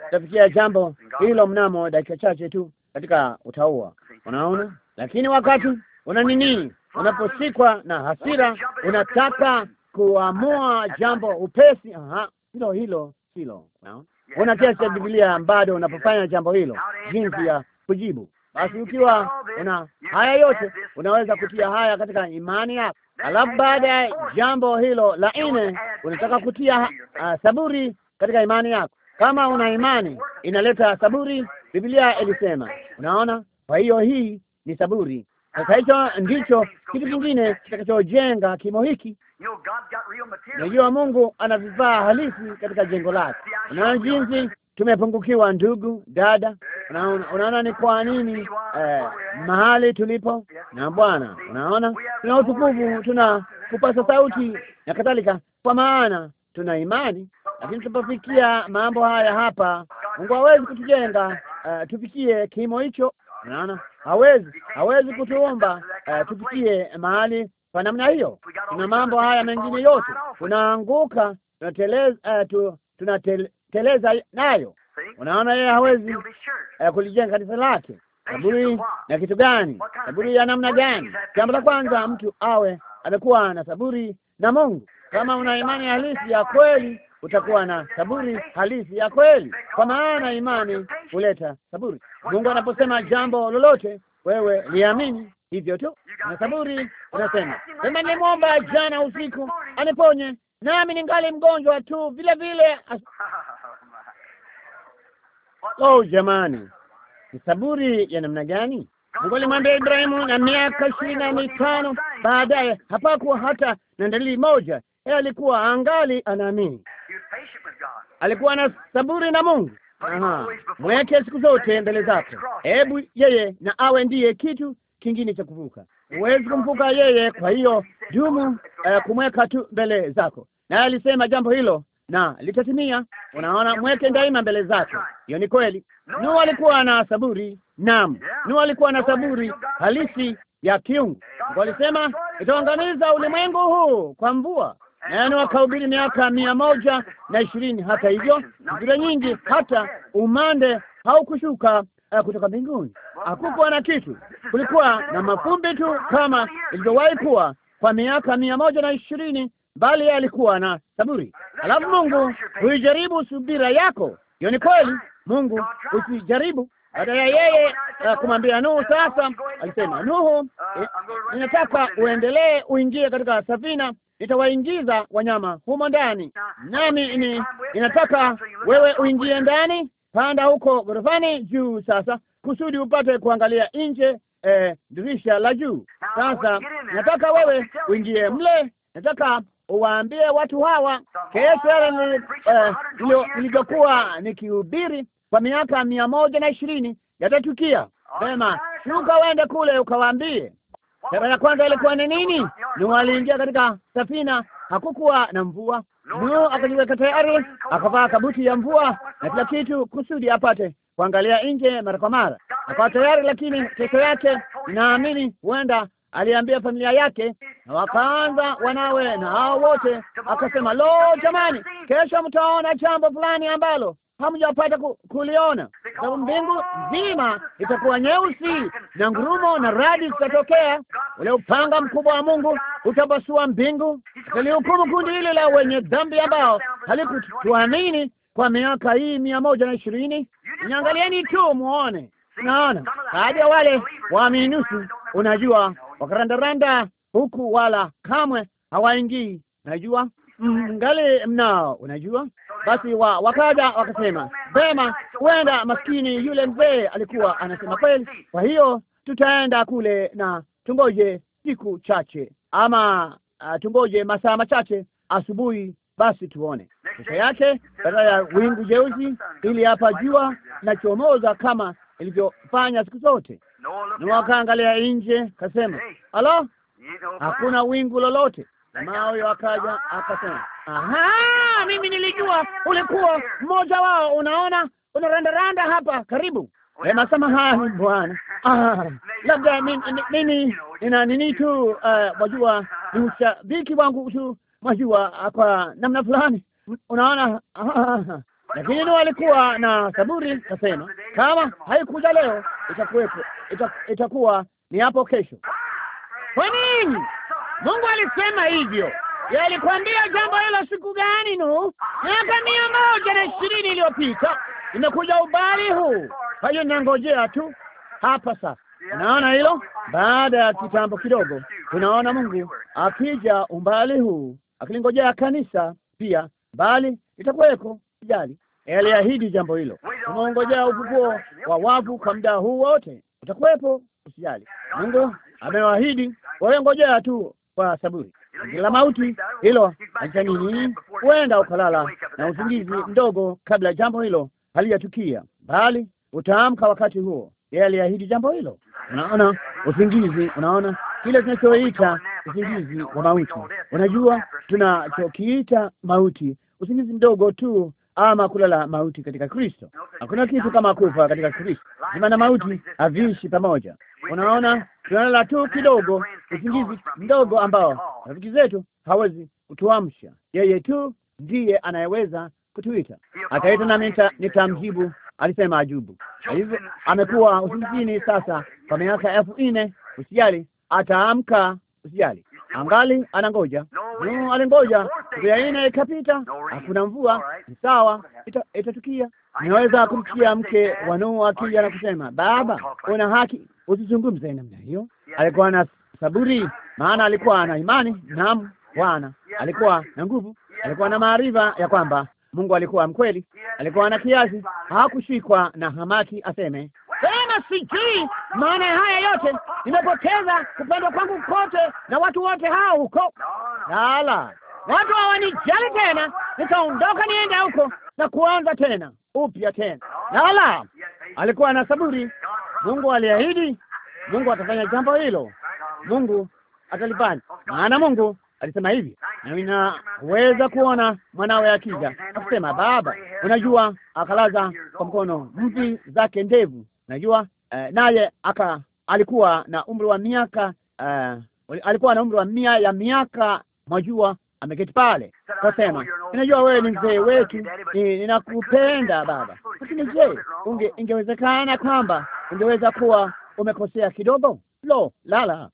Tutafikia jambo hilo mnamo dakika chache tu katika utaua, unaona. Lakini wakati una nini, unaposikwa na hasira, unataka kuamua jambo upesi, aha, hilo hilo hilo, una kesi ya Biblia bado unapofanya jambo hilo, jinsi ya kujibu. Basi ukiwa una haya yote, unaweza kutia haya katika imani yako Alafu baada ya jambo hilo la nne, unataka kutia uh, saburi katika imani yako. Kama una imani inaleta saburi, Biblia ilisema. Unaona, kwa hiyo hii ni saburi. Sasa hicho ndicho kitu kingine kitakachojenga kimo hiki. Unajua, Mungu ana vifaa halisi katika jengo lake. Unaona jinsi tumepungukiwa ndugu dada. Eh, unaona, unaona ni eh, kwa nini eh, mahali tulipo na Bwana. Unaona, tuna utukufu, tuna kupasa sauti na kadhalika, kwa maana tuna imani. Lakini tunapofikia mambo haya hapa, Mungu hawezi kutujenga eh, tufikie kimo hicho. Unaona, hawezi hawezi kutuomba eh, tufikie mahali kwa namna hiyo. Tuna mambo haya mengine yote, tunaanguka, tunateleza, eh, tu, tunatele kuteleza nayo. Unaona, yeye hawezi eh, kulijenga kanisa lake. Saburi na kitu gani? Saburi ya namna gani? Jambo la kwanza, mtu awe amekuwa na saburi na Mungu. Kama una imani halisi ya kweli, utakuwa na saburi halisi ya kweli, kwa maana imani huleta saburi. Mungu anaposema jambo lolote, wewe liamini hivyo tu, na saburi unasema sema, nilimwomba jana usiku aniponye, nami ningali mgonjwa tu vile vile Oh jamani, ni saburi ya namna gani? Mungu alimwambia Ibrahimu, na miaka ishirini na mitano baadaye hapakuwa hata na dalili moja. Yeye alikuwa angali anaamini, alikuwa na saburi na Mungu. mweke siku zote mbele zako, hebu yeye na awe ndiye kitu kingine cha kuvuka. Huwezi kumvuka yeye, kwa hiyo dumu uh, kumweka tu mbele zako. Naye alisema jambo hilo na litatimia. Unaona, mweke daima mbele zake. Hiyo ni kweli. Nuhu alikuwa na saburi, naam, Nuhu alikuwa na saburi halisi ya kiungu. Walisema itaangamiza ulimwengu huu kwa mvua, yaani wakahubiri miaka mia moja na ishirini. Hata hivyo mvua nyingi, hata umande haukushuka eh, kutoka mbinguni, hakukuwa na kitu, kulikuwa na mafumbi tu, kama ilivyowahi kuwa kwa miaka mia moja na ishirini bali alikuwa na saburi. Alafu Mungu huijaribu subira yako. Hiyo ni kweli, Mungu usijaribu. Baada ya yeye uh, kumwambia Nuhu, sasa alisema Nuhu, eh, ninataka uendelee uingie katika safina, nitawaingiza wanyama humo ndani, nami ni ninataka wewe uingie ndani, panda huko ghorofani juu sasa, kusudi upate kuangalia nje eh, dirisha la juu. Sasa nataka wewe uingie mle, nataka uwaambie watu hawa kesho eh, nilivyokuwa nikihubiri kwa miaka mia moja na ishirini yatatukia. Sema shuka uende kule ukawaambie. Sera ya kwanza ilikuwa ni nini? ni aliingia katika safina, hakukuwa na mvua. Nuhu akajiweka tayari, akavaa kabuti ya mvua na kila kitu, kusudi apate kuangalia nje mara kwa mara, akawa tayari. Lakini kesho yake, naamini huenda aliambia familia yake na wakaanza wanawe na hao wote, akasema lo, jamani, kesho mtaona jambo fulani ambalo hamjapata kuliona, sababu mbingu nzima itakuwa nyeusi na ngurumo na radi zitatokea. Ule upanga mkubwa wa Mungu utapasua mbingu, atalihukumu kundi hili la wenye dhambi ambao halikutuamini kwa miaka hii mia moja na ishirini. Niangalieni tu muone. Naona baadhi ya wale waaminifu, unajua wakarandaranda huku, wala kamwe hawaingii. Unajua mngali mnao, unajua. Basi wa wakaja wakasema, vema, huenda maskini yule mzee alikuwa anasema kweli, kwa hiyo tutaenda kule na tungoje siku chache ama uh, tungoje masaa machache asubuhi, basi tuone kesho yake. Badala ya wingu jeusi, ili hapa jua nachomoza kama ilivyofanya siku zote ni wakaangalia nje, kasema halo hakuna wingu lolote. Mawe wakaja, akasema aha, mimi nilijua ulikuwa mmoja wao. Unaona, unarandaranda hapa karibu. Ema, samahani bwana, ah, labda mimi nina nini tu, eh, wajua ni ushabiki wangu tu, majua kwa namna fulani, unaona ah, lakini walikuwa na saburi. Kasema kama haikuja leo itakuwepo itakuwa ni hapo kesho. Kwa nini Mungu alisema hivyo? Yalikwambia jambo hilo siku gani? Nu, miaka mia moja na ishirini iliyopita imekuja ubali huu. Kwa hiyo ninangojea tu hapa sasa. Unaona hilo? Baada ya kitambo kidogo, tunaona Mungu akija umbali huu akilingojea kanisa pia, bali itakuweko jali. Aliahidi jambo hilo, tunaongojea ufufuo wa wavu kwa muda huu wote utakuwepo, usijali. Mungu amewaahidi, wewe ngojea tu kwa saburi. la mauti hilo nini, huenda ukalala na usingizi mdogo kabla jambo hilo halijatukia, bali utaamka wakati huo. Yeye aliahidi jambo hilo. Unaona usingizi, unaona kile tunachoita usingizi wa mauti. Unajua tunachokiita mauti, usingizi mdogo tu ama kulala mauti katika Kristo. Hakuna kitu kama kufa katika Kristo. Uzima na mauti haviishi pamoja. Unaona, tunalala tu kidogo, usingizi mdogo ambao rafiki zetu hawezi kutuamsha. Yeye tu ndiye anayeweza kutuita. Ataita nami nitamjibu, alisema Ajubu. Hivyo amekuwa usingizini sasa kwa miaka elfu nne. Usijali, ataamka, usijali angali anangoja. No, alingoja siku ya nne ikapita, hakuna mvua. Ni sawa, itatukia. Ninaweza kumsikia mke wa Nuhu akija na kusema, baba, una haki, usizungumze namna hiyo. Alikuwa na saburi, maana alikuwa na imani. Naam Bwana, alikuwa na nguvu, alikuwa na maarifa ya kwamba Mungu alikuwa mkweli, alikuwa na kiasi, hakushikwa na hamaki aseme tena sijui maana ya haya yote. Nimepoteza kupendwa kwangu kote na watu wote hao huko. Ala, watu hawanijali tena, nitaondoka nienda huko na kuanza tena upya tena. Ala, alikuwa na saburi. Mungu aliahidi, Mungu atafanya jambo hilo, Mungu atalifanya, maana Mungu alisema hivi, na ninaweza kuona mwanawe akija akisema, Baba, unajua, akalaza kwa mkono mvi zake ndevu najua eh, naye aka alikuwa na umri wa miaka eh, alikuwa na umri wa mia ya miaka mwajua, ameketi pale kasema, ninajua wewe ni mzee wetu, ninakupenda baba, lakini je, unge- ingewezekana kwamba ungeweza kuwa umekosea kidogo? Lo, lala.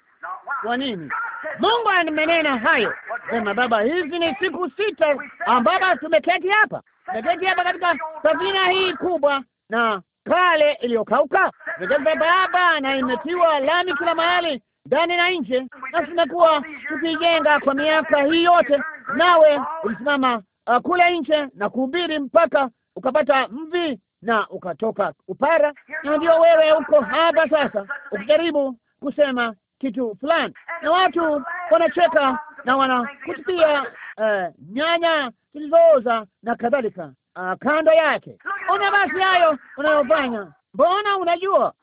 Kwa nini? Mungu amenena hayo. Sema baba, hizi ni siku sita ambapo tumeketi hapa, tumeketi hapa katika safina hii kubwa, na kale iliyokauka, vijembe baba, na imetiwa lami kila mahali ndani na nje, na tunakuwa tukijenga kwa miaka hii yote, nawe ulisimama uh, kule nje na kuhubiri mpaka ukapata mvi na ukatoka upara, na ndio wewe uko hapa sasa ukijaribu kusema kitu fulani, na watu wanacheka na wanakutupia uh, nyanya zilizooza na kadhalika uh, kando yake. Una basi hayo unayofanya, mbona unajua.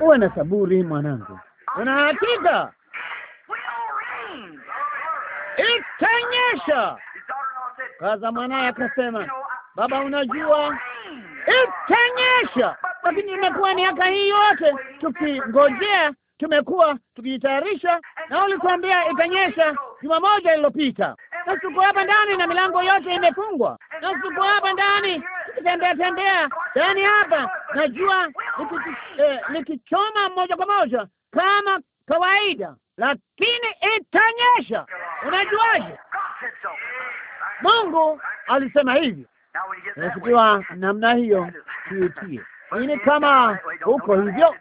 Uwe na saburi mwanangu, una hakika itanyesha. Kaza mwanaye akasema, baba, unajua itanyesha, lakini imekuwa miaka hii yote tukingojea tumekuwa tukijitayarisha, na ulikuambia itanyesha juma moja ililopita, na tuko hapa ndani na milango yote imefungwa, na tuko hapa ndani tukitembea tembea ndani hapa, na jua likichoma eh, moja kwa moja kama kawaida, lakini itanyesha. Unajuaje? Mungu alisema hivi. Nafikiwa namna hiyo, kiitie lakini kama huko hivyo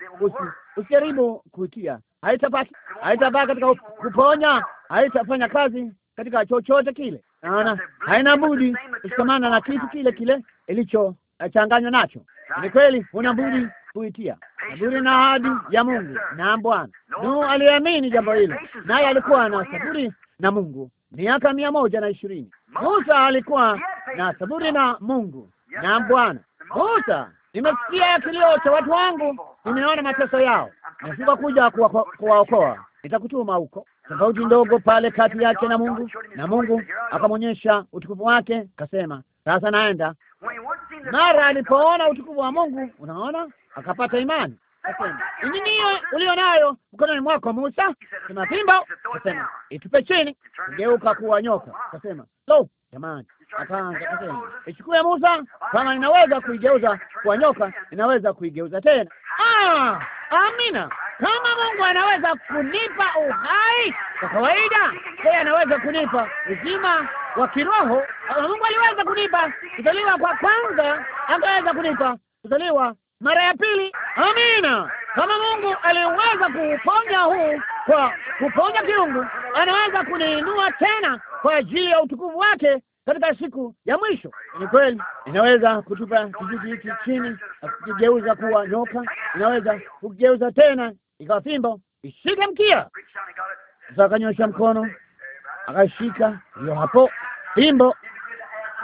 usijaribu kuitia, haitapata haitapaa katika kuponya, haitafanya kazi katika chochote kile. Naona haina budi kushikamana na kitu kile kile ilichochanganywa eh, nacho. Ni kweli, huna budi kuitia saburi na ahadi ya Mungu na Bwana. Nuhu aliamini jambo hilo, naye alikuwa na saburi na Mungu miaka mia moja na ishirini. Musa alikuwa na saburi na Mungu na Bwana. Musa nimesikia kilio cha watu wangu, nimeona mateso yao, nasuka kuja kuwaokoa. Nitakutuma huko. Tofauti ndogo pale kati yake na Mungu, na Mungu akamwonyesha utukufu wake, kasema sasa naenda. Mara alipoona utukufu wa Mungu, unaona, akapata imani. Ini niyo ulio nayo mkononi mwako Musa, Kuna pimbo. Kasema itupe chini, geuka kuwa nyoka. Kasema lo, jamani akaanza kusema, ichukue Musa, kama ninaweza kuigeuza kwa nyoka, inaweza kuigeuza tena. Ah, amina. Kama Mungu anaweza kunipa uhai kwa kawaida, yeye anaweza kunipa uzima wa kiroho. Mungu aliweza kunipa kuzaliwa kwa kwanza, angaweza kunipa kuzaliwa mara ya pili. Amina. Kama Mungu aliweza kuponya huu kwa kuponya kiungu, anaweza kuniinua tena kwa ajili ya utukufu wake katika siku ya mwisho. Ni kweli, inaweza kutupa kijiti hiki chini na kukigeuza kuwa nyoka, inaweza kukigeuza tena ikawa fimbo. Ishika mkia sasa. Akanyosha mkono akashika, hiyo hapo fimbo.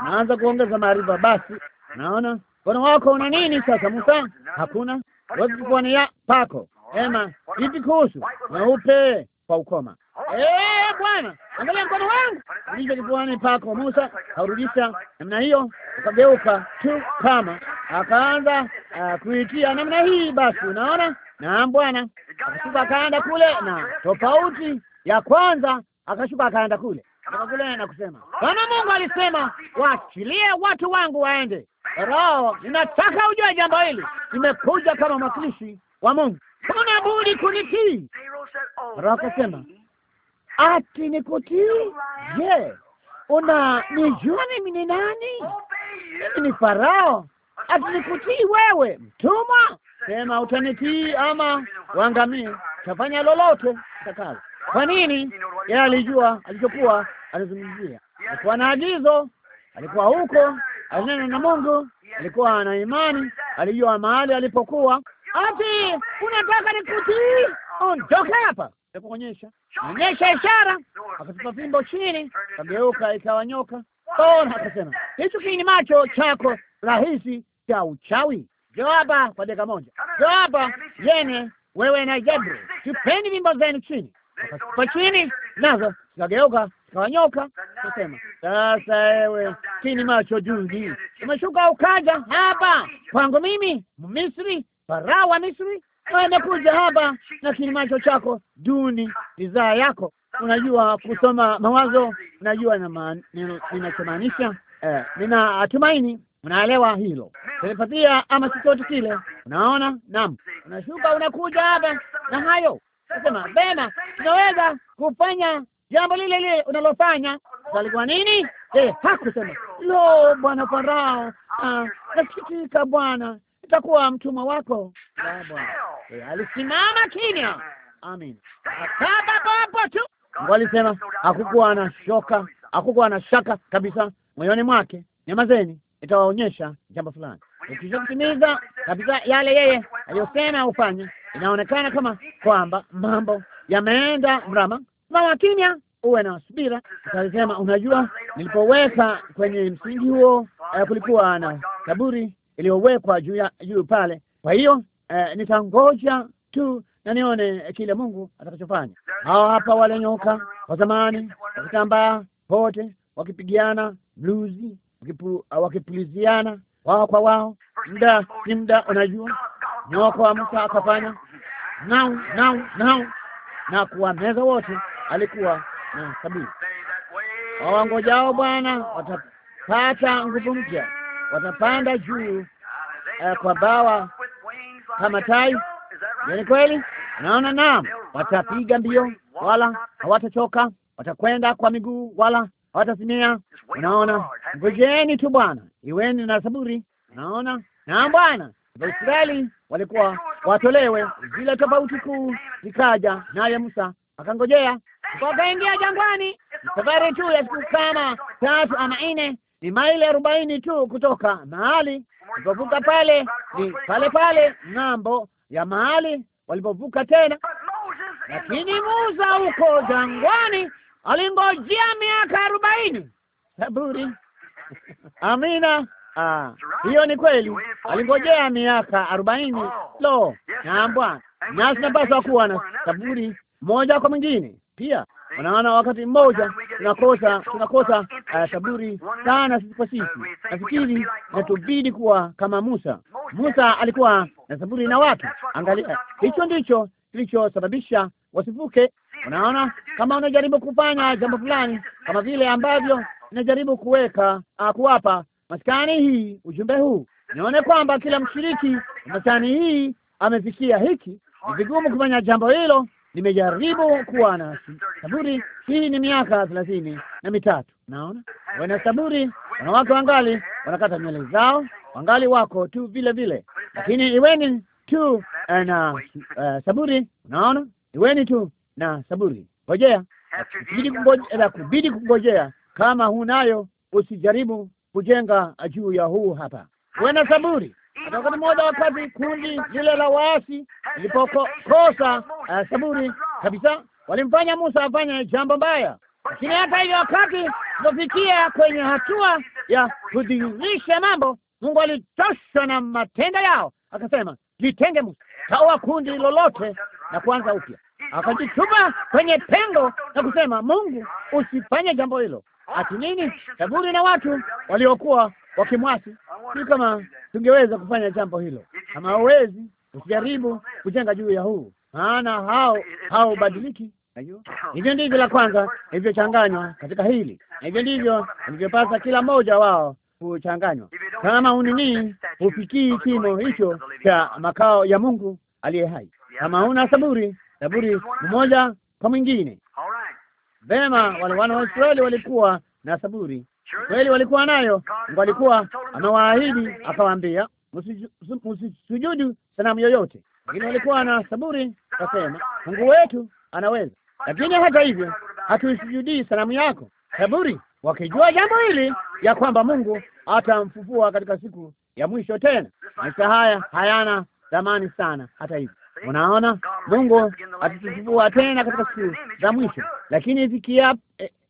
naanza kuongeza maarifa. Basi naona mkono wako una nini sasa, Musa? Hakuna wezi kifuani ya pako ema, vipi kuhusu mweupe kwa ukoma. Eh, Bwana, angalia mkono wangu. Ingia kifuani pako. Musa haurudisha namna hiyo, ukageuka tu kama akaanza ah, kuitia namna hii. Basi unaona, naam Bwana. Akashuka akaenda kule, na tofauti ya kwanza, akashuka akaenda kule kule na kusema, Bwana Mungu alisema, waachilie watu wangu waende. Roho, ninataka ujue jambo hili, nimekuja kama mwakilishi wa Mungu, huna budi kunitii. Roho akasema ati nikutii? Je, una nijua mimi ni nani? Mimi ni Farao. Ati nikutii wewe, mtumwa? Sema utanitii ama wangamie. Tafanya lolote takalo. Kwa nini? Yeye alijua alichokuwa anazungumzia. Alikuwa na agizo, alikuwa huko, alinena na Mungu, alikuwa na imani, alijua mahali alipokuwa, ati unataka nikutii? Ondoka oh, hapa, nitakuonyesha. Onyesha ishara. Akatupa fimbo chini, kageuka ikawa nyoka. Ona, akasema hicho kini macho chako rahisi cha uchawi. Jo hapa kwa dakika moja, jo hapa yene, wewe na Jebru, tupeni fimbo zenu chini. Akatupa chini, nazo zikageuka ikawa nyoka. Akasema sasa, wewe kini macho juzi umeshuka ukaja hapa kwangu mimi Mmisri Farao wa Misri amekuja hapa na kilimacho chako duni, bidhaa yako. Unajua kusoma mawazo, unajua ninachomaanisha. Eh, nina tumaini unaelewa hilo, telepatia ama chochote kile. Unaona, naam, unashuka unakuja hapa na hayo, nasema bema, tunaweza kufanya jambo lile lile unalofanya. Alikuwa nini? Eh, hakusema lo, bwana Farao, ah, nasikitika bwana nitakuwa mtumwa wako. Bwana eh, alisimama kimya, amin, akaba papo tu. Mungu alisema, hakukuwa na shoka, hakukuwa na shaka kabisa moyoni mwake. Nyamazeni, itawaonyesha jambo fulani. Ukisha kutimiza kabisa yale yeye aliyosema ufanye, inaonekana kama kwamba mambo yameenda mrama, mama kimya uwe na subira. Akasema, unajua, nilipoweka kwenye msingi huo eh, kulikuwa na kaburi iliyowekwa juu ya juu pale. Kwa hiyo eh, nitangoja tu na nione eh, kile Mungu atakachofanya. Hawa hapa wale nyoka wa zamani wakitambaa pote, wakipigiana bluzi, wakipu, ah, wakipuliziana wao kwa wao. Muda ni muda, unajua nyoka wa Musa akafanya nao nao nao na kuwameza wote. Alikuwa na sabini. Wawangojao Bwana watapata nguvu mpya watapanda juu uh, kwa bawa kama tai. Ni kweli, naona naam, watapiga mbio wala hawatachoka, watakwenda kwa miguu wala hawatasimia. Unaona, ngojeni tu Bwana, iweni na saburi. Unaona, naam Bwana. Waisraeli walikuwa watolewe zile tofauti kuu, zikaja naye Musa akangojea, wakaingia jangwani, safari tu ya siku kama tatu ama nne ni maili arobaini tu kutoka mahali walipovuka pale, ni pale pale ng'ambo ya mahali walipovuka tena. Lakini Musa huko jangwani alingojea miaka arobaini. Saburi, amina. Ah, hiyo ni kweli, alingojea miaka arobaini. Lo, na nasi napaswa kuwa na saburi moja kwa mwingine pia wanaona wakati mmoja tunakosa tunakosa saburi sana sisi kwa sisi. Nafikiri natubidi kuwa kama Musa. Musa alikuwa na saburi na watu. Angalia, hicho ndicho kilichosababisha wasivuke. Unaona, kama unajaribu kufanya jambo fulani, kama vile ambavyo najaribu kuweka uh, kuwapa maskani hii ujumbe huu, nione kwamba kila mshiriki maskani hii amefikia hiki. Ni vigumu kufanya jambo hilo nimejaribu kuwa na saburi. Hii ni miaka thelathini na mitatu. Naona wana saburi, wanawake wangali wanakata nywele zao, wangali wako tu vile vile, lakini iweni tu eh, na uh, saburi. Unaona, iweni tu na saburi, ngojea na eh, kubidi kungojea. Kama hunayo, usijaribu kujenga juu ya huu hapa, wana saburi. Wakati mmoja, wakati kundi lile la waasi lilipokosa uh, eh, saburi kabisa, walimfanya Musa afanye jambo mbaya, lakini hata hivyo, wakati tulipofikia kwenye hatua ya kudhihirisha mambo, Mungu alitosha na matendo yao, akasema jitenge, Musa, taua kundi lolote na kuanza upya. Akajitupa kwenye pengo na kusema, Mungu, usifanye jambo hilo. Ati nini? Saburi na watu waliokuwa wakimwasi, si kama tungeweza kufanya jambo hilo. Kama hawezi, usijaribu kujenga juu ya huu, maana hao haubadiliki. Hivyo ndivyo la kwanza ilivyochanganywa katika hili, na hivyo ndivyo ilivyopasa kila mmoja wao kuchanganywa. Kama unini hufikii kimo hicho cha makao ya Mungu aliye hai, kama una saburi, saburi mmoja kwa mwingine. Vema, wale wana wa Israeli walikuwa na saburi kweli walikuwa nayo. Mungu alikuwa amewaahidi akawaambia, msisujudu sanamu yoyote, lakini walikuwa na saburi, kasema Mungu wetu anaweza. Lakini hata hivyo hatuisujudii sanamu yako. Saburi wakijua jambo hili ya kwamba Mungu atamfufua katika siku ya mwisho. Tena maisha haya hayana thamani sana. Hata hivyo, unaona Mungu atatufufua tena katika siku za mwisho, lakini eh, ikifikia,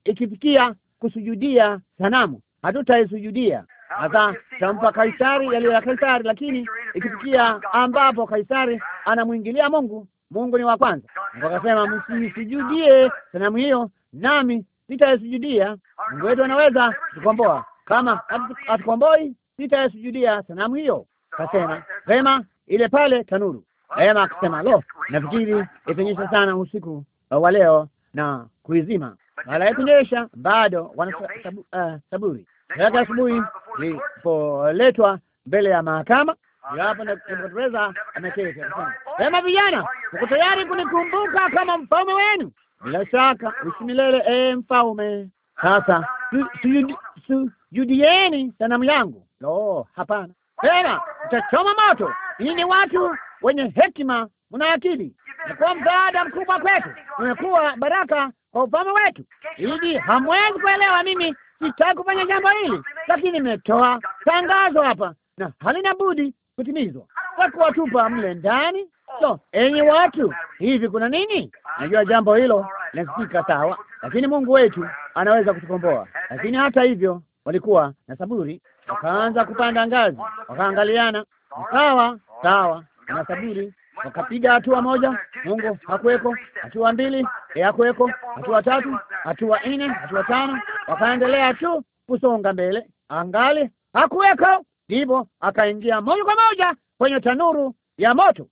ikifikia kusujudia sanamu, hatutaisujudia hasa. Tampa Kaisari yaliyo ya Kaisari, lakini ikifikia ambapo Kaisari anamwingilia Mungu, Mungu ni wa kwanza. Mungu akasema, msisujudie sanamu hiyo, nami sitaisujudia. Mungu wetu anaweza kutukomboa, kama hatukomboi, sitaisujudia sanamu hiyo. Kasema vema, ile pale tanuru Ema akasema lo, nafikiri itanyesha sana usiku wa leo na kuizima. Mara ya bado wana eh, saburi. Miaka asubuhi ilipoletwa mbele ya mahakama, hapo Nebukadreza ameketi akasema, vijana, uko tayari kunikumbuka kama mfalme wenu? Bila shaka usimilele milele, ee mfalme. Sasa sujudieni sanamu yangu. Lo, hapana tena, mtachoma moto. Hii ni watu wenye hekima, mna akili. Imekuwa msaada mkubwa kwetu, imekuwa baraka kwa upame wetu, hivi hamwezi kuelewa? Mimi sitaki kufanya jambo hili, lakini nimetoa tangazo hapa na halina budi kutimizwa, kwa kuwatupa mle ndani. So enyi watu, hivi kuna nini? Najua jambo hilo linasikika sawa, lakini Mungu wetu anaweza kutukomboa. Lakini hata hivyo walikuwa na saburi, wakaanza kupanda ngazi, wakaangaliana, sawa sawa, na saburi wakapiga hatua moja, Mungu hakuweko, hatua mbili hakuweko, hatua tatu, hatua nne, hatua tano, wakaendelea tu kusonga mbele, angali hakuweko. Ndipo akaingia moja kwa moja kwenye tanuru ya moto.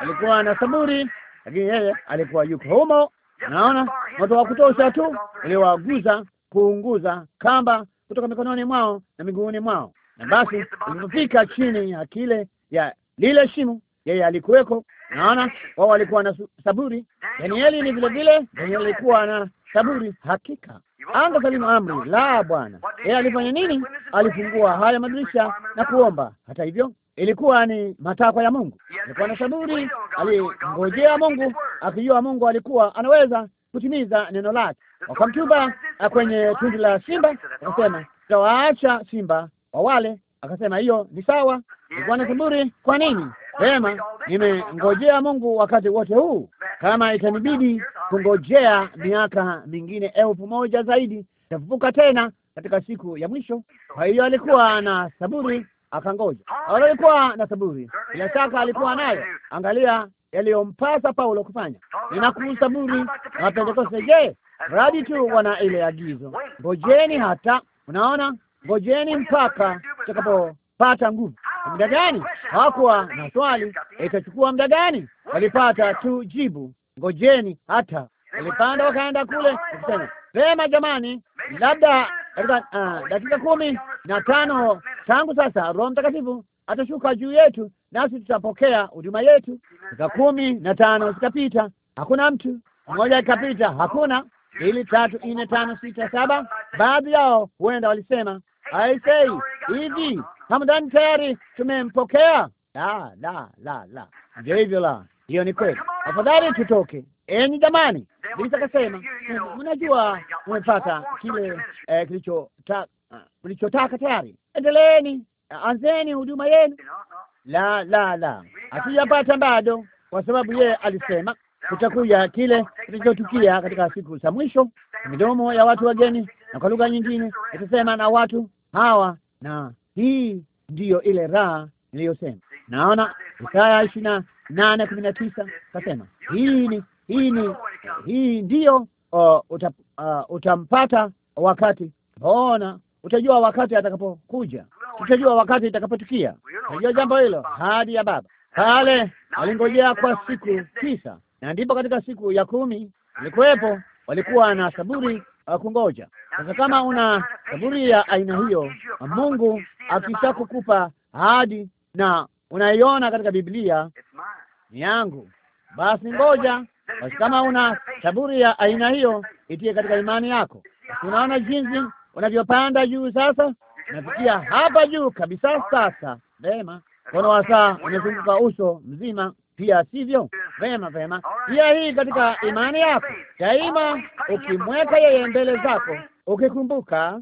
Alikuwa na saburi, lakini yeye alikuwa yuko humo. Naona moto wa kutosha tu uliowaguza kuunguza kamba kutoka mikononi mwao na miguuni mwao, na basi alipofika chini ya kile ya lile shimo, yeye alikuweko. Naona wao walikuwa na saburi. Danieli ni vile vile, Danieli alikuwa na saburi. Hakika anga salimu amri la Bwana. Yeye alifanya nini? Alifungua haya madirisha na kuomba. Hata hivyo ilikuwa ni matakwa ya Mungu. Alikuwa na saburi, alingojea Mungu akijua Mungu alikuwa anaweza kutimiza neno lake. Wakamtuba kwenye tundu la simba, akasema, tawaacha simba wawale Akasema hiyo ni sawa. Ilikuwa ni kiburi. Kwa nini? sema nimengojea Mungu wakati wote huu, kama itanibidi kungojea miaka mingine elfu moja zaidi, tafufuka tena katika siku ya mwisho. Kwa hiyo alikuwa na saburi, akangoja. Alikuwa na saburi, bila shaka alikuwa nayo. Angalia yaliyompasa Paulo kufanya. saburi Wapentekoste. Je, radi tu wana ile agizo, ngojeni hata. Unaona, ngojeni mpaka tutakapopata nguvu. Muda gani? Hawakuwa na swali, itachukua muda gani? Walipata tu jibu, ngojeni. Hata walipanda wakaenda kule, wakisema vema, jamani, labda katika uh, dakika kumi na tano tangu sasa Roho Mtakatifu atashuka juu yetu, nasi tutapokea huduma yetu. Dakika kumi na tano zikapita, hakuna mtu mmoja. Ikapita, hakuna mbili, tatu, nne, tano, sita, saba. Baadhi yao huenda walisema haisei hivi, hamdani tayari tumempokea? La, la, la, la, ndio hivyo. La, hiyo ni kweli. Afadhali tutoke. Enyi jamani, bisa kasema, mnajua mmepata kile eh, ah, mlichotaka tayari, endeleeni, anzeni huduma yenu. Uh, la, la, la, hatujapata bado, kwa sababu yeye alisema kutakuja kile kilichotukia katika siku za mwisho, midomo ya watu wageni na kwa lugha nyingine itasema na watu hawa, na hii ndiyo ile raha niliyosema. Naona Isaya ishirini na nane kumi na tisa kasema hii ni hii ni hii ndiyo uh, uta, uh, utampata wakati mbona utajua wakati atakapokuja, utajua wakati itakapotukia. Unajua jambo hilo, hadi ya baba pale walingojea kwa siku tisa, na ndipo katika siku ya kumi walikuwepo, walikuwa na saburi Ah, kungoja. Sasa kama una saburi ya aina hiyo, Mungu akisha kukupa ahadi na unaiona katika Biblia ni yangu, basi ngoja basi. Kama una saburi ya aina hiyo, itie katika imani yako. Unaona jinsi unavyopanda juu sasa, nafikia hapa juu kabisa sasa. Vema, mkono wa saa umezunguka uso mzima pia, sivyo? Vema, vema, pia hii katika imani yako daima, ukimweka yeye mbele zako, ukikumbuka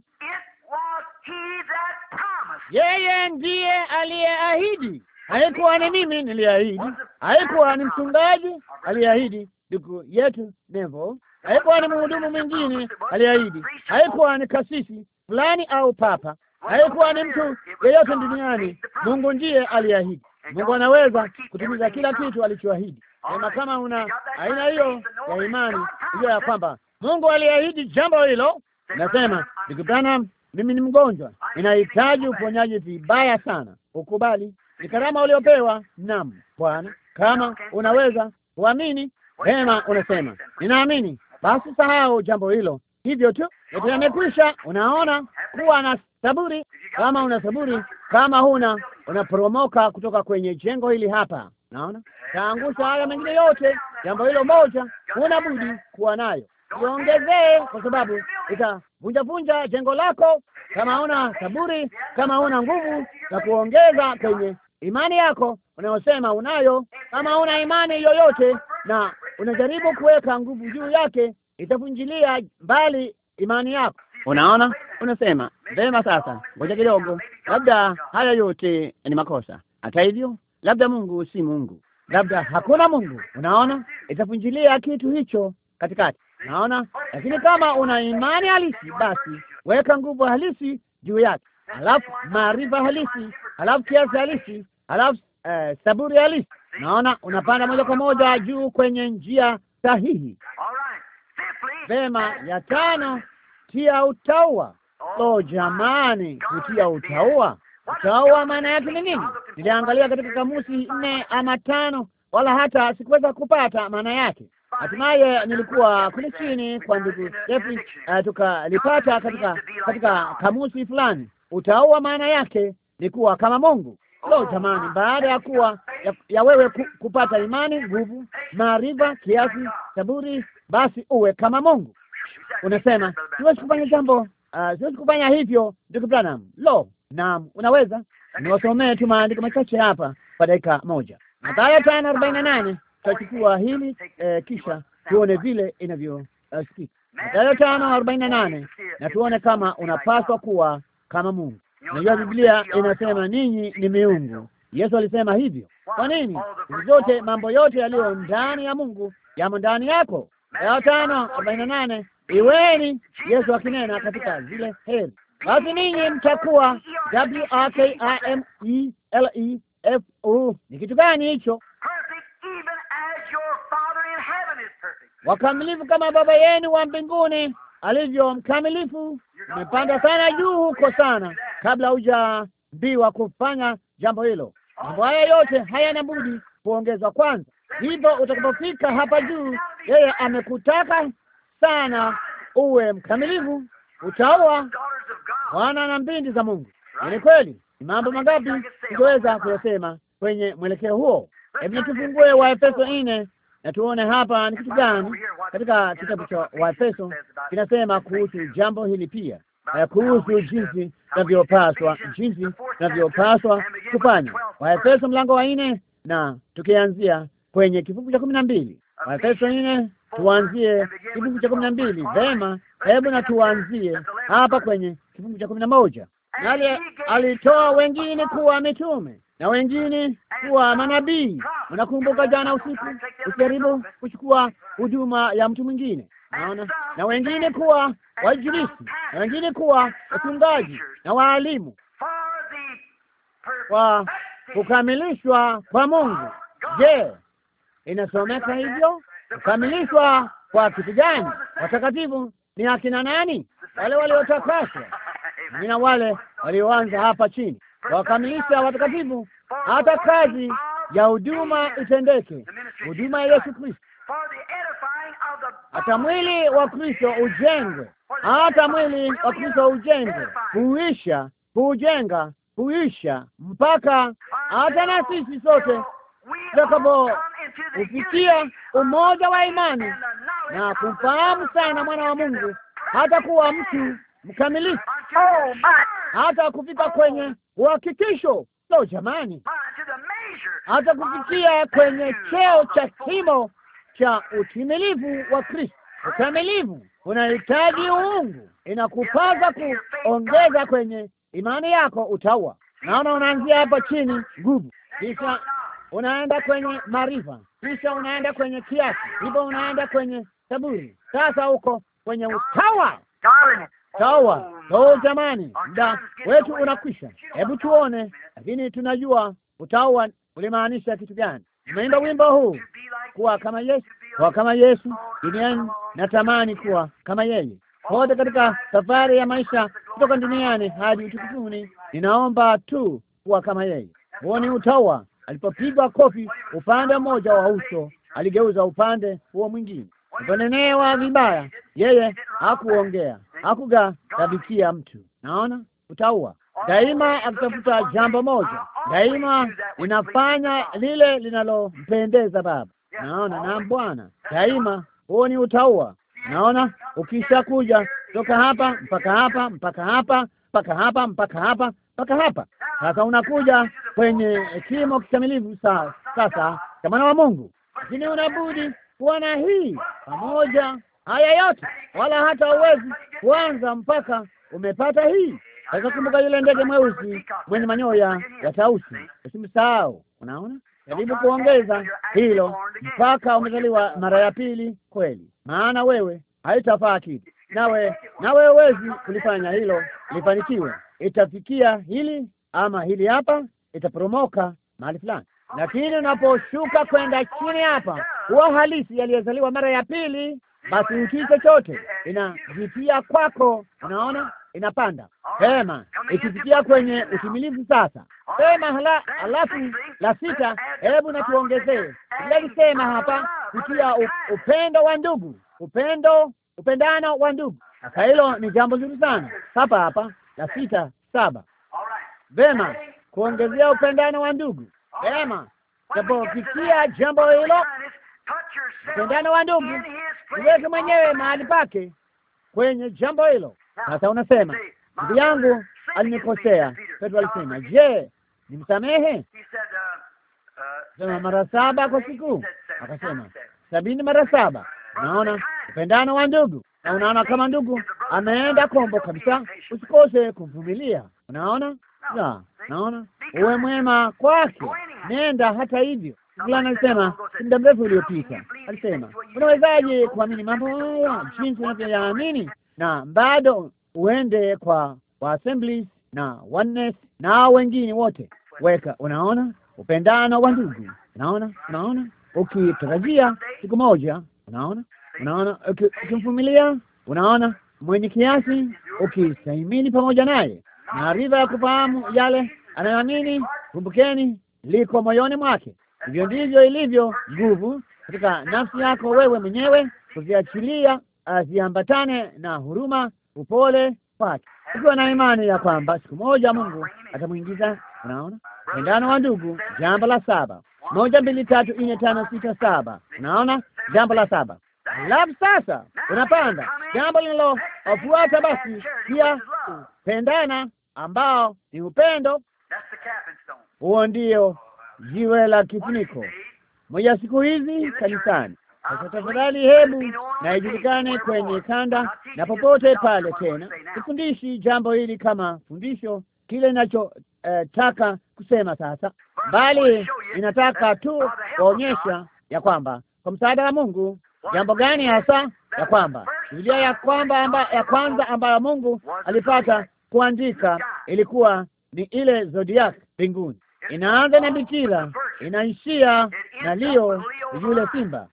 yeye ndiye aliyeahidi. Haikuwa ni mimi niliahidi, haikuwa ni mchungaji aliyeahidi, ndugu yetu Nevo, haikuwa ni mhudumu mwingine aliyeahidi, haikuwa ni kasisi fulani au papa, haikuwa ni mtu yeyote duniani. Mungu ndiye aliyeahidi. Mungu anaweza kutimiza kila kitu alichoahidi. Na kama una aina hiyo ya imani hiyo ya kwamba Mungu aliahidi jambo hilo, nasema nikutana, mimi ni mgonjwa, ninahitaji uponyaji vibaya sana, ukubali ni karama uliopewa. Naam Bwana, kama unaweza uamini, sema unasema ninaamini, basi sahau jambo hilo, hivyo tu yote yamekwisha. Unaona kuwa na saburi, kama una saburi kama huna unaporomoka kutoka kwenye jengo hili hapa, naona taangusha haya mengine yote. Jambo hilo moja huna budi kuwa nayo, iongezee, kwa sababu itavunjavunja jengo lako. Kama una saburi, kama una nguvu za kuongeza kwenye imani yako unayosema unayo, kama una imani yoyote na unajaribu kuweka nguvu juu yake, itavunjilia mbali imani yako. Unaona, unasema vema, sasa ngoja kidogo, labda haya yote ni makosa. Hata hivyo, labda Mungu si Mungu, labda hakuna Mungu. Unaona, itafunjilia kitu hicho katikati. Unaona, lakini kama una imani halisi, basi weka nguvu halisi juu yake, alafu maarifa halisi, alafu kiasi halisi, alafu eh, saburi halisi. Unaona, unapanda moja kwa moja juu kwenye njia sahihi. Vema, ya tano kutia utaua. Lo, oh, jamani, kutia utaua! Utaua maana yake ni nini? Niliangalia katika kamusi nne ama tano, wala hata sikuweza kupata maana yake. Hatimaye nilikuwa kule chini kwa ndugu Jeffrey, uh, tukalipata katika katika kamusi fulani. Utaua maana yake ni kuwa kama Mungu. Lo, oh, jamani, baada ya kuwa ya, ya wewe ku, kupata imani, nguvu, maarifa, kiasi, saburi, basi uwe kama Mungu unasema siwezi kufanya jambo uh, siwezi kufanya hivyo, ndugu Branham. Lo, naam, unaweza niwasomee tu maandiko machache hapa kwa dakika moja. Mathayo tano arobaini na nane tutachukua hili eh, kisha tuone vile inavyosikika. Eh, uh, Mathayo tano arobaini na nane na tuone kama unapaswa kuwa kama Mungu. Unajua Biblia inasema ninyi ni miungu. Yesu alisema hivyo. Kwa nini? Zote mambo yote yaliyo ndani ya Mungu yamo ndani yako. Mathayo tano arobaini na nane iweni, Yesu akinena katika zile heri, basi ninyi mtakuwa w a k i m e l e f u. Ni kitu gani hicho? Wakamilifu kama baba yenu wa mbinguni alivyo mkamilifu. Umepanda sana juu huko sana, kabla hujaambiwa kufanya jambo hilo. Mambo haya yote hayana budi kuongezwa kwanza. Hivyo utakapofika hapa juu, yeye amekutaka sana uwe mkamilivu utaoa wana na mbindi za Mungu. Ni kweli, ni mambo mangapi ingeweza kuyasema kwenye mwelekeo huo? Hebu tufungue Waefeso nne na tuone hapa ni kitu gani katika kitabu cha Waefeso kinasema kuhusu jambo hili pia kuhusu jinsi tunavyopaswa jinsi tunavyopaswa kufanya. Waefeso mlango wa nne na tukianzia kwenye kifungu cha kumi na mbili Waefeso nne tuanzie kifungu cha kumi na mbili. Vema, hebu na tuanzie hapa kwenye kifungu cha kumi na moja. Naye alitoa wengine kuwa mitume na wengine kuwa manabii. Unakumbuka jana usiku, usijaribu kuchukua huduma ya mtu mwingine. Naona na wengine kuwa wainjilisti na wengine kuwa wachungaji na waalimu kwa kukamilishwa kwa Mungu. Je, inasomeka hivyo? kukamilishwa kwa kitu gani? Watakatifu ni akina nani? Wale waliotakaswa na wale walioanza hapa chini, wakamilisha watakatifu hata kazi ya huduma itendeke, huduma ya Yesu Kristo, hata mwili wa Kristo ujengwe, hata mwili wa Kristo ujengwe, kuisha kuujenga, kuisha mpaka hata na sisi sote tutakapofikia umoja wa imani na kumfahamu sana mwana wa Mungu, hata kuwa mtu mkamilifu, oh, hata kufika oh, kwenye uhakikisho. Lo, jamani, hata kufikia kwenye cheo cha kimo cha utimilivu wa Kristo. Ukamilivu unahitaji uungu, inakupasa kuongeza kwenye imani yako utaua. Naona unaanzia hapa chini, nguvu, kisha unaenda kwenye maarifa, kisha unaenda kwenye kiasi, hivyo unaenda kwenye saburi. Sasa uko kwenye utawa tawa o, jamani, muda wetu unakwisha. Hebu tuone, lakini tunajua utawa ulimaanisha kitu gani. Umeimba wimbo huu kuwa kama Yesu, kuwa kama Yesu duniani. Natamani kuwa kama yeye kote katika safari ya maisha, kutoka duniani hadi utukufuni. Ninaomba tu kuwa kama yeye. Huo ni utawa alipopigwa kofi upande mmoja wa uso, aligeuza upande huo mwingine. Aliponenewa vibaya, yeye hakuongea, hakugadabikia mtu. Naona utaua daima, akitafuta jambo moja daima, inafanya lile linalompendeza Baba. Naona na Bwana daima, huo ni utaua. Naona ukisha kuja toka hapa mpaka hapa mpaka hapa mpaka hapa mpaka hapa mpaka hapa sasa unakuja kwenye kimo kikamilifu sasa cha mwana wa Mungu, lakini unabudi kuwa na hii pamoja haya yote, wala hata uwezi kuanza mpaka umepata hii. Sasa kumbuka yule ndege mweusi mwenye manyoya ya tausi, usimsahau. Unaona, jaribu kuongeza hilo mpaka umezaliwa mara ya pili kweli, maana wewe haitafaa kitu nawe, nawe huwezi kulifanya hilo lifanikiwe. Itafikia hili ama hili hapa itaporomoka mahali fulani, oh lakini unaposhuka kwenda oh chini hapa, huwa halisi yaliyozaliwa mara ya pili, basi hiki chochote inajitia kwako, unaona inapanda hema oh, ikifikia kwenye utimilifu sasa. Sema hala, halafu la sita, hebu na tuongezee ilisema hapa kutia upendo wa ndugu, upendo upendano wa ndugu. Sasa hilo ni jambo zuri sana. Hapa hapa la sita saba Vema, kuongezea upendano wa ndugu. Vema, napofikia jambo hilo, upendano wa ndugu, uweke mwenyewe mahali pake kwenye jambo hilo. Sasa unasema ndugu yangu alinikosea. Petro alisema, je, nimsamehe? Sema mara saba kwa siku. Akasema sabini mara saba. Unaona upendano wa ndugu, na unaona kama ndugu ameenda kombo kabisa, usikose kumvumilia. Unaona la, naona uwe mwema kwake, nenda. Hata hivyo fulani alisema muda mrefu uliopita, alisema unawezaje kuamini mambo haya jinsi unavyoyaamini na bado uende kwa wa Assemblies na Oneness na wengine wote? Weka, unaona upendano wa ndugu, unaona, unaona ukitarajia siku moja, unaona, unaona ukimvumilia, unaona mwenye kiasi, ukistahimili pamoja naye maarifa ya kufahamu yale anayoamini. Kumbukeni, liko moyoni mwake. Hivyo ndivyo ilivyo nguvu katika nafsi yako wewe mwenyewe, kuziachilia ah, ziambatane na huruma, upole wake, ukiwa na imani ya kwamba siku moja Mungu atamwingiza. Unaona mtendano wa ndugu, jambo la saba, moja, mbili, tatu, nne, tano, sita, saba. Unaona jambo la saba. Alafu sasa unapanda jambo linalofuata, basi pia pendana ambao ni upendo. Huo ndio jiwe la kifuniko. Moja siku hizi kanisani ah, sasa, tafadhali hebu na ijulikane kwenye kanda na popote pale tena. Sifundishi jambo hili kama fundisho kile ninachotaka eh, kusema sasa, bali inataka tu kuonyesha ya kwamba kwa msaada wa Mungu jambo gani hasa ya kwamba Biblia ya kwamba amba, ya kwanza ambayo Mungu alipata kuandika ilikuwa ni ile zodiac mbinguni, inaanza na bikira, inaishia na Leo yule simba.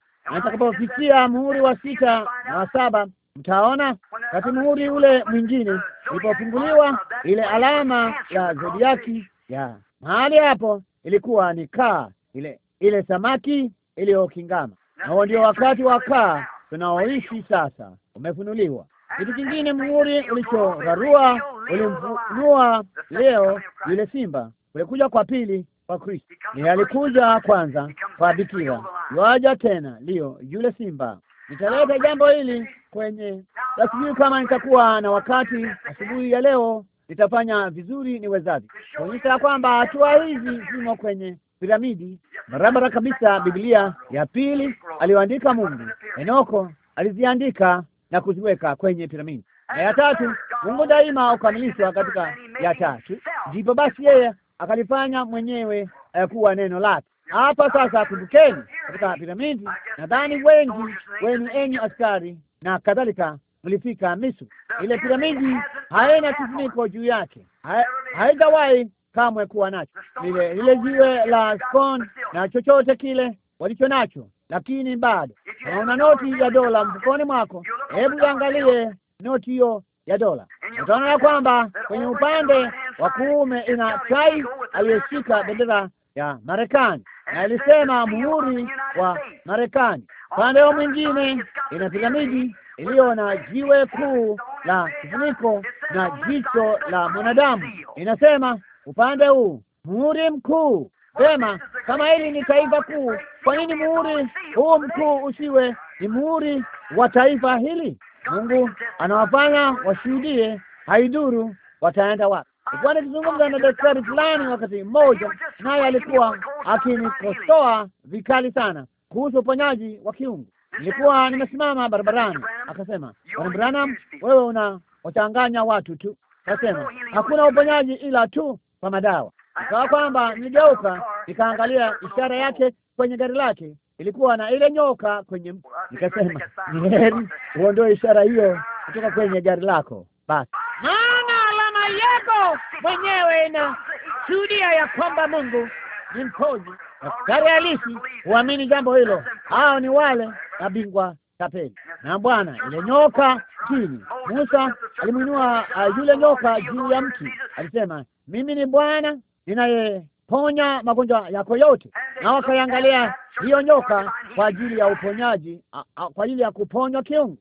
Na muhuri wa sita na wa saba, mtaona kati muhuri ule mwingine ilipofunguliwa ile alama ya zodiaki ya mahali hapo ilikuwa ni kaa, ile ile samaki iliyokingama. Na huo ndio wakati wa kaa tunaoishi sasa umefunuliwa. Kitu kingine mzuri ulichorarua ulimvunua leo yule simba, kulikuja kwa pili kwa Kristo, ni alikuja kwanza kwa bikira, yoaja tena leo yule simba. Nitaleta jambo hili kwenye, sijui kama nitakuwa na wakati asubuhi ya leo. Nitafanya vizuri niwezavyo kuonyesha ya kwamba hatua hizi zimo kwenye piramidi barabara kabisa. Biblia ya pili aliyoandika Mungu, Enoko aliziandika na kuziweka kwenye piramidi. Na ya tatu, Mungu daima ukamilishwa katika ya tatu. Ndipo basi yeye akalifanya mwenyewe eh, kuwa neno lake. Hapa sasa, kumbukeni, katika piramidi, nadhani wengi wenu, enyi askari na kadhalika, mlifika Misri. Ile piramidi haina kifuniko juu yake, haijawahi kamwe kuwa nacho. Lile lile jiwe la skon na chochote kile walicho nacho lakini bado unaona noti ya dola mfukoni mwako. Hebu angalie noti hiyo ya dola, utaona ya kwamba kwenye upande wa kuume ina tai aliyeshika bendera ya Marekani na ilisema muhuri wa Marekani. Upande wa mwingine ina piramidi iliyo na jiwe kuu la kifuniko na jicho la mwanadamu, inasema upande huu muhuri mkuu. Sema kama hili ni taifa kuu, kwa nini muhuri huu mkuu usiwe ni muhuri wa taifa hili? Mungu anawafanya washuhudie, haidhuru wataenda wapi. Nilikuwa nikizungumza na daktari fulani wakati mmoja, naye alikuwa akinikosoa vikali sana kuhusu uponyaji wa kiungu. Nilikuwa nimesimama barabarani, akasema, Bwana Branham, wewe una wachanganya watu tu. Akasema hakuna uponyaji ila tu kwa madawa ikawa kwamba niligeuka nikaangalia ishara yake kwenye gari lake ilikuwa na ile nyoka kwenye, nikasema ni heri uondoe ishara hiyo kutoka kwenye gari lako basi, maana alama yako mwenyewe shuhudia ya kwamba Mungu ni mponyi. gari halisi huamini jambo hilo, hao ni wale mabingwa tapeli na Bwana. Ile nyoka chini, Musa alimwinua ah, yule nyoka juu ya mti, alisema mimi ni Bwana ninayeponya magonjwa yako yote. Na wakaiangalia hiyo nyoka kwa ajili ya uponyaji, kwa ajili ya kuponywa kiungu.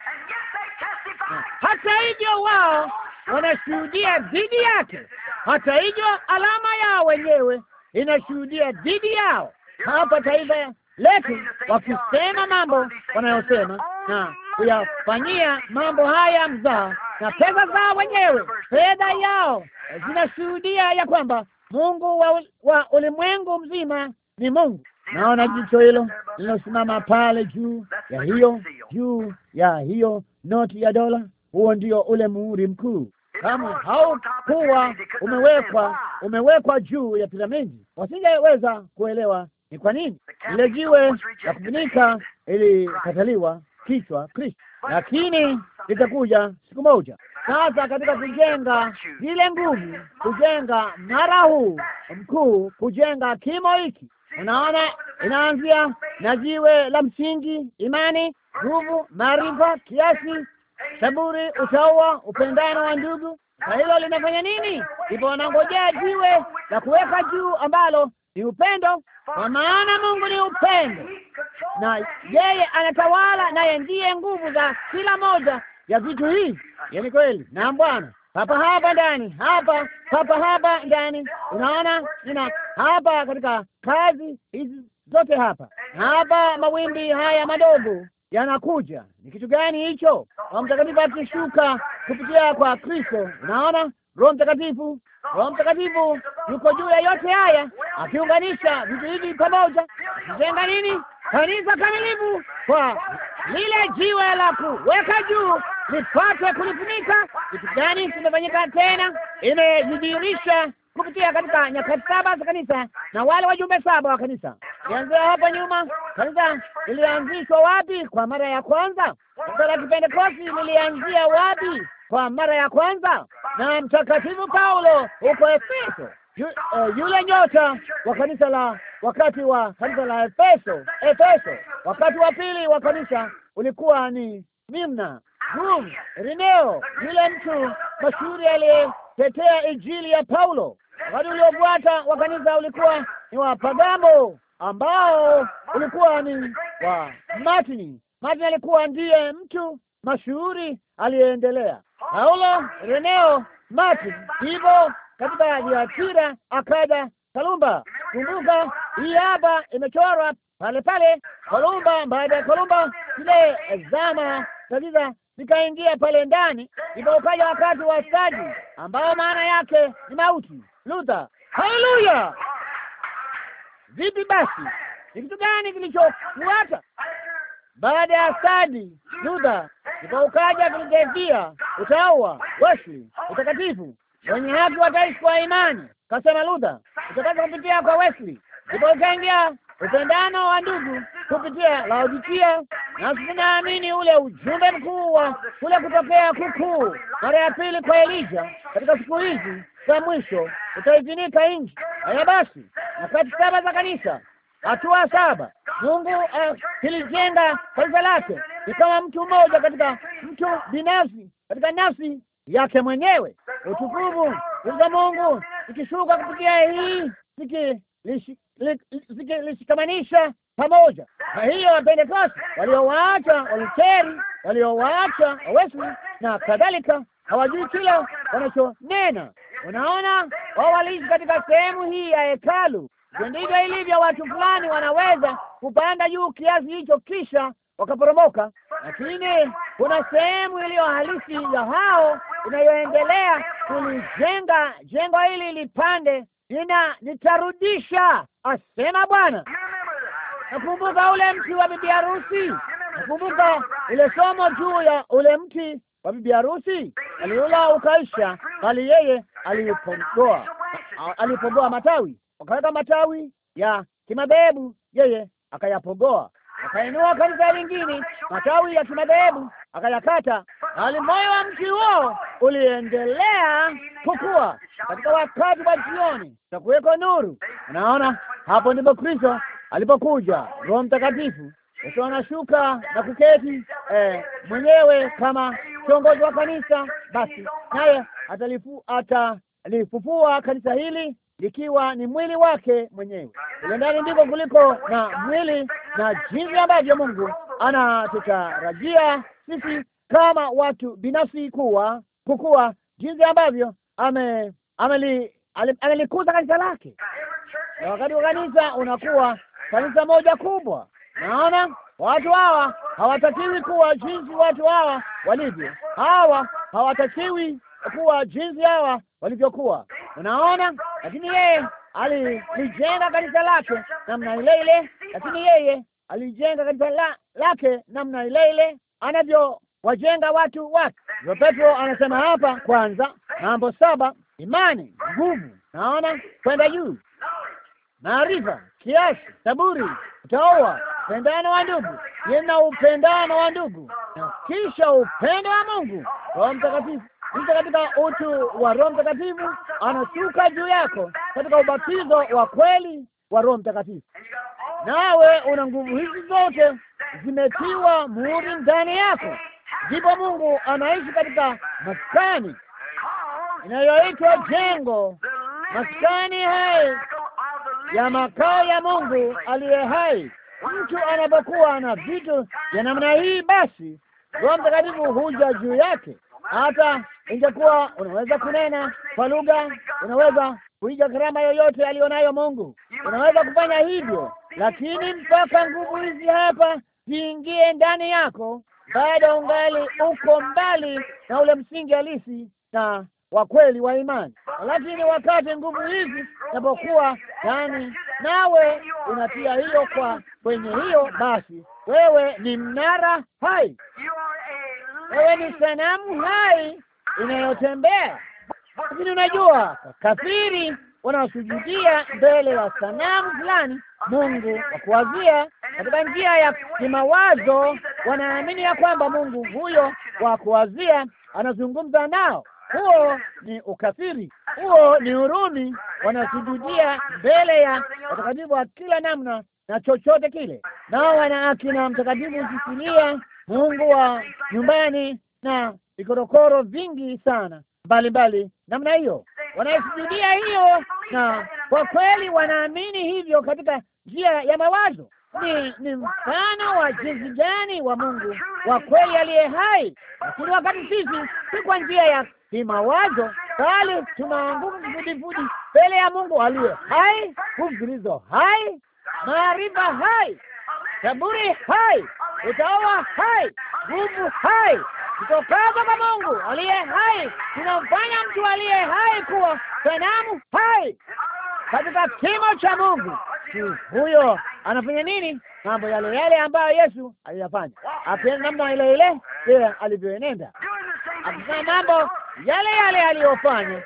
Hata hivyo wao wanashuhudia dhidi yake. Hata hivyo alama yao wenyewe inashuhudia dhidi yao hapa taifa letu, wakisema mambo wanayosema na kuyafanyia mambo haya mzaa na pesa zao wenyewe, fedha yao zinashuhudia ya kwamba Mungu wa, wa ulimwengu mzima ni Mungu. Naona jicho hilo linasimama pale juu ya hiyo juu ya hiyo noti ya dola. Huo ndio ule muhuri mkuu. Kama haukuwa umewekwa umewekwa juu ya piramidi, wasingeweza kuelewa ni kwa nini ile jiwe la kufunika ilikataliwa kichwa Kristo lakini litakuja siku moja. Sasa katika kujenga zile nguvu, kujenga mnara huu mkuu, kujenga kimo hiki, unaona, inaanzia na jiwe la msingi: imani, nguvu, maarifa, kiasi, saburi, utaua, upendano wa ndugu. Na hilo linafanya nini? Ipo wanangojea jiwe la kuweka juu ambalo ni upendo, kwa maana Mungu ni upendo, na yeye anatawala, naye ndiye nguvu za kila moja ya vitu hivi. yani kweli na Bwana papa hapa ndani hapa, papa hapa ndani. Unaona, nina hapa katika kazi hizi zote hapa hapa, mawimbi haya madogo yanakuja. Ni kitu gani hicho? Roho Mtakatifu akishuka kupitia kwa Kristo, unaona Roho Mtakatifu Roho Mtakatifu yuko juu ya yote haya, akiunganisha vitu hivi pamoja, akijenga nini? Kanisa kamilifu kwa lile jiwe la kuweka juu lipate kulifunika. Kitu gani kimefanyika tena? Imejidhihirisha kupitia katika nyakati saba za kanisa na wale wajumbe saba wa kanisa. Ianzia hapo nyuma, kanisa lilianzishwa wapi kwa mara ya kwanza? Kanisa la Kipentekosti lilianzia wapi kwa mara ya kwanza? Na mtakatifu Paulo huko Efeso, yu, uh, yule nyota wa kanisa la wakati wa kanisa la Efeso, Efeso. Wakati wa pili wa kanisa ulikuwa ni Mimna Rum Rineo, yule mtu mashuhuri aliyetetea injili ya Paulo Wakati uliofuata wa kanisa ulikuwa ni wa pagambo ambao ulikuwa ni wa Martin. Martin alikuwa ndiye mtu mashuhuri aliyeendelea. Paulo, Reneo, Martin, hivyo katika Viatira, akaja kalumba Kumbuka, hii hapa imechorwa pale pale Kolumba. Baada ya Kolumba, zile zama katika zikaingia pale ndani, ikaokaja wakati wa stadi ambao maana yake ni mauti. Luther. Haleluya! Vipi basi, ni kitu gani kilichofuata baada ya Sadi Luther? Ndipo ukaja Filadelfia, utaua Wesley, utakatifu wenye haki wataishi kwa imani, kasema Luther, utakaza kupitia kwa Wesley. Ndipo ukaingia upendano wa ndugu kupitia Laodikia, na tunaamini ule ujumbe mkuu wa kule kutokea kukuu mara ya pili kwa Elija katika siku hizi za mwisho utaizinika nchi. Haya basi, nyakati saba za kanisa, hatua saba. Mungu akilijenga eh, uh, taifa lake ikawa mtu mmoja katika mtu binafsi, katika nafsi yake mwenyewe, utukufu katika Mungu ikishuka kupitia hii zikilishikamanisha pamoja na hiyo Wapentekoste waliowaacha Waluteri waliowaacha Wawesley na kadhalika, hawajui kila wanachonena. Unaona, wao waliishi katika sehemu hii ya hekalu. ndivyo ilivyo. Watu fulani wanaweza kupanda juu kiasi hicho, kisha wakaporomoka, lakini kuna sehemu iliyo halisi ya hao inayoendelea kulijenga jengo hili lipande. Nina nitarudisha, asema Bwana. Nakumbuka ule mti wa bibi harusi, nakumbuka ile somo juu ya ule mti wa bibi harusi, aliula ukaisha, bali yeye alipogoa alipogoa matawi, wakaweka matawi ya kimadhehebu, yeye akayapogoa, akainua kanisa lingine matawi ya kimadhehebu akayakata, bali moyo wa mti huo uliendelea kukua. Katika wakati wa jioni takuweko nuru. Unaona, hapo ndipo Kristo alipokuja, Roho Mtakatifu Yesu anashuka na kuketi eh, mwenyewe kama kiongozi wa kanisa, basi naye atalifufua kanisa hili likiwa ni mwili wake mwenyewe. Ile ndani ndiko kuliko na mwili, na jinsi ambavyo Mungu anatutarajia sisi kama watu binafsi kuwa kukuwa, jinsi ambavyo ame amelikuza kanisa lake, na wakati wa kanisa unakuwa kanisa moja kubwa Naona watu hawa hawatakiwi kuwa jinsi watu hawa walivyo, hawa hawatakiwi kuwa jinsi hawa walivyokuwa, unaona. Lakini yeye alijenga kanisa lake namna ile ile, lakini yeye alijenga kanisa la, lake namna ile ile anavyowajenga watu wake. Ndio Petro anasema hapa, kwanza mambo saba: imani, nguvu, naona, kwenda juu, maarifa, kiasi, saburi, utaoa Pendana wa ndugu, yena upendano wa ndugu, kisha upendo wa Mungu Roho Mtakatifu ita katika utu wa Roho Mtakatifu anashuka juu yako katika ubatizo wa kweli wa Roho Mtakatifu, nawe una nguvu hizi zote zimetiwa muhuri ndani yako. Ndipo Mungu anaishi katika maskani inayoitwa jengo, maskani hai ya makao ya Mungu aliye hai. Mtu anapokuwa na vitu vya namna hii, basi Roho Mtakatifu huja juu yake. Hata ingekuwa unaweza kunena kwa lugha, unaweza kuiga karama yoyote aliyonayo Mungu, unaweza kufanya hivyo, lakini mpaka nguvu hizi hapa ziingie ndani yako, bado ungali uko mbali na ule msingi halisi na wa kweli wa imani. Lakini wakati nguvu hizi inapokuwa ndani nawe, unatia hiyo kwa kwenye hiyo, basi wewe ni mnara hai, wewe ni sanamu hai inayotembea. Lakini unajua kafiri wanaosujudia mbele ya sanamu fulani, mungu wa kuwazia katika njia ya kimawazo, wanaamini ya kwamba mungu huyo wa kuwazia anazungumza nao huo ni ukafiri, huo ni urumi. Wanasujudia mbele ya watakatifu wa kila namna na chochote kile, nao wana akina mtakatifu Sisilia, mungu wa nyumbani na vikorokoro vingi sana mbalimbali namna hiyo, wanaisujudia hiyo, na kwa kweli wanaamini hivyo katika njia ya mawazo ni ni mfano wa jinsi gani wa Mungu wa kweli aliye hai, lakini wakati sisi si kwa njia ya kimawazo, bali tunaanguka kifudifudi mbele ya Mungu aliye hai, nguvu zilizo hai, maarifa hai, saburi hai, utawa hai, nguvu hai kutokaza kwa Mungu aliye hai, tunamfanya mtu aliye hai kuwa sanamu hai katika kimo cha Mungu basi huyo anafanya nini? Mambo yale yale ambayo Yesu aliyafanya, apenda namna ile ile ile alivyoenenda, akifanya mambo yale yale aliyofanya,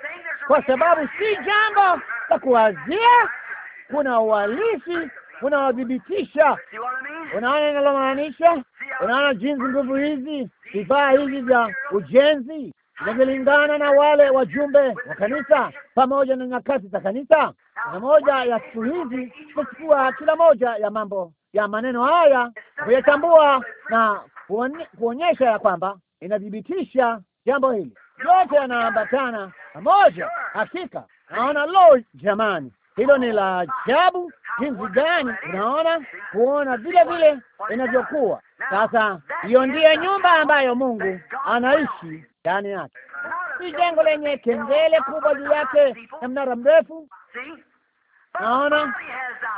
kwa sababu si jambo la kuwazia. Kuna uhalisi, kuna wadhibitisha. Unaona inalomaanisha? Unaona jinsi nguvu hizi, vifaa hivi vya ujenzi inavyolingana na wale wajumbe wa kanisa pamoja na nyakati za kanisa. Na moja ya siku hizi kuchukua kila moja ya mambo ya maneno haya kuyatambua na kuonyesha ya kwamba inathibitisha jambo hili, yote yanaambatana pamoja. Hakika naona, lo jamani, hilo ni la ajabu jinsi gani! Unaona, kuona vile vile inavyokuwa sasa hiyo ndiye nyumba ambayo Mungu anaishi ndani yake, si jengo lenye kengele kubwa juu yake na mnara mrefu. Naona,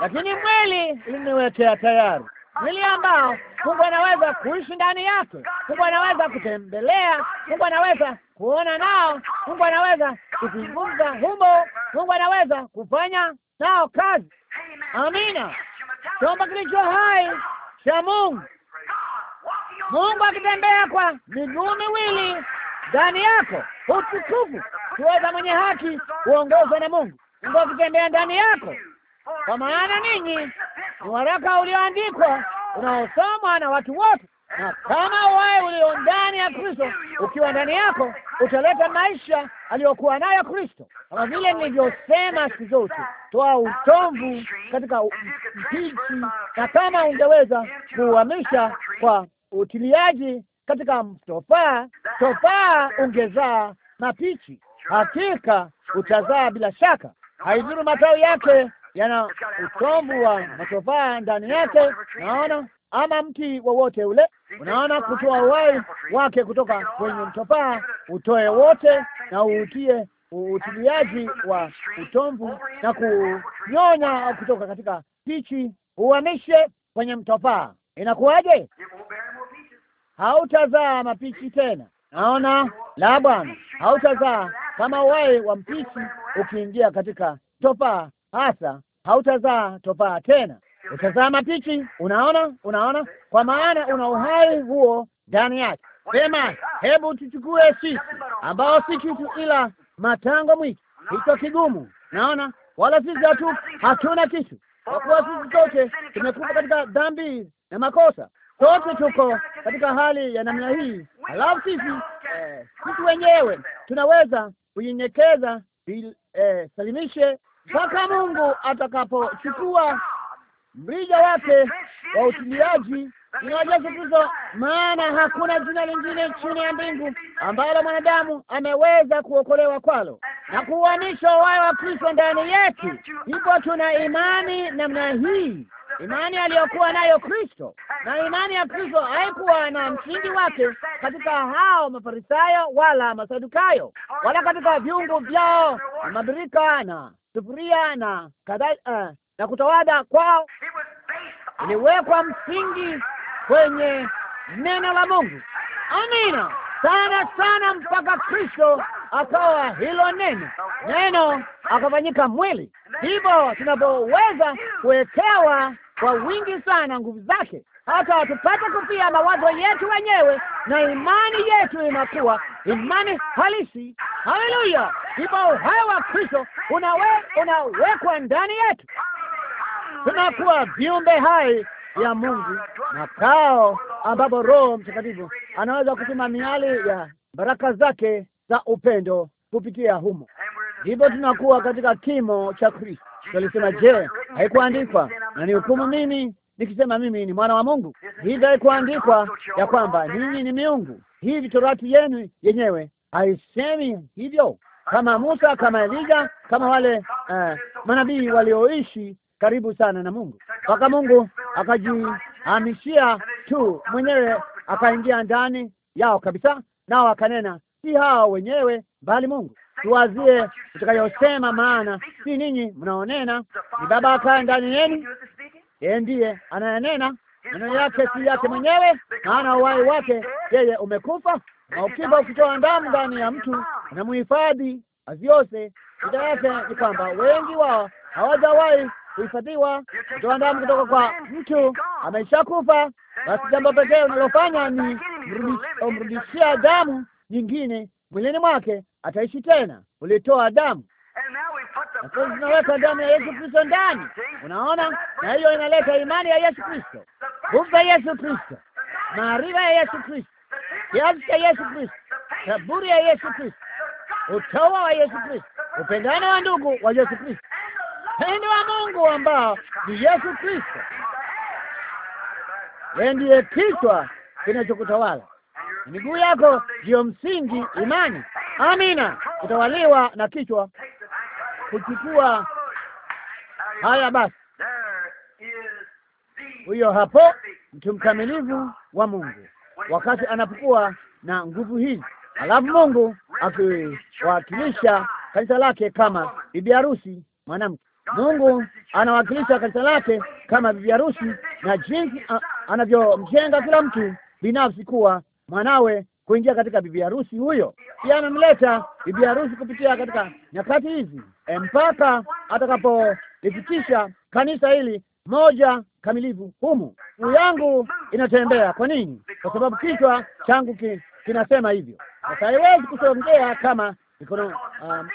lakini mwili limewekea tayari mwili ambao Mungu anaweza kuishi ndani yake. Mungu anaweza kutembelea, Mungu anaweza kuona nao, Mungu anaweza kuzungumza humo, Mungu anaweza kufanya nao kazi. Amina, chomba kilicho hai cha Mungu Mungu akitembea kwa miguu miwili ndani yako, utukufu tuweza mwenye haki uongozwe na Mungu. Mungu akitembea ndani yako, kwa maana ninyi ni waraka ulioandikwa unaosomwa na watu wote, na kama wewe ulio ndani ya Kristo ukiwa ndani yako utaleta maisha aliyokuwa nayo Kristo. Kama vile nilivyosema siku zote, toa utomvu katika mtiti, na kama ungeweza kuuhamisha kwa utiliaji katika tofaa. Tofaa ungezaa mapichi, hakika utazaa bila shaka. Haidhuru matawi yake yana utomvu wa matofaa ndani yake, naona ama mti wowote ule, unaona, kutoa uhai wake kutoka kwenye mtofaa, utoe wote na uutie uutiliaji wa utomvu na kunyonya kutoka katika pichi, uhamishe kwenye mtofaa. Inakuwaje? hautazaa mapichi tena. Naona la Bwana, hautazaa kama uwai wa mpichi ukiingia katika tofaa hasa, hautazaa tofaa tena, utazaa mapichi. Unaona, unaona, kwa maana una uhai huo ndani yake. Sema, hebu tuchukue sisi ambao si kitu ila matango mwiki, hicho kigumu. Naona wala sisi hatu hatuna kitu, kwa kuwa sisi sote tumekufa katika dhambi na makosa sote tuko katika hali ya namna hii, alafu sisi eh, sisi wenyewe tunaweza kuinyekeza eh, salimishe mpaka Mungu atakapochukua mrija wake wa utiliaji inawaja Kristo, maana hakuna jina lingine chini ya mbingu ambalo mwanadamu ameweza kuokolewa kwalo na kuuanisha wao wa Kristo ndani yetu. ipo tuna imani namna hii imani aliyokuwa nayo Kristo, na imani ya Kristo haikuwa na msingi wake katika hao Mafarisayo wala Masadukayo wala katika vyungu vyao na mabirika na sufuria na kadhalika, uh, eh, na kutawada kwao. Iliwekwa msingi kwenye neno la Mungu. Amina sana sana, mpaka Kristo akawa hilo neno, neno akafanyika mwili. Hivyo tunapoweza kuwekewa kwa wingi sana nguvu zake, hata hatupate kupia mawazo yetu wenyewe, na imani yetu inakuwa imani halisi. Haleluya! Ndipo uhai wa Kristo unawekwa ndani yetu, tunakuwa viumbe hai ya Mungu, makao ambapo Roho Mtakatifu anaweza kutuma miali ya baraka zake za upendo kupitia humo. Ndipo tunakuwa katika kimo cha Kristo. Tulisema, je, haikuandikwa na nihukumu mimi nikisema mimi ni mwana wa Mungu. hivi haikuandikwa ya kwamba ninyi ni miungu. Hivi torati yenu yenyewe haisemi hivyo, kama Musa, kama Elija, kama wale uh, manabii walioishi karibu sana na Mungu, mpaka Mungu akajihamishia tu mwenyewe, akaingia ndani yao kabisa, nao akanena si hao wenyewe, bali Mungu tuwazie utakayosema, maana si ninyi mnaonena, ni Baba akaye ndani yenu, yeye ndiye anayenena. Maneno yake si yake mwenyewe, maana uhai wake yeye umekufa. Maukiba ukitoa damu ndani ya mtu na muhifadhi asiose, shida yake ni kwamba wengi wao hawajawahi kuhifadhiwa. Kutoa damu kutoka kwa mtu ameisha kufa basi jambo pekee unalofanya ni mrudishia damu nyingine mwilini mwake ataishi tena. Ulitoa damu na tunaweka damu ya Yesu Kristo ndani, unaona, na hiyo inaleta imani ya Yesu Kristo, nguvu ya Yesu Kristo, maarifa ya Yesu Kristo, kiasi cha Yesu Kristo, kaburi ya Yesu Kristo, utawa wa Yesu Kristo, upendano wa ndugu wa Yesu Kristo, pendo wa Mungu ambao ni Yesu Kristo. Yeye ndiye kichwa kinachokutawala, miguu yako ndiyo msingi imani Amina, utawaliwa na kichwa kuchukua. Haya basi, huyo hapo mtu mkamilifu wa Mungu wakati anapokuwa na nguvu hizi, alafu Mungu akiwakilisha kanisa lake kama bibi harusi mwanamke. Mungu anawakilisha kanisa lake kama bibi harusi, na jinsi anavyomjenga kila mtu binafsi kuwa mwanawe kuingia katika bibi harusi huyo. Pia anamleta bibi harusi kupitia katika nyakati hizi e, mpaka atakapolifikisha kanisa hili moja kamilifu humu. Miguu yangu inatembea. Kwa nini? Kwa sababu kichwa changu ki, kinasema hivyo. Sasa haiwezi kusongea kama mkono um,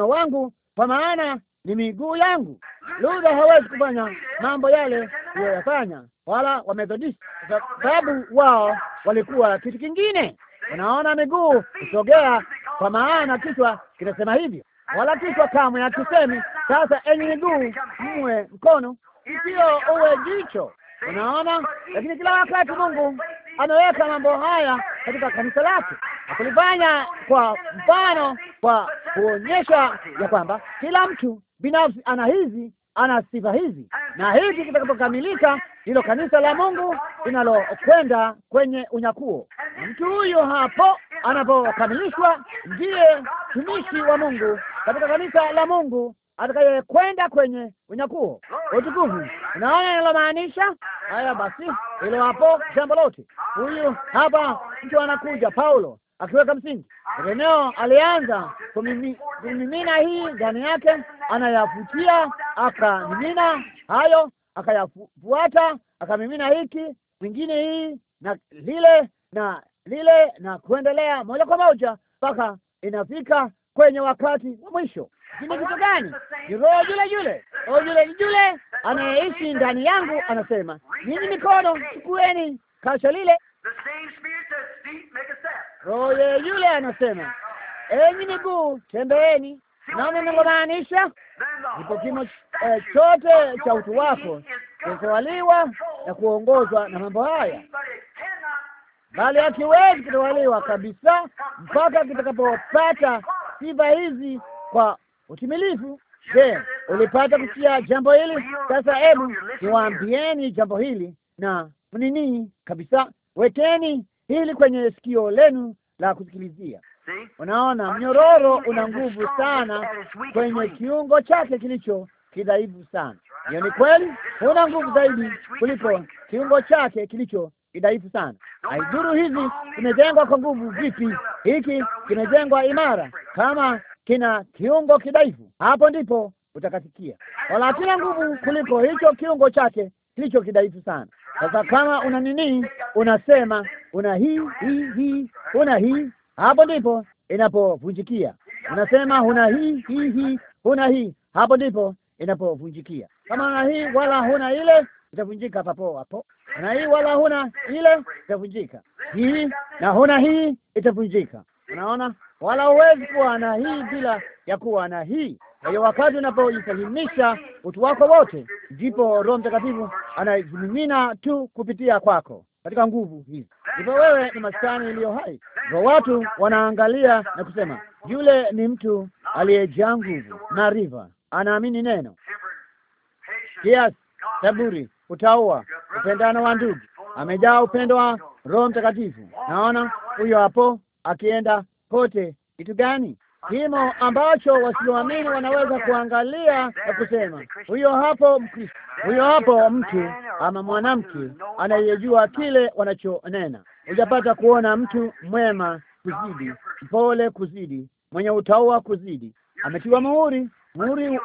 um, wangu, kwa maana ni miguu yangu. Luther hawezi kufanya mambo yale iyoyafanya wala Wamethodisti, kwa sababu wao walikuwa kitu kingine unaona miguu kusogea, kwa maana kichwa kinasema hivyo, wala kichwa kamwe hakisemi sasa, enyi miguu mwe mkono, sio uwe jicho. Unaona, lakini kila wakati Mungu ameweka mambo haya katika kanisa lake na kulifanya kwa mfano, kwa kuonyesha ya kwamba kila mtu binafsi ana hizi ana sifa hizi, na hivi kitakapokamilika ndilo kanisa la Mungu linalokwenda kwenye unyakuo. Mtu huyo hapo anapokamilishwa ndiye mtumishi wa Mungu katika kanisa la Mungu atakayekwenda kwenye unyakuo utukufu. Unaona inalomaanisha Haya basi, hilo hapo jambo lote. Huyu hapa mtu anakuja Paulo akiweka msingi. Eneo alianza kumimina hii ndani yake, anayavutia akamimina hayo, akayafuata akamimina hiki mwingine, hii na lile na lile, na kuendelea moja kwa moja mpaka inafika kwenye wakati wa mwisho. Kini kitu gani? Ni roho yule yule, roho yule yule anayeishi ndani yangu anasema, mimi mikono, chukueni kasha lile Roho yule anasema, enyi miguu tembeeni. Naona ninamaanisha ndipo kimo eh, chote cha utu wako kinatawaliwa na kuongozwa na mambo haya, bali hakiwezi kutawaliwa kabisa mpaka kitakapopata sifa hizi kwa utimilifu. Je, ulipata kusikia jambo hili? Sasa hebu niwaambieni jambo hili na mninii kabisa, wekeni hili kwenye sikio lenu la kusikilizia. Unaona, mnyororo una nguvu sana kwenye kiungo chake kilicho kidhaifu sana. Hiyo ni kweli, una nguvu zaidi kuliko kiungo chake kilicho kidhaifu sana. Haidhuru hizi kimejengwa kwa nguvu vipi, hiki kimejengwa imara. Kama kina kiungo kidhaifu, hapo ndipo utakatikia, wala kina nguvu kuliko hicho kiungo chake kilicho kidhaifu sana. Sasa kama una nini, unasema una hii hii hii, una hii, hapo ndipo inapovunjikia. Unasema una hii hii hii, una hii, hapo ndipo inapovunjikia. Kama una hii wala huna ile, itavunjika papo hapo. Una hii wala huna ile, itavunjika. Hii na huna hii, itavunjika. Unaona, wala huwezi kuwa na hii bila ya kuwa na hii. Kwa hiyo wakati unapoisalimisha utu wako wote, ndipo Roho Mtakatifu anajimimina tu kupitia kwako katika nguvu hizi. Hivyo wewe ni maskani iliyo hai, hivyo watu wanaangalia na kusema, yule ni mtu aliyejaa nguvu, maarifa, anaamini neno, kiasi, saburi, utaua, upendano wa ndugu, amejaa upendo wa Roho Mtakatifu. Naona huyo hapo akienda kote. Kitu gani? kimo ambacho wasioamini wanaweza kuangalia na kusema huyo hapo Mkristo, huyo hapo mtu ama mwanamke anayejua kile wanachonena. Hujapata kuona mtu mwema kuzidi, mpole kuzidi, mwenye utaua kuzidi. Ametiwa muhuri. Muhuri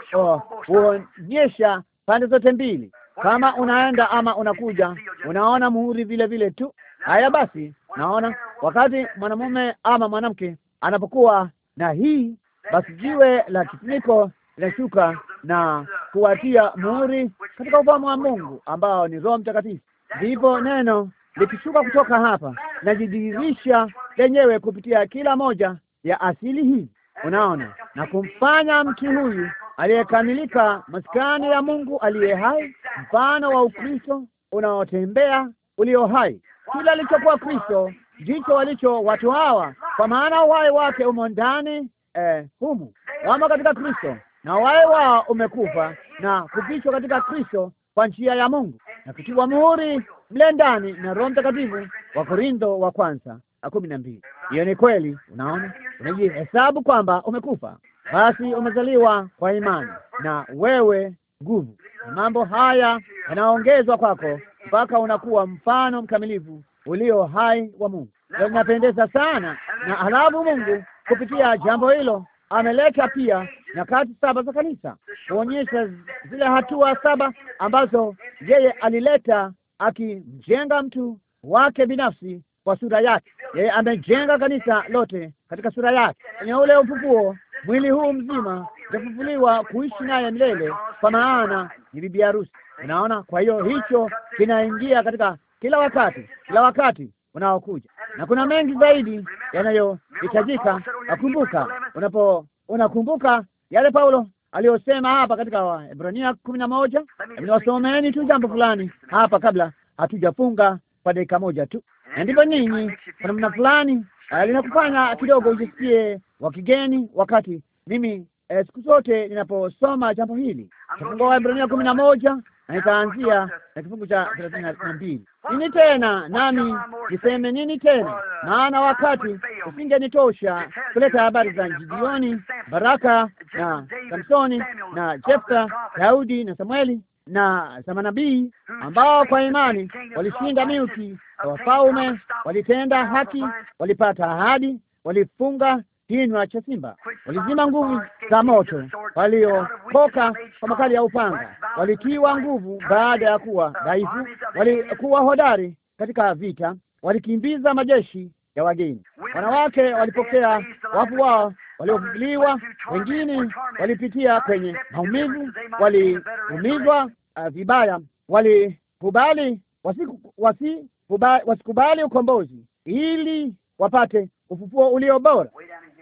huonyesha uh, pande zote mbili. Kama unaenda ama unakuja, unaona muhuri vile vile tu. Haya basi, naona wakati mwanamume ama mwanamke anapokuwa na hii basi jiwe la kifuniko linashuka na kuwatia muhuri katika ufalme wa Mungu ambao ni Roho Mtakatifu. Ndipo neno likishuka kutoka hapa najidhihirisha lenyewe kupitia kila moja ya asili hii, unaona, na kumfanya mtu huyu aliyekamilika maskani ya Mungu aliye hai, mfano wa Ukristo unaotembea ulio hai. Kila alichokuwa Kristo jicho walicho watu hawa, kwa maana uhai wake umo ndani eh, humu wamo katika Kristo, na uhai wao umekufa na kupishwa katika Kristo kwa njia ya Mungu na kutiwa muhuri mle ndani na Roho Mtakatifu. wa Korintho wa kwanza kumi na mbili. Hiyo ni kweli. Unaona, unajihesabu kwamba umekufa, basi umezaliwa kwa imani na wewe nguvu, na mambo haya yanaongezwa kwako mpaka unakuwa mfano mkamilifu ulio hai wa Mungu, inapendeza sana. Na halafu Mungu kupitia jambo hilo ameleta pia nyakati saba za kanisa kuonyesha zile hatua saba ambazo yeye alileta akimjenga mtu wake binafsi kwa sura yake. Yeye amejenga kanisa lote katika sura yake, kwenye ule ufufuo, mwili huu mzima utafufuliwa kuishi naye milele, kwa maana ni bibi harusi. Unaona, kwa hiyo hicho kinaingia katika kila wakati, kila wakati unaokuja, na kuna mengi zaidi yanayohitajika. Nakumbuka unapo unakumbuka yale Paulo aliyosema hapa katika Waebrania kumi na moja. Niwasomeeni tu jambo fulani hapa kabla hatujafunga kwa dakika moja tu, na ndipo nyinyi, kwa namna fulani eh, linakufanya kidogo ujisikie wa kigeni. Wakati mimi eh, siku zote ninaposoma jambo hili, tafungua Waebrania kumi na moja na na kifungu cha thelathini na mbili nini tena nami niseme nini tena? Maana wakati usingenitosha kuleta habari za Gideoni, Baraka na Samsoni na Jefta, Daudi na Samueli na za manabii ambao kwa imani walishinda miuki wa wafalme, walitenda haki, walipata ahadi, walifunga kinywa cha simba, walizima nguvu za moto, waliokoka kwa makali ya upanga, walitiwa nguvu baada ya kuwa dhaifu, walikuwa hodari katika vita, walikimbiza majeshi ya wageni. Wanawake walipokea wafu wao waliofufuliwa, wengine walipitia kwenye maumivu, waliumizwa uh, vibaya, walikubali wasikubali wasi, ukombozi ili wapate ufufuo ulio bora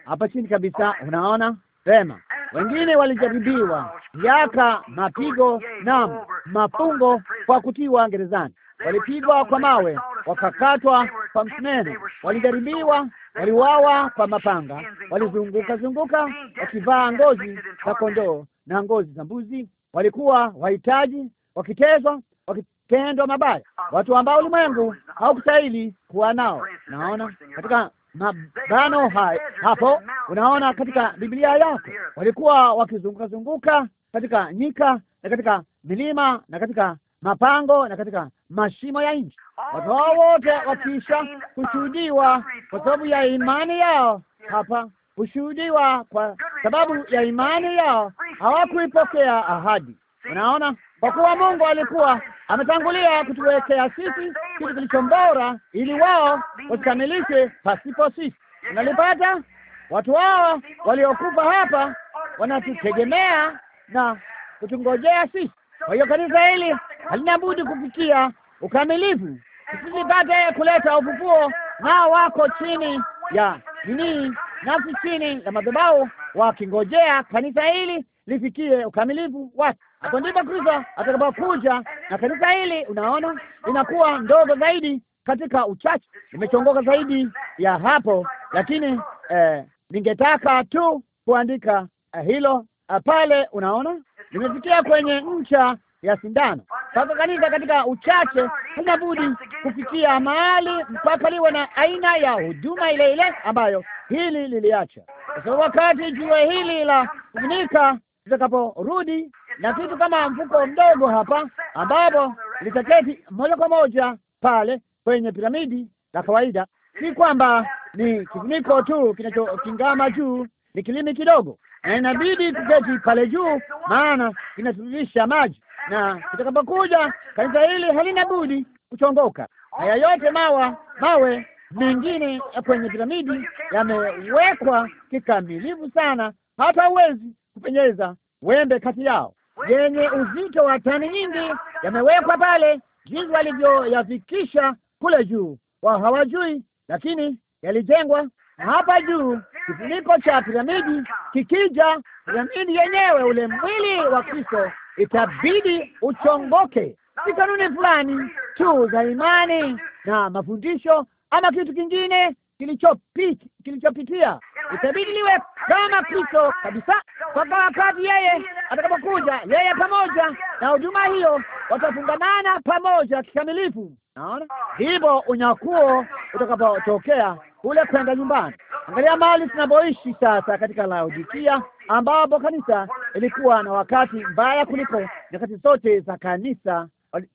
hapa chini kabisa. Unaona vema, wengine walijaribiwa miaka, mapigo na mafungo kwa kutiwa gerezani, walipigwa kwa mawe, wakakatwa kwa msumeno, walijaribiwa, waliuawa kwa mapanga, walizunguka zunguka wakivaa ngozi za kondoo na ngozi za mbuzi, walikuwa wahitaji, wakitezwa, wakitendwa mabaya, watu ambao ulimwengu haukustahili kuwa nao. Naona katika mabano hai. Hapo unaona katika Biblia yako walikuwa wakizungukazunguka katika nyika na katika milima na katika mapango na katika mashimo ya nchi, watu hao wote wakiisha kushuhudiwa kwa sababu ya imani yao hapa hushuhudiwa kwa sababu ya imani yao, hawakuipokea ahadi. Unaona, kwa kuwa Mungu alikuwa ametangulia kutuwekea sisi kitu kilicho bora, ili wao wasikamilishwe pasipo sisi. Unalipata? Watu hawa waliokufa hapa wanatutegemea na kutungojea sisi. Kwa hiyo kanisa hili halina budi kufikia ukamilifu, tusipate kuleta ufufuo. Nao wako chini ya nini? Nafsi chini ya madhabahu wakingojea kanisa hili lifikie ukamilifu wake. Hapo ndipo Kristo atakapokuja, na kanisa hili, unaona, inakuwa ndogo zaidi katika uchache, limechongoka zaidi ya hapo, lakini eh, ningetaka tu kuandika eh, hilo eh, pale, unaona, limefikia kwenye ncha ya sindano. Sasa kanisa katika uchache huna kufikia mahali mpaka liwe na aina ya huduma ile ile ambayo hili liliacha, kwa sababu wakati jua hili la kufunika zitakaporudi na kitu kama mfuko mdogo hapa, ambapo litaketi moja kwa moja pale kwenye piramidi la kawaida. Si kwamba ni kifuniko tu kinachokingama juu, ni kilimi kidogo, na inabidi kuketi pale juu, maana kinatiririsha maji, na kitakapokuja kanisa hili halina budi kuchongoka. Haya yote mawa mawe mengine kwenye piramidi yamewekwa kikamilifu sana, hata uwezi kupenyeza wembe kati yao yenye uzito wa tani nyingi yamewekwa pale, jinsi walivyoyafikisha kule juu, wao hawajui, lakini yalijengwa hapa juu. Kifuniko cha piramidi kikija, piramidi yenyewe, ule mwili wa Kristo itabidi uchongoke. Si kanuni fulani tu za imani na mafundisho ama kitu kingine kilichopitia kilichopitia, itabidi liwe kama Kristo kabisa, kwamba wakati yeye atakapokuja, yeye pamoja na huduma hiyo watafungamana pamoja kikamilifu. Naona ndipo unyakuo utakapotokea kule kwenda nyumbani. Angalia mali zinapoishi sasa, katika Laodikia, ambapo kanisa ilikuwa na wakati mbaya kuliko nyakati zote za kanisa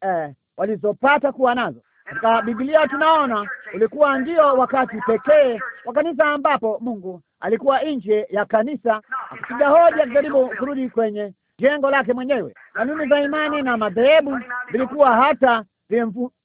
eh, walizopata kuwa nazo. Katika Biblia tunaona ulikuwa ndio wakati pekee wa kanisa ambapo Mungu alikuwa nje ya kanisa akipiga hoja, akijaribu kurudi kwenye jengo lake mwenyewe. Kanuni za imani na madhehebu vilikuwa hata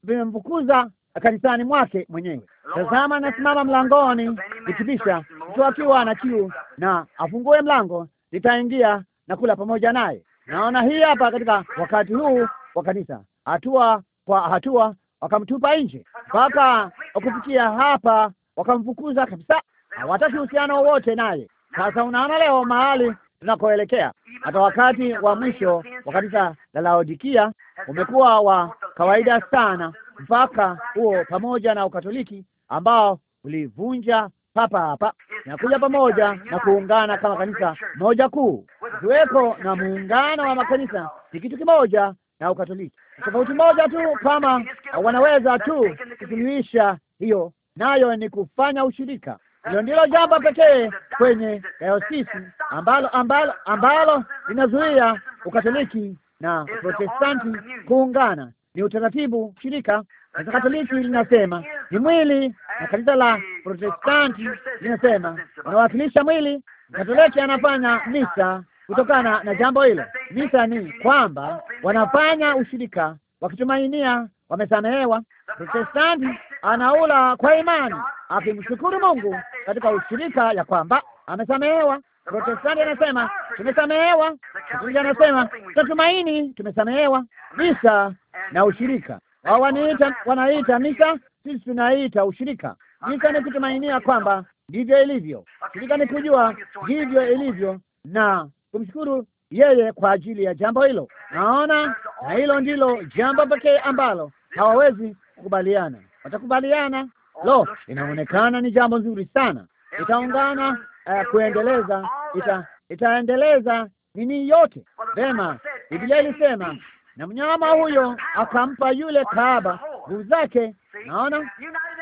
vimemfukuza kanisani mwake mwenyewe. Tazama, anasimama mlangoni nikibisha, mtu akiwa na kiu na afungue mlango, nitaingia na kula pamoja naye. Naona hii hapa katika wakati huu wa kanisa, hatua kwa hatua wakamtupa nje mpaka kufikia hapa, wakamfukuza kabisa, hawataki uhusiano wowote naye. Sasa unaona leo mahali tunakoelekea. Hata wakati wa mwisho wa kanisa la Laodikia umekuwa wa kawaida sana, mpaka huo pamoja na Ukatoliki ambao ulivunja papa hapa na kuja pamoja na kuungana kama kanisa moja kuu. Kuweko na muungano wa makanisa ni kitu kimoja na Ukatoliki tofauti moja tu, kama wanaweza tu kusuluhisha hiyo, nayo ni kufanya ushirika. Hilo ndilo jambo pekee kwenye dayosisi ambalo ambalo ambalo linazuia Ukatoliki na Protestanti kuungana ni utaratibu shirika. Kanisa Katoliki linasema ni mwili, na kanisa la Protestanti linasema wanawakilisha mwili. Katoliki anafanya misa kutokana na jambo hilo. misa ni kwamba wanafanya ushirika wakitumainia wamesamehewa. Protestanti anaula kwa imani akimshukuru Mungu katika ushirika ya kwamba amesamehewa. Protestanti anasema tumesamehewa, Katoliki anasema tunatumaini tumesamehewa. Misa na ushirika wao wanaita, wanaita misa, sisi tunaita ushirika. Misa ni kutumainia kwamba ndivyo ilivyo, ushirika ni kujua ndivyo ilivyo na kumshukuru yeye kwa ajili ya jambo hilo. Naona na hilo ndilo jambo pekee ambalo hawawezi kukubaliana. Watakubaliana? Lo, inaonekana ni jambo nzuri sana. Itaungana uh, kuendeleza ita, itaendeleza nini yote vema. Biblia ilisema na mnyama huyo akampa yule kahaba nguvu zake. Naona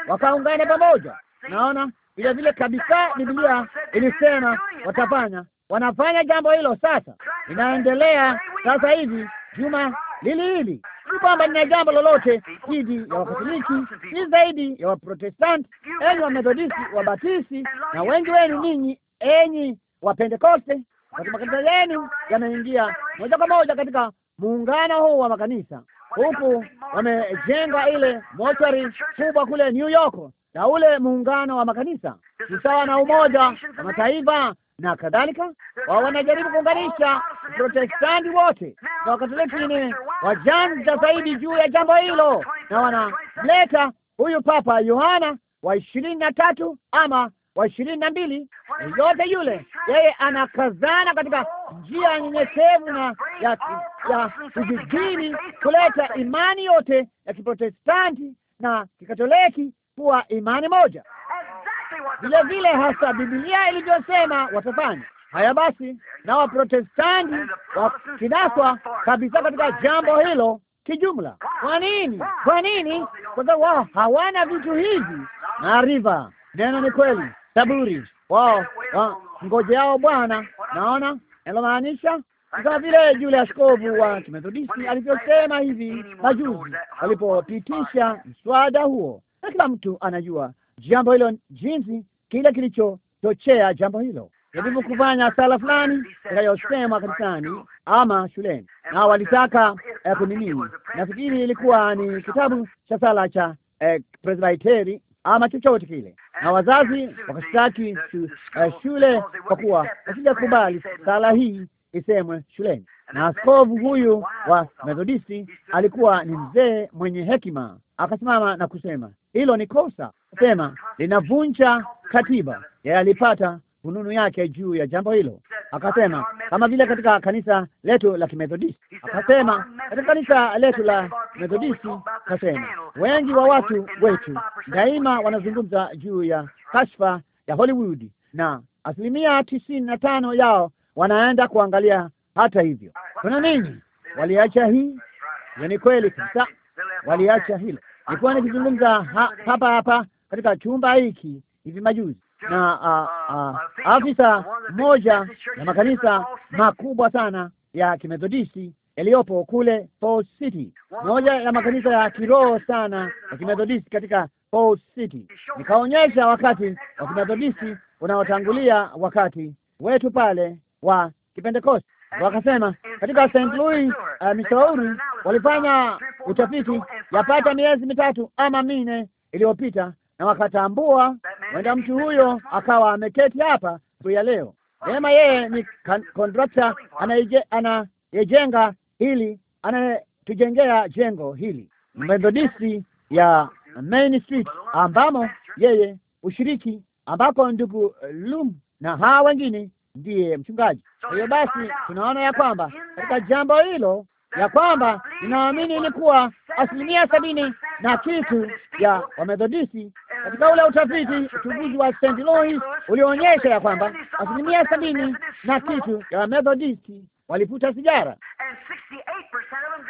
wakaungana pamoja. Naona vile vile kabisa, Biblia ilisema watafanya wanafanya jambo hilo sasa, linaendelea sasa hivi juma lili hili si kwamba nina jambo lolote dhidi ya Wakatoliki, si zaidi ya Waprotestanti, enyi Wamethodisti, Wabatisti na wengi wenu ninyi, enyi Wapentekoste, katika makanisa yenu yanaingia moja kwa moja katika muungano huu wa makanisa. Huku wamejenga ile mochari kubwa kule New York na ule muungano wa makanisa ni sawa na Umoja wa Mataifa na kadhalika. wa wanajaribu kuunganisha Protestanti wote na Wakatoliki ni wajanja zaidi juu ya jambo hilo, na wanamleta huyu Papa Yohana wa ishirini na tatu ama wa ishirini na mbili yote yule, yeye anakazana katika njia nyenyekevu na ya ya kujidini kuleta imani yote ya Kiprotestanti na Kikatoliki kuwa imani moja vile vile hasa Biblia ilivyosema watafanya. Haya basi, na Waprotestanti wakinaswa kabisa katika jambo hilo kijumla. Kwa nini? Kwa nini? Kwa sababu wao hawana vitu hivi. Maarifa, neno ni kweli, saburi, wao ngojeao Bwana. Naona inalomaanisha kama vile yule askofu wa Kimethodisti alivyosema hivi majuzi alipopitisha mswada huo, na kila mtu anajua jambo hilo, jinsi kile kilichochochea jambo hilo jaribu kufanya sala fulani inayosema kanisani ama shuleni, eh, na walitaka eh, eh ah, kunini, nafikiri eh, ilikuwa ni kitabu cha sala cha eh, Presbyteri ama chochote kile, na wazazi wakashtaki shule kwa kuwa kubali sala hii isemwe shuleni. Na askofu huyu wa Methodisti alikuwa ni mzee mwenye hekima, akasimama na kusema hilo ni kosa, sema linavunja katiba. Yeye alipata fununu yake juu ya jambo hilo, akasema kama vile katika kanisa letu la Kimethodisti, akasema katika kanisa letu la Methodisti, akasema wengi wa watu wetu daima wanazungumza juu ya kashfa ya Hollywood na asilimia tisini na tano yao wanaenda kuangalia. Hata hivyo, kuna nini? Waliacha hii. ni kweli kabisa, waliacha hilo. Nilikuwa nikizungumza ha, hapa hapa katika chumba hiki hivi majuzi na uh, uh, afisa mmoja ya makanisa makubwa sana ya kimethodisti yaliyopo kule Falls City, moja ya makanisa ya kiroho sana ya kimethodisti katika Falls City. Nikaonyesha wakati wa kimethodisti unaotangulia wakati wetu pale wa kipentekoste Wakasema katika St. Louis uh, Missouri walifanya utafiti yapata miezi mitatu ama mine iliyopita na wakatambua wenda mtu huyo akawa ameketi hapa siku ya leo. ema yeye ni kontrakta anayejenga hili, anayetujengea jengo hili Methodisi ya Main Street, ambamo yeye ushiriki, ambako ndugu Lum na hawa wengine ndiye mchungaji. Kwa hiyo basi tunaona ya kwamba katika jambo hilo ya kwamba ninaamini ilikuwa asilimia sabini na kitu ya Wamethodisti katika ule utafiti uchunguzi wa St. Louis ulionyesha ya kwamba asilimia sabini na kitu ya Wamethodisti walivuta sigara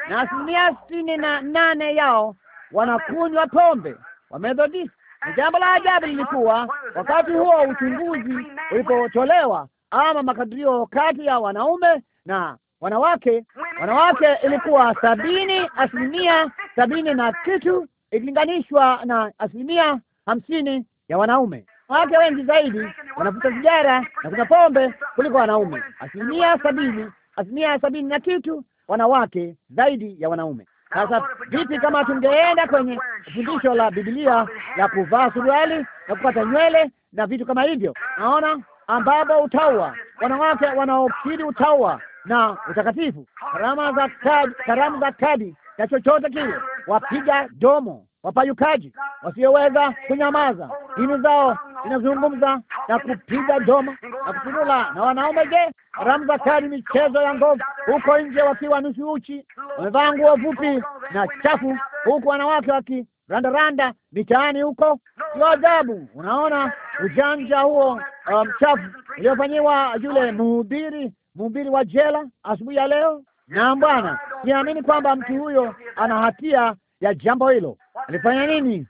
na asilimia sitini na nane yao wanakunywa pombe wa Wamethodisti. Ni jambo la ajabu lilikuwa wakati huo uchunguzi ulipotolewa, ama makadirio kati ya wanaume na wanawake. Wanawake ilikuwa sabini asilimia sabini na kitu ikilinganishwa na asilimia hamsini ya wanaume. Wanawake wengi zaidi wanavuta sigara na kunywa pombe kuliko wanaume, asilimia sabini, asilimia sabini na kitu wanawake zaidi ya wanaume. Sasa vipi kama tungeenda kwenye fundisho la Biblia la kuvaa suruali na kupata nywele na vitu kama hivyo? Naona ambapo utaua wanawake wanaokiri utaua na utakatifu, karama za kadi, karamu za kadi na chochote kile, wapiga domo wapayukaji wasioweza kunyamaza, dini zao zinazungumza na kupiga doma na kufunula. Na wanaume je, ramza kali michezo ya ngovu huko nje, wakiwa nusu uchi, wamevaa nguo fupi na chafu, huku wanawake wakirandaranda mitaani huko. Sio ajabu, unaona ujanja huo mchafu um, uliofanyiwa yule mhubiri mhubiri wa jela asubuhi ya leo. Na bwana, niamini kwamba mtu huyo ana hatia ya jambo hilo alifanya nini?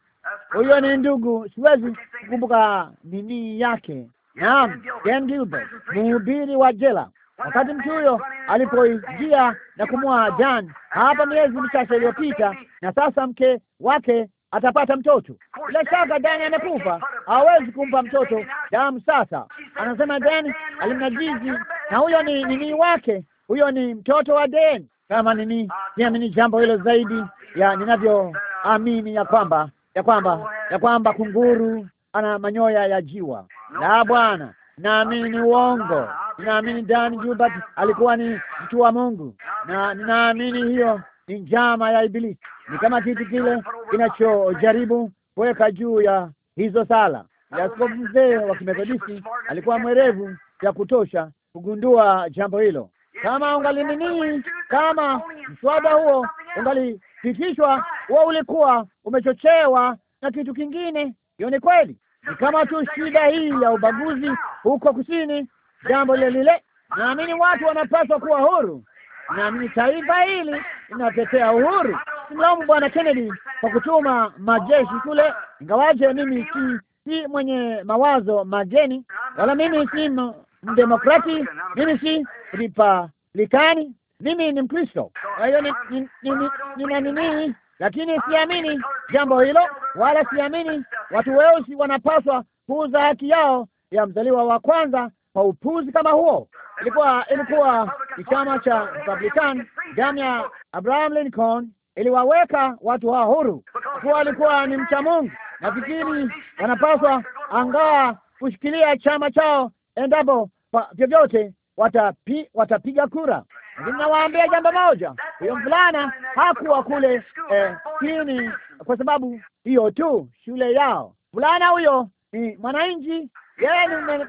Huyo ni ndugu, siwezi kukumbuka nini yake. Naam, Dan Gilbert, mhubiri wa jela. Wakati mtu huyo alipoingia na kumua Jan hapa miezi michache iliyopita, na sasa mke wake atapata mtoto. Bila shaka Dani amekufa, hawezi kumpa mtoto damu. Sasa anasema Dani alimnajizi, na huyo ni nini wake, huyo ni mtoto wa Dani. Kama nini, niamini jambo hilo zaidi ya ninavyo amini ya kwamba ya kwamba ya kwamba kunguru ana manyoya ya jiwa. La, Bwana, naamini uongo. Ninaamini Dan Gilbert alikuwa ni mtu wa Mungu, na ninaamini hiyo ni njama ya Ibilisi. Ni kama kitu kile kinachojaribu kuweka juu ya hizo sala. Askofu mzee wa Kimethodisti alikuwa mwerevu ya kutosha kugundua jambo hilo. Kama ungalinini, kama mswada huo ungalipitishwa huo ulikuwa umechochewa na kitu kingine. Hiyo ni kweli, ni kama tu shida hii ya ubaguzi huko kusini, jambo lile lile. Naamini watu wanapaswa kuwa huru, naamini taifa hili inatetea uhuru. Simlaumu Bwana Kennedy kwa kutuma majeshi kule, ingawaje mimi si si mwenye mawazo mageni, wala mimi si mdemokrati, mimi si Republikani, mimi ni Mkristo. Kwa hiyo nina nini lakini siamini jambo hilo, wala siamini watu weusi wanapaswa kuuza haki yao ya mzaliwa wa kwanza kwa upuzi kama huo. Ilikuwa ilikuwa ni chama cha Republican, damu ya Abraham Lincoln iliwaweka watu hao huru, kuwa alikuwa ni mcha Mungu. Nafikiri wanapaswa angaa kushikilia chama chao endapo vyovyote watapi, watapiga kura ninawaambia jambo moja, huyo mvulana hakuwa kule eh, kwa sababu hiyo tu shule yao. Mvulana huyo ni mwananchi, yeye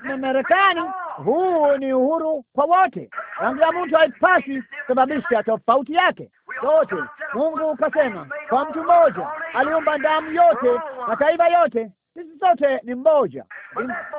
ni Marekani. Huu ni uhuru kwa wote, ya mtu haipasi sababisha tofauti yake sote Mungu kasema kwa mtu mmoja aliumba damu yote, mataifa yote sisi sote ni mmoja.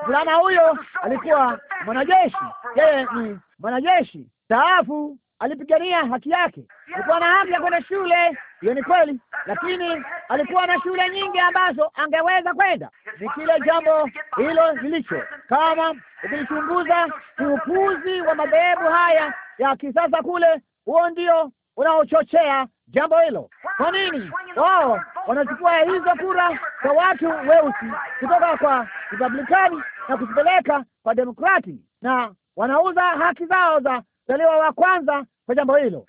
Mvulana huyo alikuwa mwanajeshi, yeye ni mwanajeshi staafu, alipigania haki yake. Alikuwa na haki ya kwenda shule, hiyo ni kweli, lakini alikuwa na shule nyingi ambazo angeweza kwenda. Ni kile jambo hilo lilicho, kama ukilichunguza, uukuzi wa madhehebu haya ya kisasa kule, huo ndio unaochochea jambo hilo. Kwa nini wao wanachukua hizo kura kwa watu weusi kutoka kwa Republikani na kuzipeleka kwa Demokrati na wanauza haki zao za mzaliwa wa kwanza kwa jambo hilo.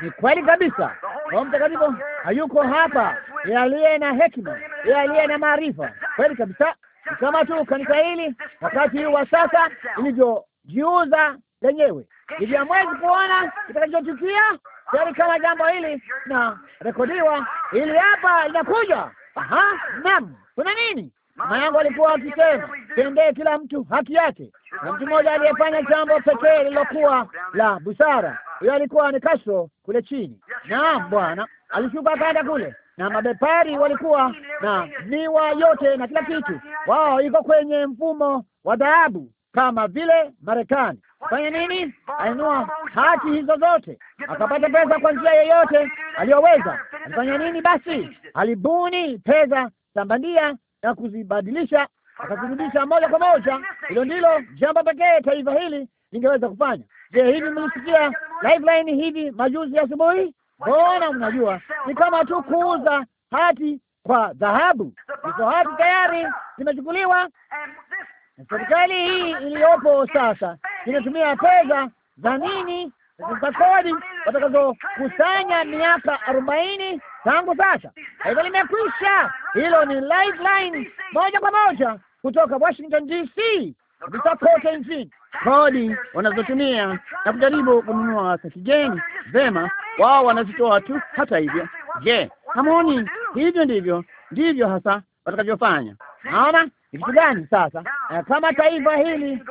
Ni kweli kabisa. Roho Mtakatifu hayuko hapa, yeye aliye na hekima, yeye aliye na maarifa. Kweli kabisa, kama tu kanisa hili wakati huu wa sasa ilivyojiuza lenyewe, hivi hamwezi kuona kitakachotukia tayari. Kama jambo hili na rekodiwa, ili hapa linakuja. Aha, naam, kuna nini? Mama yangu alikuwa akisema tendee kila mtu haki yake, na mtu mmoja aliyefanya jambo pekee lililokuwa la busara, huyo alikuwa ni Castro kule chini. Naam bwana, alishuka akaenda kule, na mabepari walikuwa na miwa yote na kila kitu, wao iko kwenye mfumo wa dhahabu kama vile Marekani. Fanya nini? Ainua haki hizo zote, akapata pesa kwa njia yoyote aliyoweza. Alifanya nini basi? Alibuni pesa za bandia na kuzibadilisha akazirudisha moja kwa moja. Hilo ndilo jambo pekee taifa hili lingeweza kufanya. Je, hivi mlisikia Lifeline hivi majuzi asubuhi? Mbona mnajua ni kama tu kuuza hati kwa dhahabu. Hizo hati tayari zimechukuliwa, serikali hii iliyopo sasa inatumia pesa za nini za kodi watakazokusanya miaka arobaini tangu sasa. Hivyo limekwisha. Hilo ni lifeline moja kwa moja kutoka Washington DC kabisa kote nchini. Kodi wanazotumia na kujaribu kununua za kigeni, vema, wao wanazitoa tu. Hata hivyo, je, hamoni? Hivyo ndivyo ndivyo hasa watakavyofanya. Naona ni kitu gani sasa, eh, kama taifa hili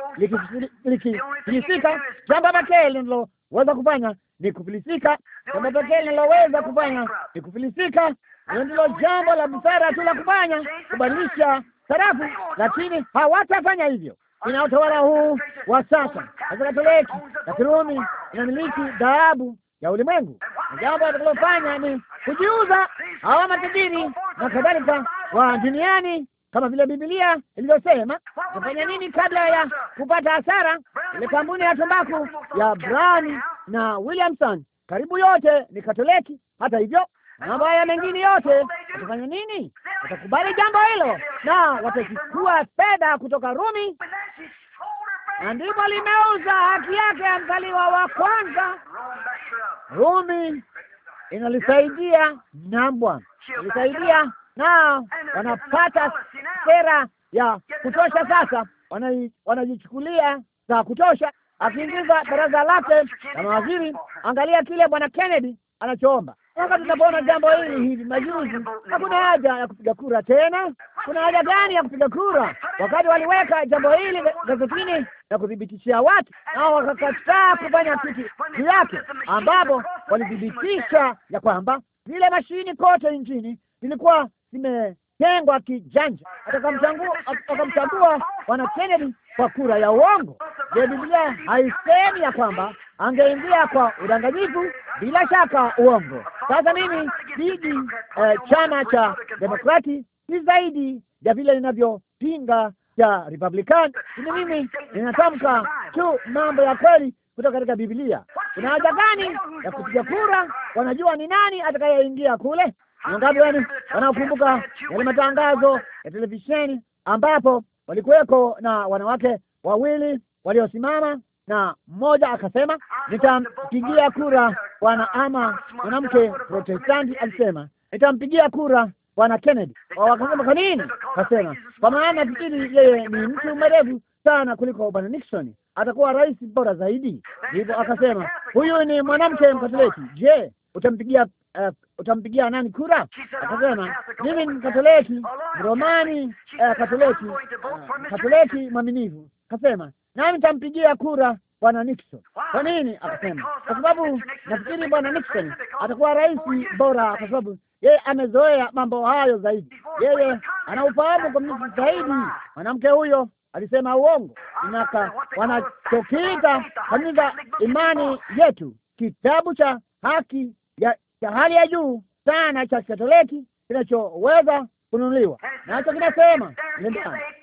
likifilisika, jambo pekee linaloweza kufanya ni kufilisika. Jambo pekee linaloweza kufanya ni kufilisika. Hiyo ndilo jambo la busara tu la kufanya, kubadilisha sarafu, lakini hawatafanya hivyo. Ina utawala huu wa sasa, Kanisa Katoliki la Kirumi inamiliki dhahabu ya ulimwengu. Jambo atakalofanya ni kujiuza, hawa matajiri na kadhalika wa duniani, kama vile Biblia ilivyosema. Kufanya nini kabla ya kupata hasara? Ile kampuni ya tumbaku ya Brown na Williamson karibu yote ni Katoliki. Hata hivyo mambo haya mengine yote watafanya nini? Watakubali jambo hilo na watachukua fedha kutoka Rumi, na ndipo limeuza haki yake ya mzaliwa wa kwanza. Rumi inalisaidia nambwa inalisaidia nao, wanapata sera ya kutosha. Sasa wanajichukulia za kutosha, akiingiza baraza lake la mawaziri. Angalia kile bwana Kennedy anachoomba Wakati tunapoona jambo hili hivi majuzi, hakuna haja ya kupiga kura tena. Kuna haja gani ya kupiga kura, wakati waliweka jambo hili gazetini na kuthibitishia watu, nao wakakataa kufanya kitu juu yake, ambapo walithibitisha ya kwamba zile mashini kote nchini zilikuwa zimetengwa kijanja. Wakamchagua bwana Kennedy kwa kura ya uongo. Je, Biblia haisemi ya kwamba angeingia kwa udanganyifu, bila shaka uongo. Sasa mimi bidi uh, eh, chama cha demokrati si zaidi ya vile linavyopinga cha Republican, lakini mimi ninatamka tu mambo ya kweli kutoka katika Biblia. Kuna haja gani ya kupiga kura? Wanajua ni nani atakayeingia kule. Wangapi wenu wanaokumbuka yale matangazo ya televisheni ambapo walikuweko na wanawake wawili waliosimama na mmoja akasema nitampigia kura bwana, ama mwanamke Protestanti alisema nitampigia kura bwana Kennedy. Wakasema kwa nini? Akasema kwa maana fikiri yeye ni mtu mrefu sana kuliko bwana Nixon, atakuwa rais bora zaidi. Ndipo akasema huyu ni mwanamke Mkatoliki, je, utampigia uh, utampigia nani kura? Akasema mimi ni Katoliki Romani, uh, eh, Katoliki uh, Katoliki mwaminivu. Akasema nami nitampigia kura Bwana Nixon. Kwa nini? Akasema kwa sababu nafikiri Bwana Nixon atakuwa rais bora, kwa sababu yeye amezoea mambo hayo zaidi, yeye anaufahamu kwa mtu zaidi. Mwanamke huyo alisema uongo, inaka wanachokiita katika imani yetu kitabu cha haki ya, cha hali ya juu sana cha Katoliki kinachoweza kununuliwa nacho, kinasema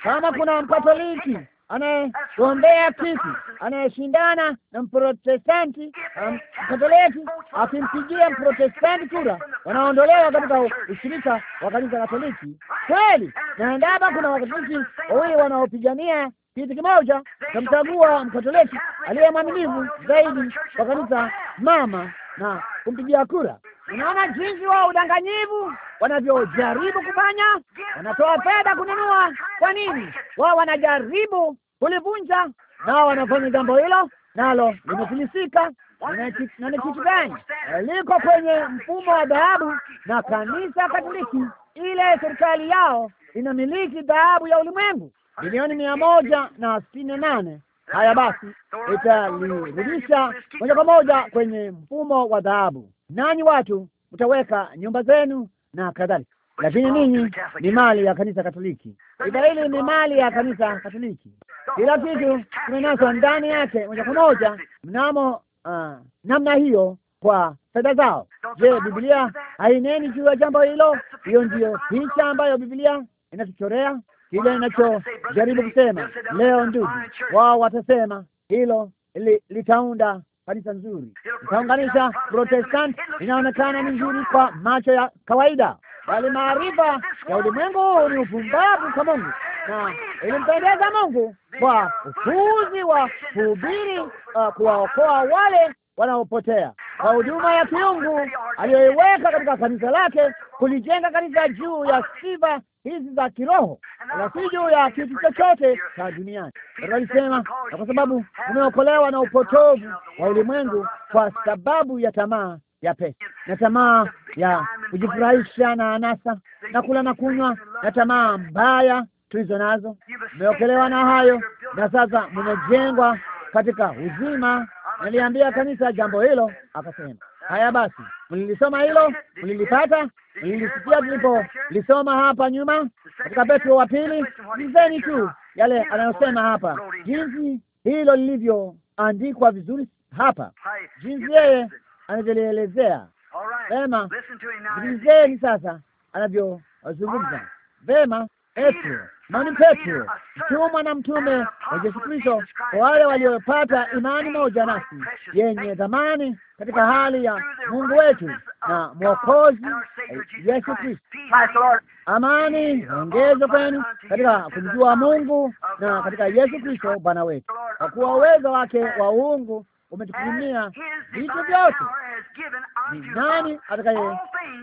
kama kuna Mkatoliki anayegombea kiti, anayeshindana na mprotestanti um, Katoliki, akimpigia mprotestanti kura, wanaondolewa katika ushirika wa kanisa Katoliki. Kweli, na endapo kuna wakatoliki wawili wanaopigania kiti kimoja, kamchagua mkatoliki aliye mwaminifu zaidi kwa kanisa mama na kumpigia kura. Unaona jinsi wa udanganyivu wanavyojaribu kufanya, wanatoa fedha kununua. Kwa nini? Wao wanajaribu kulivunja, nao wanafanya jambo hilo, nalo limefilisika. Na ni kitu gani liko kwenye mfumo wa dhahabu? Na kanisa Katoliki, ile serikali yao inamiliki dhahabu ya ulimwengu bilioni mia moja na sitini na nane. Haya basi, italirudisha moja kwa moja kwenye mfumo wa dhahabu nanyi watu mtaweka nyumba zenu na kadhalika, lakini ninyi ni mali ya kanisa Katoliki. Taifa hili ni mali ya kanisa Katoliki. Kila kitu kimenaswa ndani yake moja kwa moja mnamo uh, namna hiyo kwa fedha zao. Je, Biblia haineni juu ya jambo hilo? Hiyo ndiyo picha ambayo Biblia inatuchorea kile inachojaribu kusema leo. Ndugu wao watasema hilo li litaunda kanisa nzuri. Ikaunganisha Protestanti, inaonekana ni nzuri kwa macho ya kawaida, bali maarifa ya ulimwengu huu ni upumbavu kwa Mungu, na ilimpendeza Mungu kwa ufuzi wa kuhubiri uh, kuwaokoa wale wanaopotea kwa huduma ya kiungu aliyoiweka katika kanisa lake kulijenga katika juu ya sifa hizi za kiroho na si juu ya kitu chochote cha duniani. Alisema, na kwa sababu umeokolewa na upotovu wa ulimwengu kwa sababu ya tamaa ya pesa na tamaa ya kujifurahisha na anasa na kula na kunywa na tamaa mbaya tulizo nazo. Mmeokolewa na hayo na sasa mmejengwa katika uzima. Naliambia kanisa jambo hilo, akasema Haya basi, mlilisoma hilo, mlilipata, mlilisikia tulipo lisoma hapa nyuma katika Petro wa pili. Sikilizeni tu yale anayosema hapa, jinsi hilo lilivyoandikwa vizuri hapa, jinsi yeye anavyolielezea vema. Sikilizeni sasa anavyozungumza vema Petro Simoni Petro, mtumwa na mtume wa Yesu Kristo, kwa wale waliopata imani moja nasi yenye dhamani katika hali ya Mungu wetu na mwokozi Yesu Kristo. Amani ongezo kwenu katika kumjua Mungu na katika Yesu Kristo Bwana wetu, kwa kuwa uwezo wake wa uungu umetukirimia vitu vyote. Ni nani atakaye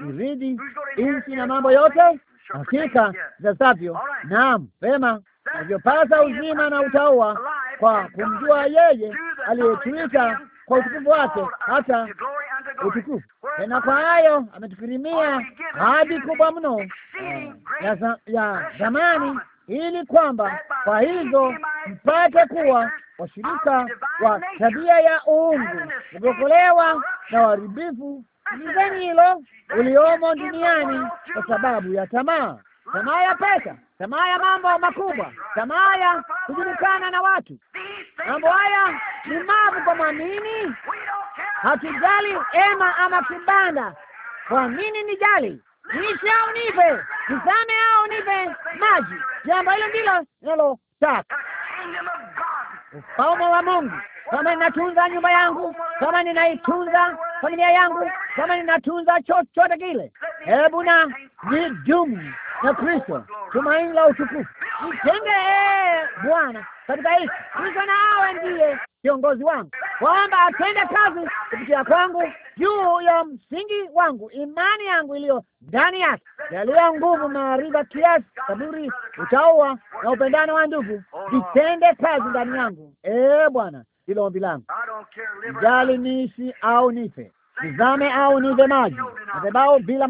iridi nchi na mambo yote? hakika zizasavyo, naam, vema navyopasa uzima na utaua kwa kumjua yeye aliyetuita kwa utukufu wake hata utukufu. Tena kwa hayo ametukirimia ahadi kubwa mno eh, ya zamani, ili kwamba kwa hizo mpate kuwa washirika wa tabia ya uungu, kuokolewa na uharibifu upinzani hilo uliomo duniani kwa sababu ya tamaa, tamaa ya pesa, tamaa ya mambo makubwa, tamaa ya kujulikana na watu. Mambo haya ni mavu kwa mwamini. Hatujali ema ama kibanda, mwamini ni jali niishi au nipe, nisame au nipe maji. Jambo hilo ndilo linalotaka ufalme wa Mungu. Kama ninatunza nyumba yangu, kama ninaitunza familia yangu, kama ninatunza chochote kile, hebu na nidumu na Kristo, tumaini la utukufu. Nitenge eh, Bwana katika hiki, Kristo na awe ndiye kiongozi wangu, kwamba atende kazi kupitia kwangu juu ya msingi wangu, imani yangu iliyo ndani yake, yaliyo nguvu, maarifa, kiasi, saburi, utaua na upendano wa ndugu vitende kazi ndani yangu. Ee Bwana hilo ombi langu, jali niishi au nife, nizame au nive maji, madhabahu bila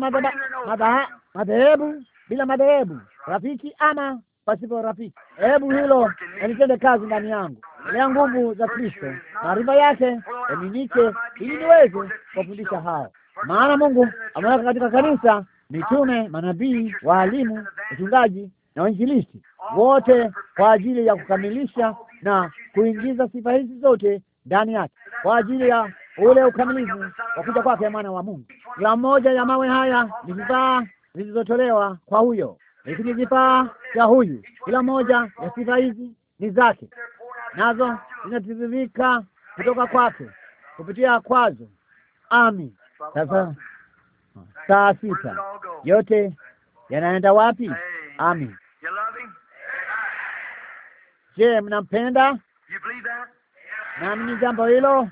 madhehebu, bila madhehebu, rafiki ama pasipo rafiki. Hebu hilo alitende kazi ndani yangu, lea nguvu za Kristo, maarifa yake yaminike, ili niweze kuwafundisha hao. Maana Mungu ameweka katika kanisa mitume, manabii, waalimu, wachungaji na wainjilisti, wote kwa ajili ya kukamilisha na kuingiza sifa hizi zote ndani yake kwa ajili ya ule ukamilifu wa kuja kwake mwana wa Mungu. Kila moja ya mawe haya ni vifaa zilizotolewa kwa huyo, lakini vifaa vya huyu. Kila moja ya sifa hizi ni zake, nazo zinatiririka kutoka kwake kupitia kwazo. Ami. Sasa saa sita yote yanaenda wapi? Ami. Je, mnampenda? Naamini jambo hilo.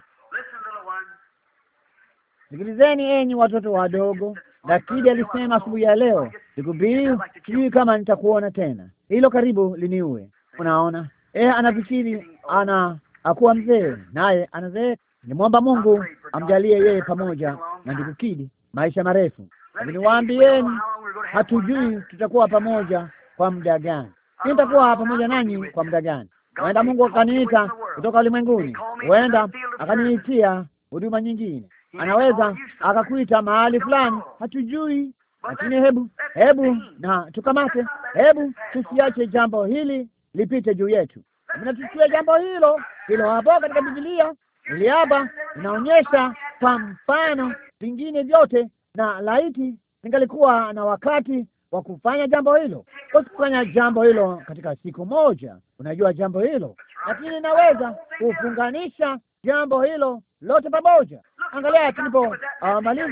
Sikilizeni enyi watoto wadogo, lakini alisema asubuhi ya leo, sikubii, sijui kama nitakuona tena. Hilo karibu liniue. Unaona, eh, anafikiri ana akuwa mzee, naye anazeeka. Nimwomba Mungu amjalie yeye pamoja na ndugu Kidi maisha marefu, lakini waambieni, hatujui tutakuwa pamoja kwa muda gani. Nitakuwa pamoja nanyi kwa muda gani? Huenda Mungu akaniita kutoka ulimwenguni, huenda akaniitia huduma nyingine, anaweza akakuita mahali fulani, hatujui. Lakini hebu hebu na tukamate, hebu tusiache jambo hili lipite juu yetu. Mnatuchukua jambo hilo hilo hapo katika Biblia ili hapa inaonyesha kwa mfano vingine vyote, na laiti ningalikuwa na wakati wa kufanya jambo hilo, kufanya jambo hilo katika siku moja. Unajua jambo hilo, lakini inaweza kufunganisha jambo hilo lote pamoja. Angalia, tulipomaliza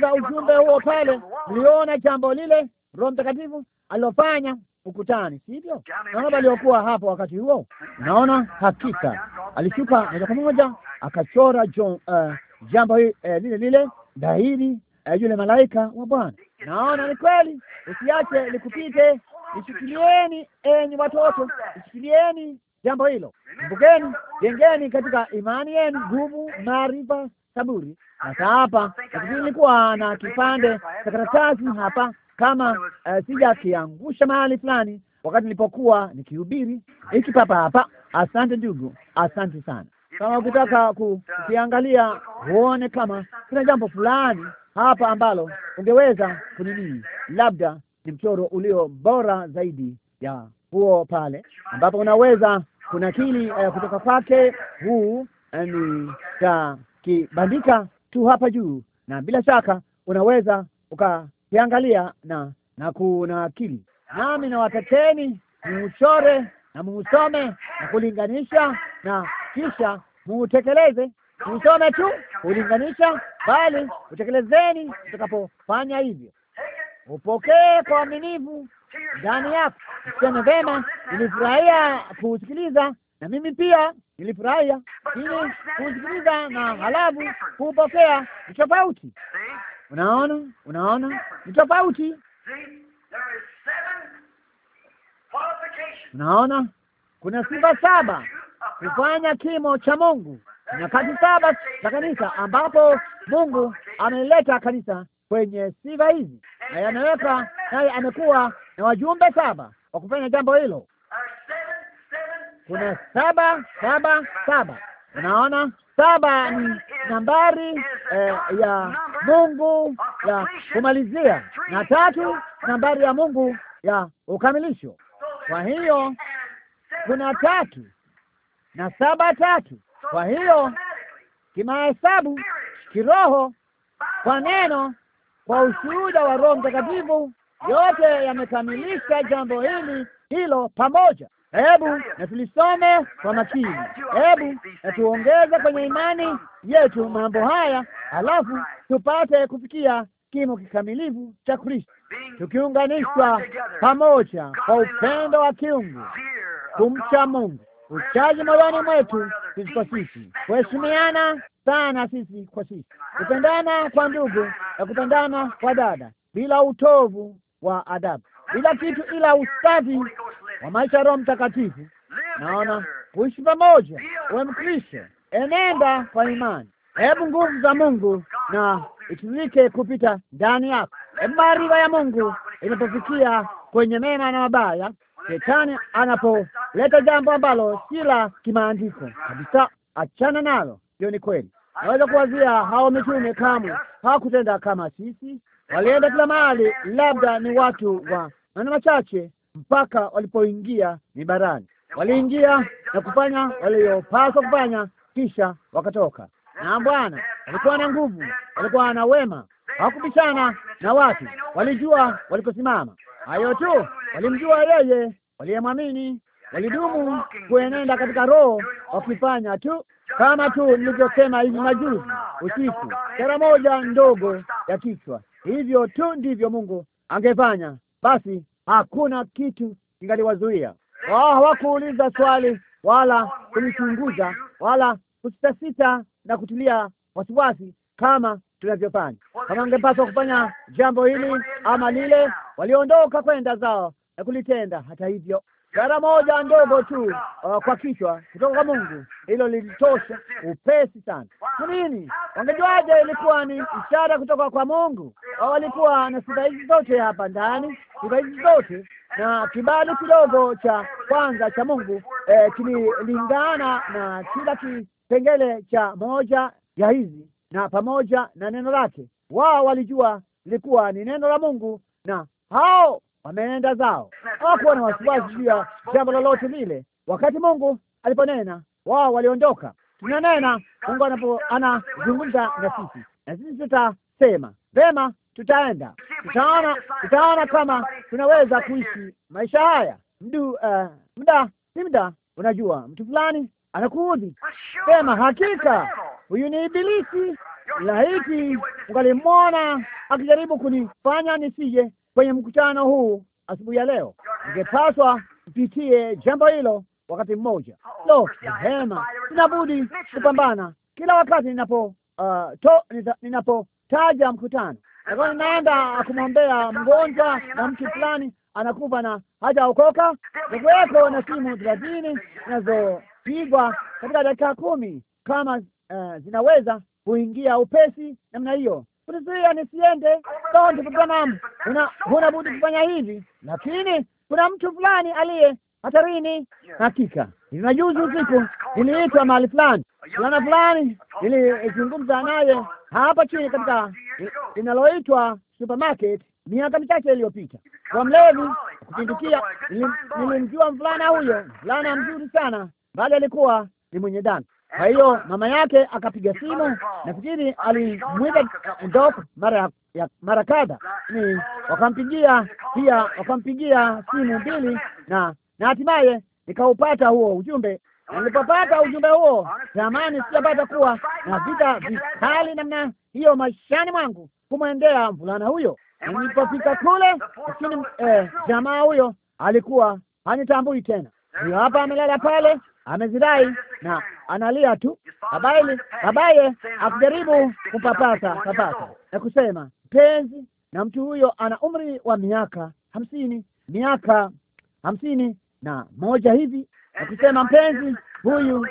ah, uh, ujumbe huo pale, niliona jambo lile Roho Mtakatifu alilofanya ukutani, sivyo? Naona aliokuwa hapo wakati huo, naona hakika alishuka moja kwa moja akachora jo, uh, jambo uh, lile lile dhahiri uh, eh, yule malaika wa Bwana Naona ni kweli, usiache likupite. Ishikilieni enyi watoto, ishikilieni jambo hilo, kumbukeni, jengeni katika imani yenu nguvu, maarifa, saburi. Sasa hapa lakini nilikuwa na kipande cha karatasi hapa, kama uh, sijakiangusha mahali fulani wakati nilipokuwa nikihubiri. Hiki papa hapa. Asante ndugu, asante sana. Kama ukitaka kukiangalia uone kama kuna jambo fulani hapa ambalo ungeweza kunini, labda ni mchoro ulio bora zaidi ya huo pale, ambapo unaweza kunakili uh, kutoka kwake. Huu eh, takibandika tu hapa juu, na bila shaka unaweza ukakiangalia na na akili Nami nawatakeni muuchore na muusome na kulinganisha, na kisha muutekeleze. Muusome tu, kulinganisha bali utekelezeni utakapofanya hivyo. Upokee kwa uaminifu ndani yako, sema vema, nilifurahia kuusikiliza na mimi pia nilifurahia ili kusikiliza na halafu kupokea Ni tofauti, unaona, unaona, ni tofauti, unaona. Kuna sifa saba kufanya kimo cha Mungu nyakati saba za kanisa, ambapo Mungu ameleta kanisa kwenye sifa hizi na yanaweka naye, amekuwa na wajumbe saba wa kufanya jambo hilo. Kuna saba saba saba, unaona saba ni nambari eh, ya Mungu ya kumalizia, na tatu nambari ya Mungu ya ukamilisho. Kwa hiyo kuna tatu na saba tatu kwa hiyo kimahesabu, kiroho, kwa neno, kwa ushuhuda wa Roho Mtakatifu, yote yamekamilisha jambo hili hilo pamoja. Hebu na tulisome kwa makini, hebu na tuongeze kwenye imani yetu mambo haya, halafu tupate kufikia kimo kikamilifu cha Kristo, tukiunganishwa pamoja kwa upendo wa kiungu, kumcha Mungu, uchaji moyoni mwetu sisi kwa sisi, kuheshimiana sana sisi kwa sisi, kupendana kwa ndugu na kupendana kwa dada, bila utovu wa adabu, bila kitu ila ustadi wa maisha ya Roho Mtakatifu. Naona kuishi pamoja, uwe Mkristo, enenda kwa imani. Hebu nguvu za Mungu na itiririke kupita ndani yako. Hebu maarifa ya Mungu inapofikia kwenye mema na mabaya Shetani anapoleta jambo ambalo si la kimaandiko kabisa, achana nalo. Hiyo ni kweli. Naweza kuwazia hao mitume kamwe hawakutenda kama sisi, walienda kila mahali, labda ni watu wa maneno machache, mpaka walipoingia ni barani, waliingia na kufanya waliyopaswa kufanya, kisha wakatoka. Na Bwana walikuwa na nguvu, walikuwa na wema, hawakubishana na watu, walijua walikosimama. Hayo tu, walimjua yeye waliyemwamini, walidumu kuenenda katika Roho, wakifanya tu kama tu nilivyosema hivi majuzi usiku, sera moja ndogo ya kichwa. Hivyo tu ndivyo Mungu angefanya. Basi hakuna kitu kingaliwazuia wao. Hawakuuliza swali wala kulichunguza wala kusitasita na kutilia wasiwasi kama tunavyofanya. Kama angepaswa kufanya jambo hili ama lile, waliondoka kwenda zao na kulitenda. Hata hivyo, gara moja ndogo tu uh, kwa kichwa kutoka kwa Mungu, hilo lilitosha upesi sana. Nini wangejuaje? Ilikuwa ni ishara kutoka kwa Mungu. Walikuwa na sifa hizi zote hapa ndani, sifa hizi zote na kibali kidogo cha kwanza cha Mungu eh, kililingana na kila kipengele cha moja ya hizi na pamoja na neno lake. Wao walijua lilikuwa ni neno la Mungu, na hao wameenda zao, hawakuwa na wasiwasi juu ya jambo lolote lile. Wakati Mungu aliponena, wao waliondoka. Tunanena, Mungu anapo anazungumza na sisi, na sisi tutasema vema, tutaenda, tutaona, tutaona kama tunaweza kuishi maisha haya mdu uh, eh, mda si mda. Unajua, mtu fulani anakuudhi, sema hakika huyu ni Ibilisi. Laiti ungalimwona akijaribu kunifanya nisije kwenye mkutano huu asubuhi ya leo. Ningepaswa kupitie jambo hilo wakati mmoja. Lo, hema, tunabudi kupambana kila wakati ninapo uh, to ninapotaja mkutano lakini naenda kumwombea mgonjwa na mtu fulani anakufa na hajaokoka, kuweko na simu thelathini zinazopigwa katika dakika kumi kama Eh, zinaweza kuingia upesi namna hiyo kunizuia nisiende konti Una Huna budi kufanya hivi, lakini kuna mtu fulani aliye hatarini. Hakika na juzi usiku niliitwa mahali fulani, fulana fulani nilizungumza naye hapa chini katika linaloitwa supermarket miaka michache iliyopita, kwa mlevi kupindukia. Nilimjua mvulana huyo, mvulana mzuri sana, bali alikuwa ni mwenye dhambi. Kwa hiyo mama yake akapiga simu, nafikiri alimwita Ndop mara ya mara kadha, ni wakampigia pia, wakampigia simu mbili, na na hatimaye nikaupata huo ujumbe. Nilipopata ujumbe huo, zamani sijapata kuwa na vita vikali namna hiyo maishani mwangu kumwendea mvulana huyo. Nilipofika kule, lakini eh, jamaa huyo alikuwa hanitambui tena. Huyo hapa amelala pale amezirai na analia tu. Babaye babaye akijaribu kupapasa papasa na kusema penzi, na mtu huyo ana umri wa miaka hamsini miaka hamsini na moja hivi, na kusema mpenzi huyu uh,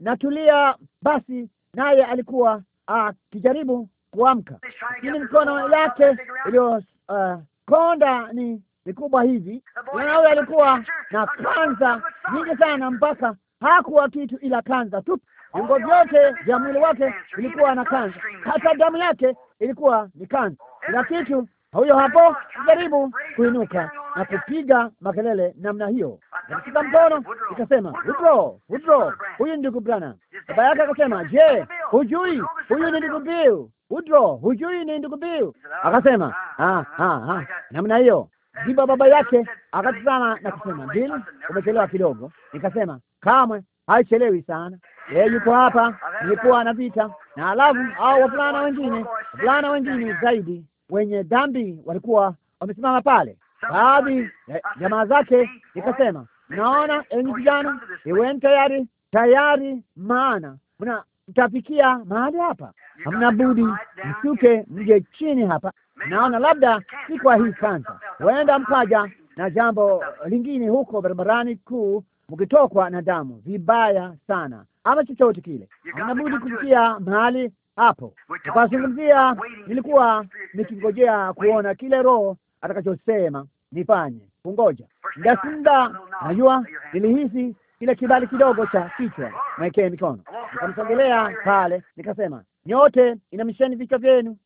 natulia basi. Naye alikuwa akijaribu kuamka, lakini mikono yake iliyokonda eh, uh, ni vikubwa hivi. Mwanawe alikuwa na kanza nyingi sana, mpaka hakuwa kitu ila kanza tu. Viungo vyote vya mwili wake vilikuwa na kanza, hata damu yake ilikuwa ni kanza, kila kitu. Huyo hapo jaribu kuinuka na kupiga makelele namna hiyo, akashika mkono, ikasema Woodrow, Woodrow, huyu ndugu Branham. Baba yake akasema, je, hujui huyu ni ndugu Bill? Woodrow, hujui ni ndugu Bill? Akasema ah, ah, ah, namna hiyo Ziba baba yake akatizama na kusema, ndimi umechelewa kidogo. Nikasema kamwe haichelewi sana, yeye yuko hapa. Nilikuwa na vita na alafu au wafulana wengine, wafulana wengine zaidi wenye dhambi walikuwa wamesimama pale, baadhi ya jamaa zake. Nikasema, naona enyi vijana, iweni tayari tayari, maana mna mtafikia mahali hapa, hamna budi msuke mje chini hapa naona labda si kwa hii kanta, huenda mkaja na jambo lingine huko barabarani kuu, mkitokwa na damu vibaya sana ama chochote kile, anabudi kufikia mahali hapo. Ukazungumzia, nilikuwa nikingojea kuona kile Roho atakachosema nifanye, kungoja ndasinda. Najua nilihisi kile kibali kidogo cha kichwa, mwekee mikono, nikamsogelea pale, nikasema Nyote inamisheni vichwa vyenu,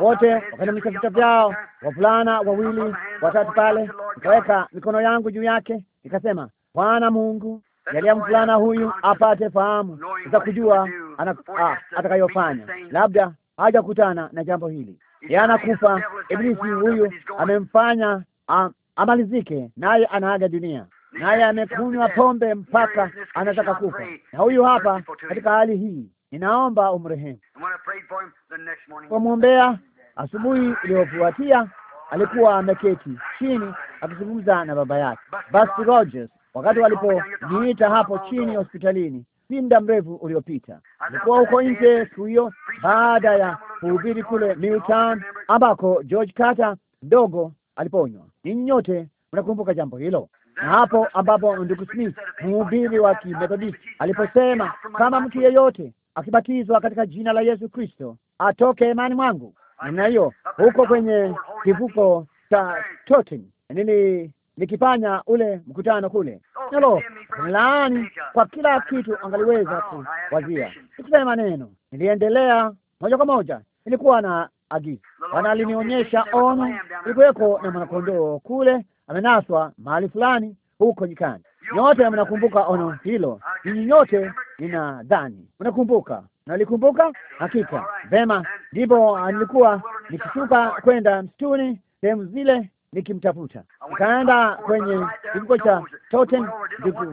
wote wakainamisha vichwa vyao. Wavulana wawili watatu pale, nikaweka mikono yangu juu yake, nikasema, Bwana Mungu, jalia mvulana huyu apate fahamu za kujua atakayofanya, labda hajakutana na jambo hili. Yanakufa iblisi huyu amemfanya amalizike naye, anaaga dunia naye, amekunywa pombe mpaka anataka kufa, na huyu hapa katika hali hii Ninaomba umrehemu. Wamwombea asubuhi iliyofuatia alikuwa ameketi chini akizungumza na baba yake Buster Rogers, wakati walipojiita hapo chini hospitalini si muda mrefu uliopita. Alikuwa huko nje siku hiyo baada ya kuhubiri kule Newtown ambako George Carter mdogo aliponywa. Ninyi nyote mnakumbuka jambo hilo, na hapo ambapo ndugu Smith mhubiri wa Kimethodisti aliposema kama mtu yeyote akibatizwa katika jina la Yesu Kristo atoke imani mwangu. Namna hiyo huko kwenye kivuko cha Toten nili nikifanya ule mkutano kule, nalo mlaani kwa kila kitu angaliweza kuwazia. Nikusema neno, niliendelea moja kwa moja, nilikuwa na agizo Bwana alinionyesha ono, ilikuweko na mwanakondoo kule amenaswa mahali fulani huko nyikani, Nyote mnakumbuka ono hilo, ninyi nyote ninadhani mnakumbuka. Nalikumbuka hakika vema. Ndipo nilikuwa nikishuka kwenda msituni sehemu zile nikimtafuta, nikaenda kwenye kivuko cha Totten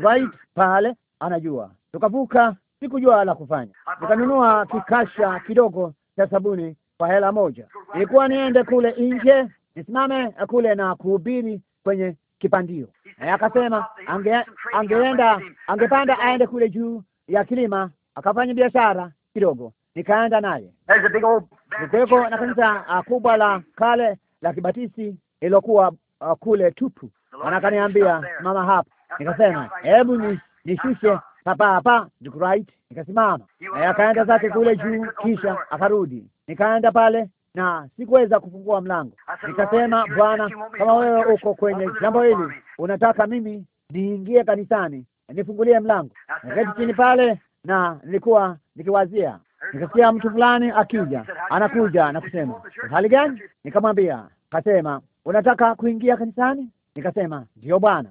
right pale, anajua tukavuka. Sikujua la kufanya, nikanunua kikasha kidogo cha sabuni kwa hela moja. Ilikuwa niende kule nje nisimame kule na kuhubiri kwenye kipandio, naye akasema ange, angeenda angepanda aende kule juu ya kilima akafanya biashara kidogo. Nikaenda naye kukuweko na kanisa ah, kubwa la kale la Kibatisi lililokuwa uh, ah, kule tupu, wanakaniambia mama hapa. Nikasema hebu ni nishushe papa hapa Nikasimama naye akaenda zake kule juu, kisha akarudi. Nikaenda pale na sikuweza kufungua mlango. Nikasema, Bwana, kama wewe uko kwenye jambo hili, unataka mimi niingie kanisani, nifungulie mlango. Niketi chini pale na nilikuwa nikiwazia, nikasikia mtu fulani akija, anakuja na kusema hali gani? Nikamwambia, kasema unataka kuingia kanisani? Nikasema ndiyo bwana.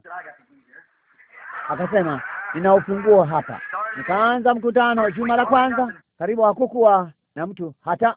Akasema nina ufunguo hapa. Nikaanza mkutano. Juma la kwanza karibu hakukuwa na mtu hata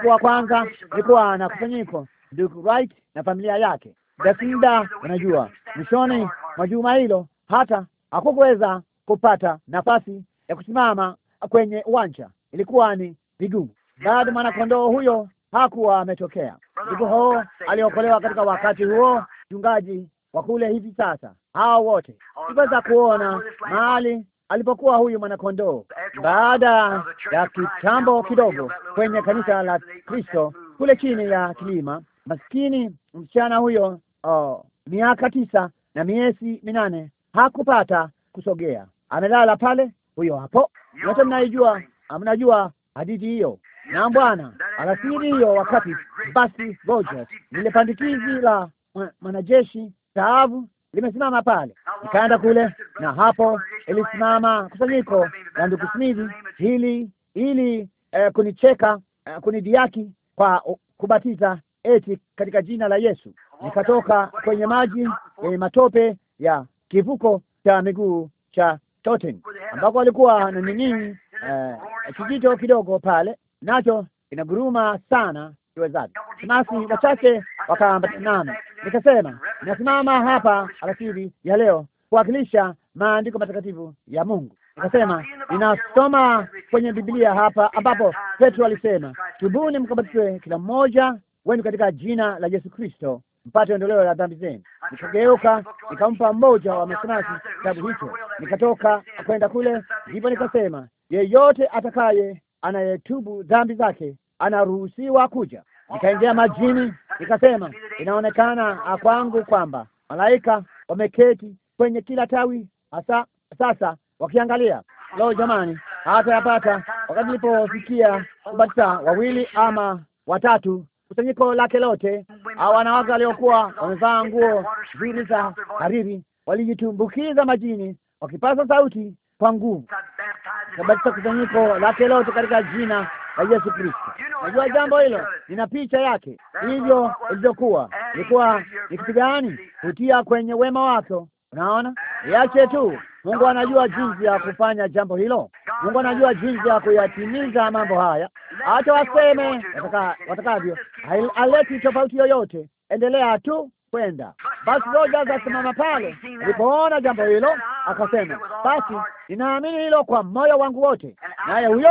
ikuwa kwanza ilikuwa na kusanyiko Duke Wright na familia yake dasinda unajua mwishoni mwa juma hilo hata hakuweza kupata nafasi ya kusimama kwenye uwanja, ilikuwa ni vigumu. Bado mwanakondoo huyo hakuwa ametokea. Ndipo hoo aliokolewa katika wakati huo, mchungaji wa kule hivi sasa, hao wote iweza kuona mahali alipokuwa huyu mwanakondoo. Baada ya kitambo kidogo, kwenye kanisa la Kristo kule chini ya kilima, maskini msichana huyo oh, miaka tisa na miezi minane hakupata kusogea, amelala pale. Huyo hapo, wote mnaijua, mnajua hadithi hiyo na bwana alasiri hiyo wakati basi Rogers nilipandikizi la mwanajeshi taabu limesimama pale, nikaenda kule na hapo ilisimama kusanyiko la ndugu Smithi hili ili eh, kunicheka eh, kunidiaki kwa uh, kubatiza eti katika jina la Yesu. Nikatoka kwenye maji yenye eh, matope ya kivuko cha miguu cha Totten ambako walikuwa na nini eh, kijito kidogo pale, nacho inaguruma sana kiwezavyo. Nasi wachache wakaambatanana nikasema nasimama hapa alasiri ya leo kuwakilisha maandiko matakatifu ya Mungu. Nikasema ninasoma kwenye Biblia hapa ambapo Petro alisema, tubuni mkabatizwe kila mmoja wenu katika jina la Yesu Kristo mpate ondoleo la dhambi zenu. Nikageuka nikampa mmoja wa masemasi kitabu hicho, nikatoka kwenda kule, ndipo nikasema yeyote atakaye anayetubu dhambi zake anaruhusiwa kuja nikaingia majini, nikasema inaonekana kwangu kwamba malaika wameketi kwenye kila tawi hasa sasa wakiangalia. Lo, jamani, hata yapata wakati nilipofikia kubatisa wawili ama watatu kusanyiko lake lote, au wanawake waliokuwa wamevaa nguo zili za hariri walijitumbukiza majini wakipasa sauti kwa nguvu, kabatiza kusanyiko lake lote katika jina wa Yesu Kristo. Najua jambo hilo, nina picha yake, hivyo ilivyokuwa. Ilikuwa ni kitu gani? Kutia kwenye wema wako. Unaona, iache tu. Mungu anajua jinsi ya kufanya jambo hilo. Mungu anajua jinsi ya kuyatimiza mambo haya, hata waseme watakavyo, aleti tofauti yoyote. Endelea tu kwenda. Basi Roja akasimama pale alipoona jambo hilo, akasema basi, ninaamini hilo kwa moyo wangu wote. Naye huyo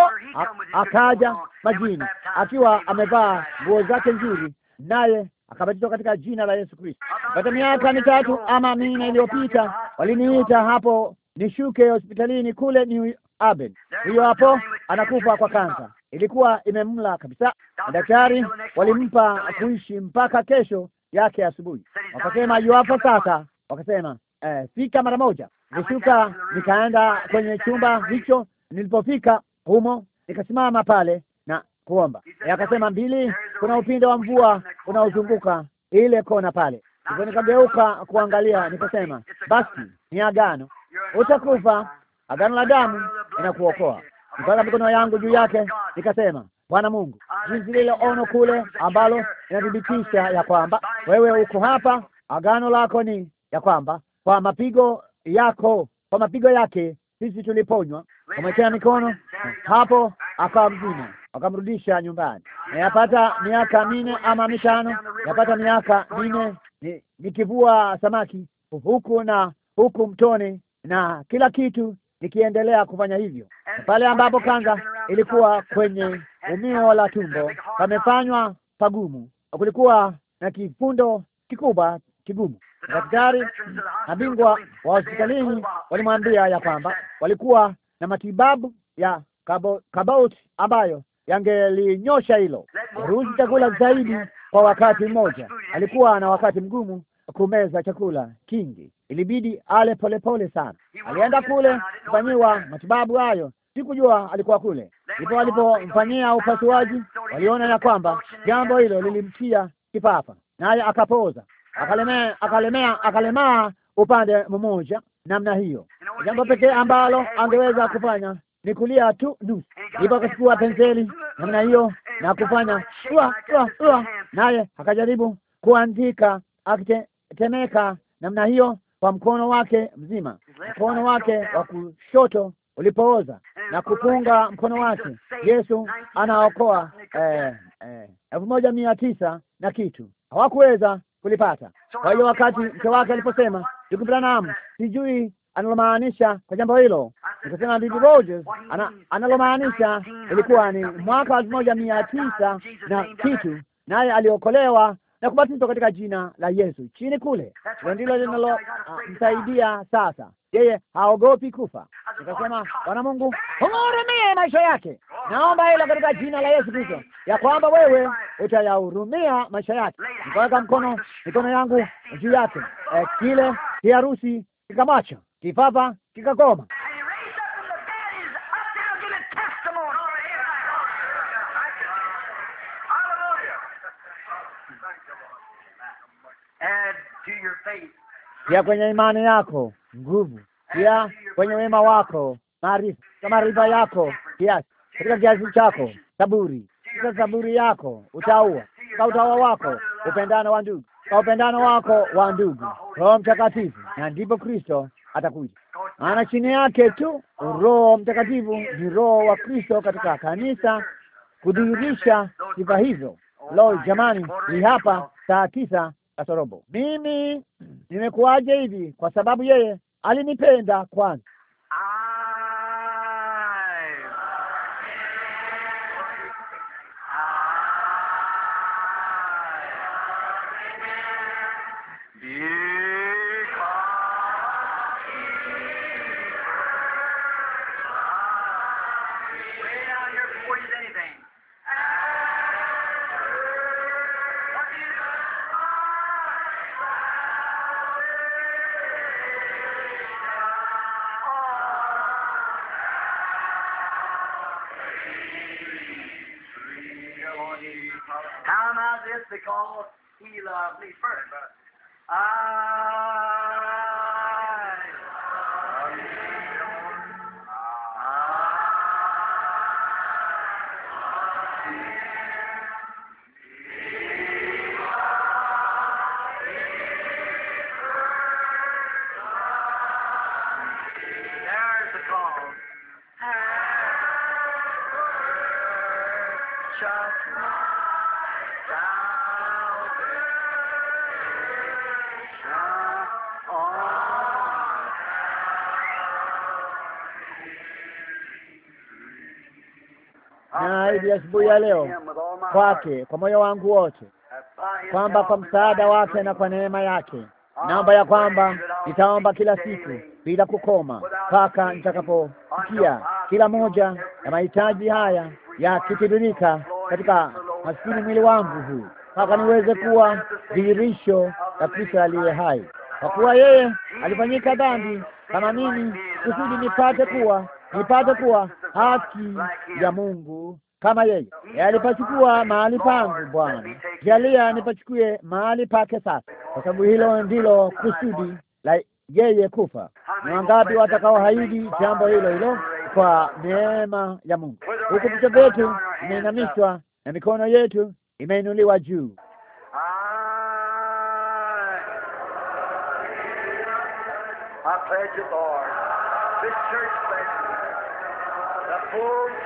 akaja majini akiwa amevaa nguo zake nzuri, naye akabatizwa katika jina la Yesu Kristo. Pata miaka mitatu ama minne iliyopita, waliniita hapo nishuke hospitalini kule New Aben. Huyo hapo anakufa kwa kansa, ilikuwa imemla kabisa. Madaktari walimpa kuishi mpaka kesho yake asubuhi. Wakasema yuapo sasa, wakasema eh, fika mara moja. Nishuka nikaenda kwenye chumba hicho. Nilipofika humo, nikasimama pale na kuomba. Eh, akasema mbili, kuna upinde wa mvua unaozunguka ile kona pale. Hivyo nikageuka kuangalia, nikasema basi, ni agano, utakufa. Agano la damu inakuokoa. Nikaweka mikono yangu juu yake, nikasema Bwana Mungu, jinsi lile ono kule ambalo inathibitisha ya kwamba wewe uko hapa, agano lako ni ya kwamba kwa mapigo yako, kwa mapigo yake sisi tuliponywa. Wamwekea mikono hapo, akawa mzima, wakamrudisha nyumbani. Yapata miaka minne ama mitano, yapata miaka minne nikivua samaki huku na huku mtoni na kila kitu nikiendelea kufanya hivyo. Pale ambapo kanza ilikuwa kwenye umio la tumbo pamefanywa pagumu, kulikuwa na kifundo kikubwa kigumu. Daktari na bingwa wa hospitalini walimwambia ya kwamba walikuwa na matibabu ya kabauti ambayo yangelinyosha hilo. Ruhusu chakula zaidi kwa wakati mmoja. Alikuwa na wakati mgumu kumeza chakula kingi ilibidi ale polepole sana. Alienda kule kufanyiwa matibabu hayo, sikujua alikuwa kule. Ndipo walipomfanyia upasuaji, waliona ya kwamba jambo hilo lilimtia kipapa, naye akapooza, akalemea, akalemea, akalemaa upande mmoja namna hiyo. Jambo pekee ambalo angeweza kufanya ni kulia tu nusu. Ndipo akachukua penseli namna hiyo na kufanya ua, ua, ua, naye akajaribu kuandika akitemeka namna hiyo, kwa mkono wake mzima, mkono wake wa kushoto ulipooza na kupunga mkono wake. Yesu anaokoa eh, eh, elfu moja mia tisa na kitu hawakuweza kulipata. Kwa hiyo wakati mke wake aliposema, ndugu Branham, sijui analomaanisha kwa jambo hilo, nikasema Bibi Rogers ana- analomaanisha ilikuwa ni mwaka elfu moja mia tisa na kitu, naye aliokolewa na kubatizwa katika jina la Yesu chini kule. Hilo ndilo linalomsaidia sasa, yeye haogopi kufa. Nikasema, Bwana Mungu, humhurumie maisha yake. Naomba hilo katika jina la Yesu Kristo, ya kwamba wewe utayahurumia maisha yake. Nikaweka mkono mikono yangu juu yake, eh, kile kiharusi kikamacha, kifafa kikakoma pia kwenye imani yako nguvu, pia kwenye wema wako maarifa, maarifa yako kiasi, katika kiasi chako saburi, katika saburi yako utaua, kwa utaua wako upendano wa ndugu, kwa upendano wako wa ndugu Roho Mtakatifu. Na ndipo Kristo atakuja, maana chini yake tu Roho Mtakatifu ni Roho wa Kristo katika kanisa kudhihirisha sifa hizo. Lo, jamani, ni hapa saa tisa kasorobo. Mimi nimekuwaje hivi? Kwa sababu yeye alinipenda kwanza. Me first. asubuhi ya leo kwake kwa moyo wangu wote, kwamba kwa msaada wake na kwa neema yake, naomba ya kwamba nitaomba kila siku bila kukoma mpaka nitakapofikia kila moja ya mahitaji haya yakitiririka katika maskini mwili wangu huu, mpaka niweze kuwa dhihirisho la Kristo aliye hai, kwa kuwa yeye alifanyika dhambi kama mimi, kusudi nipate kuwa nipate kuwa haki ya Mungu kama yeye alipachukua mahali pangu. Bwana jalia nipachukue mahali pake sasa, kwa sababu hilo ndilo kusudi la yeye kufa. Ni wangapi watakaohaidi jambo hilo hilo kwa neema ya Mungu, huku vichwa vyetu imeinamishwa na mikono yetu imeinuliwa juu? I pledge Lord. This church the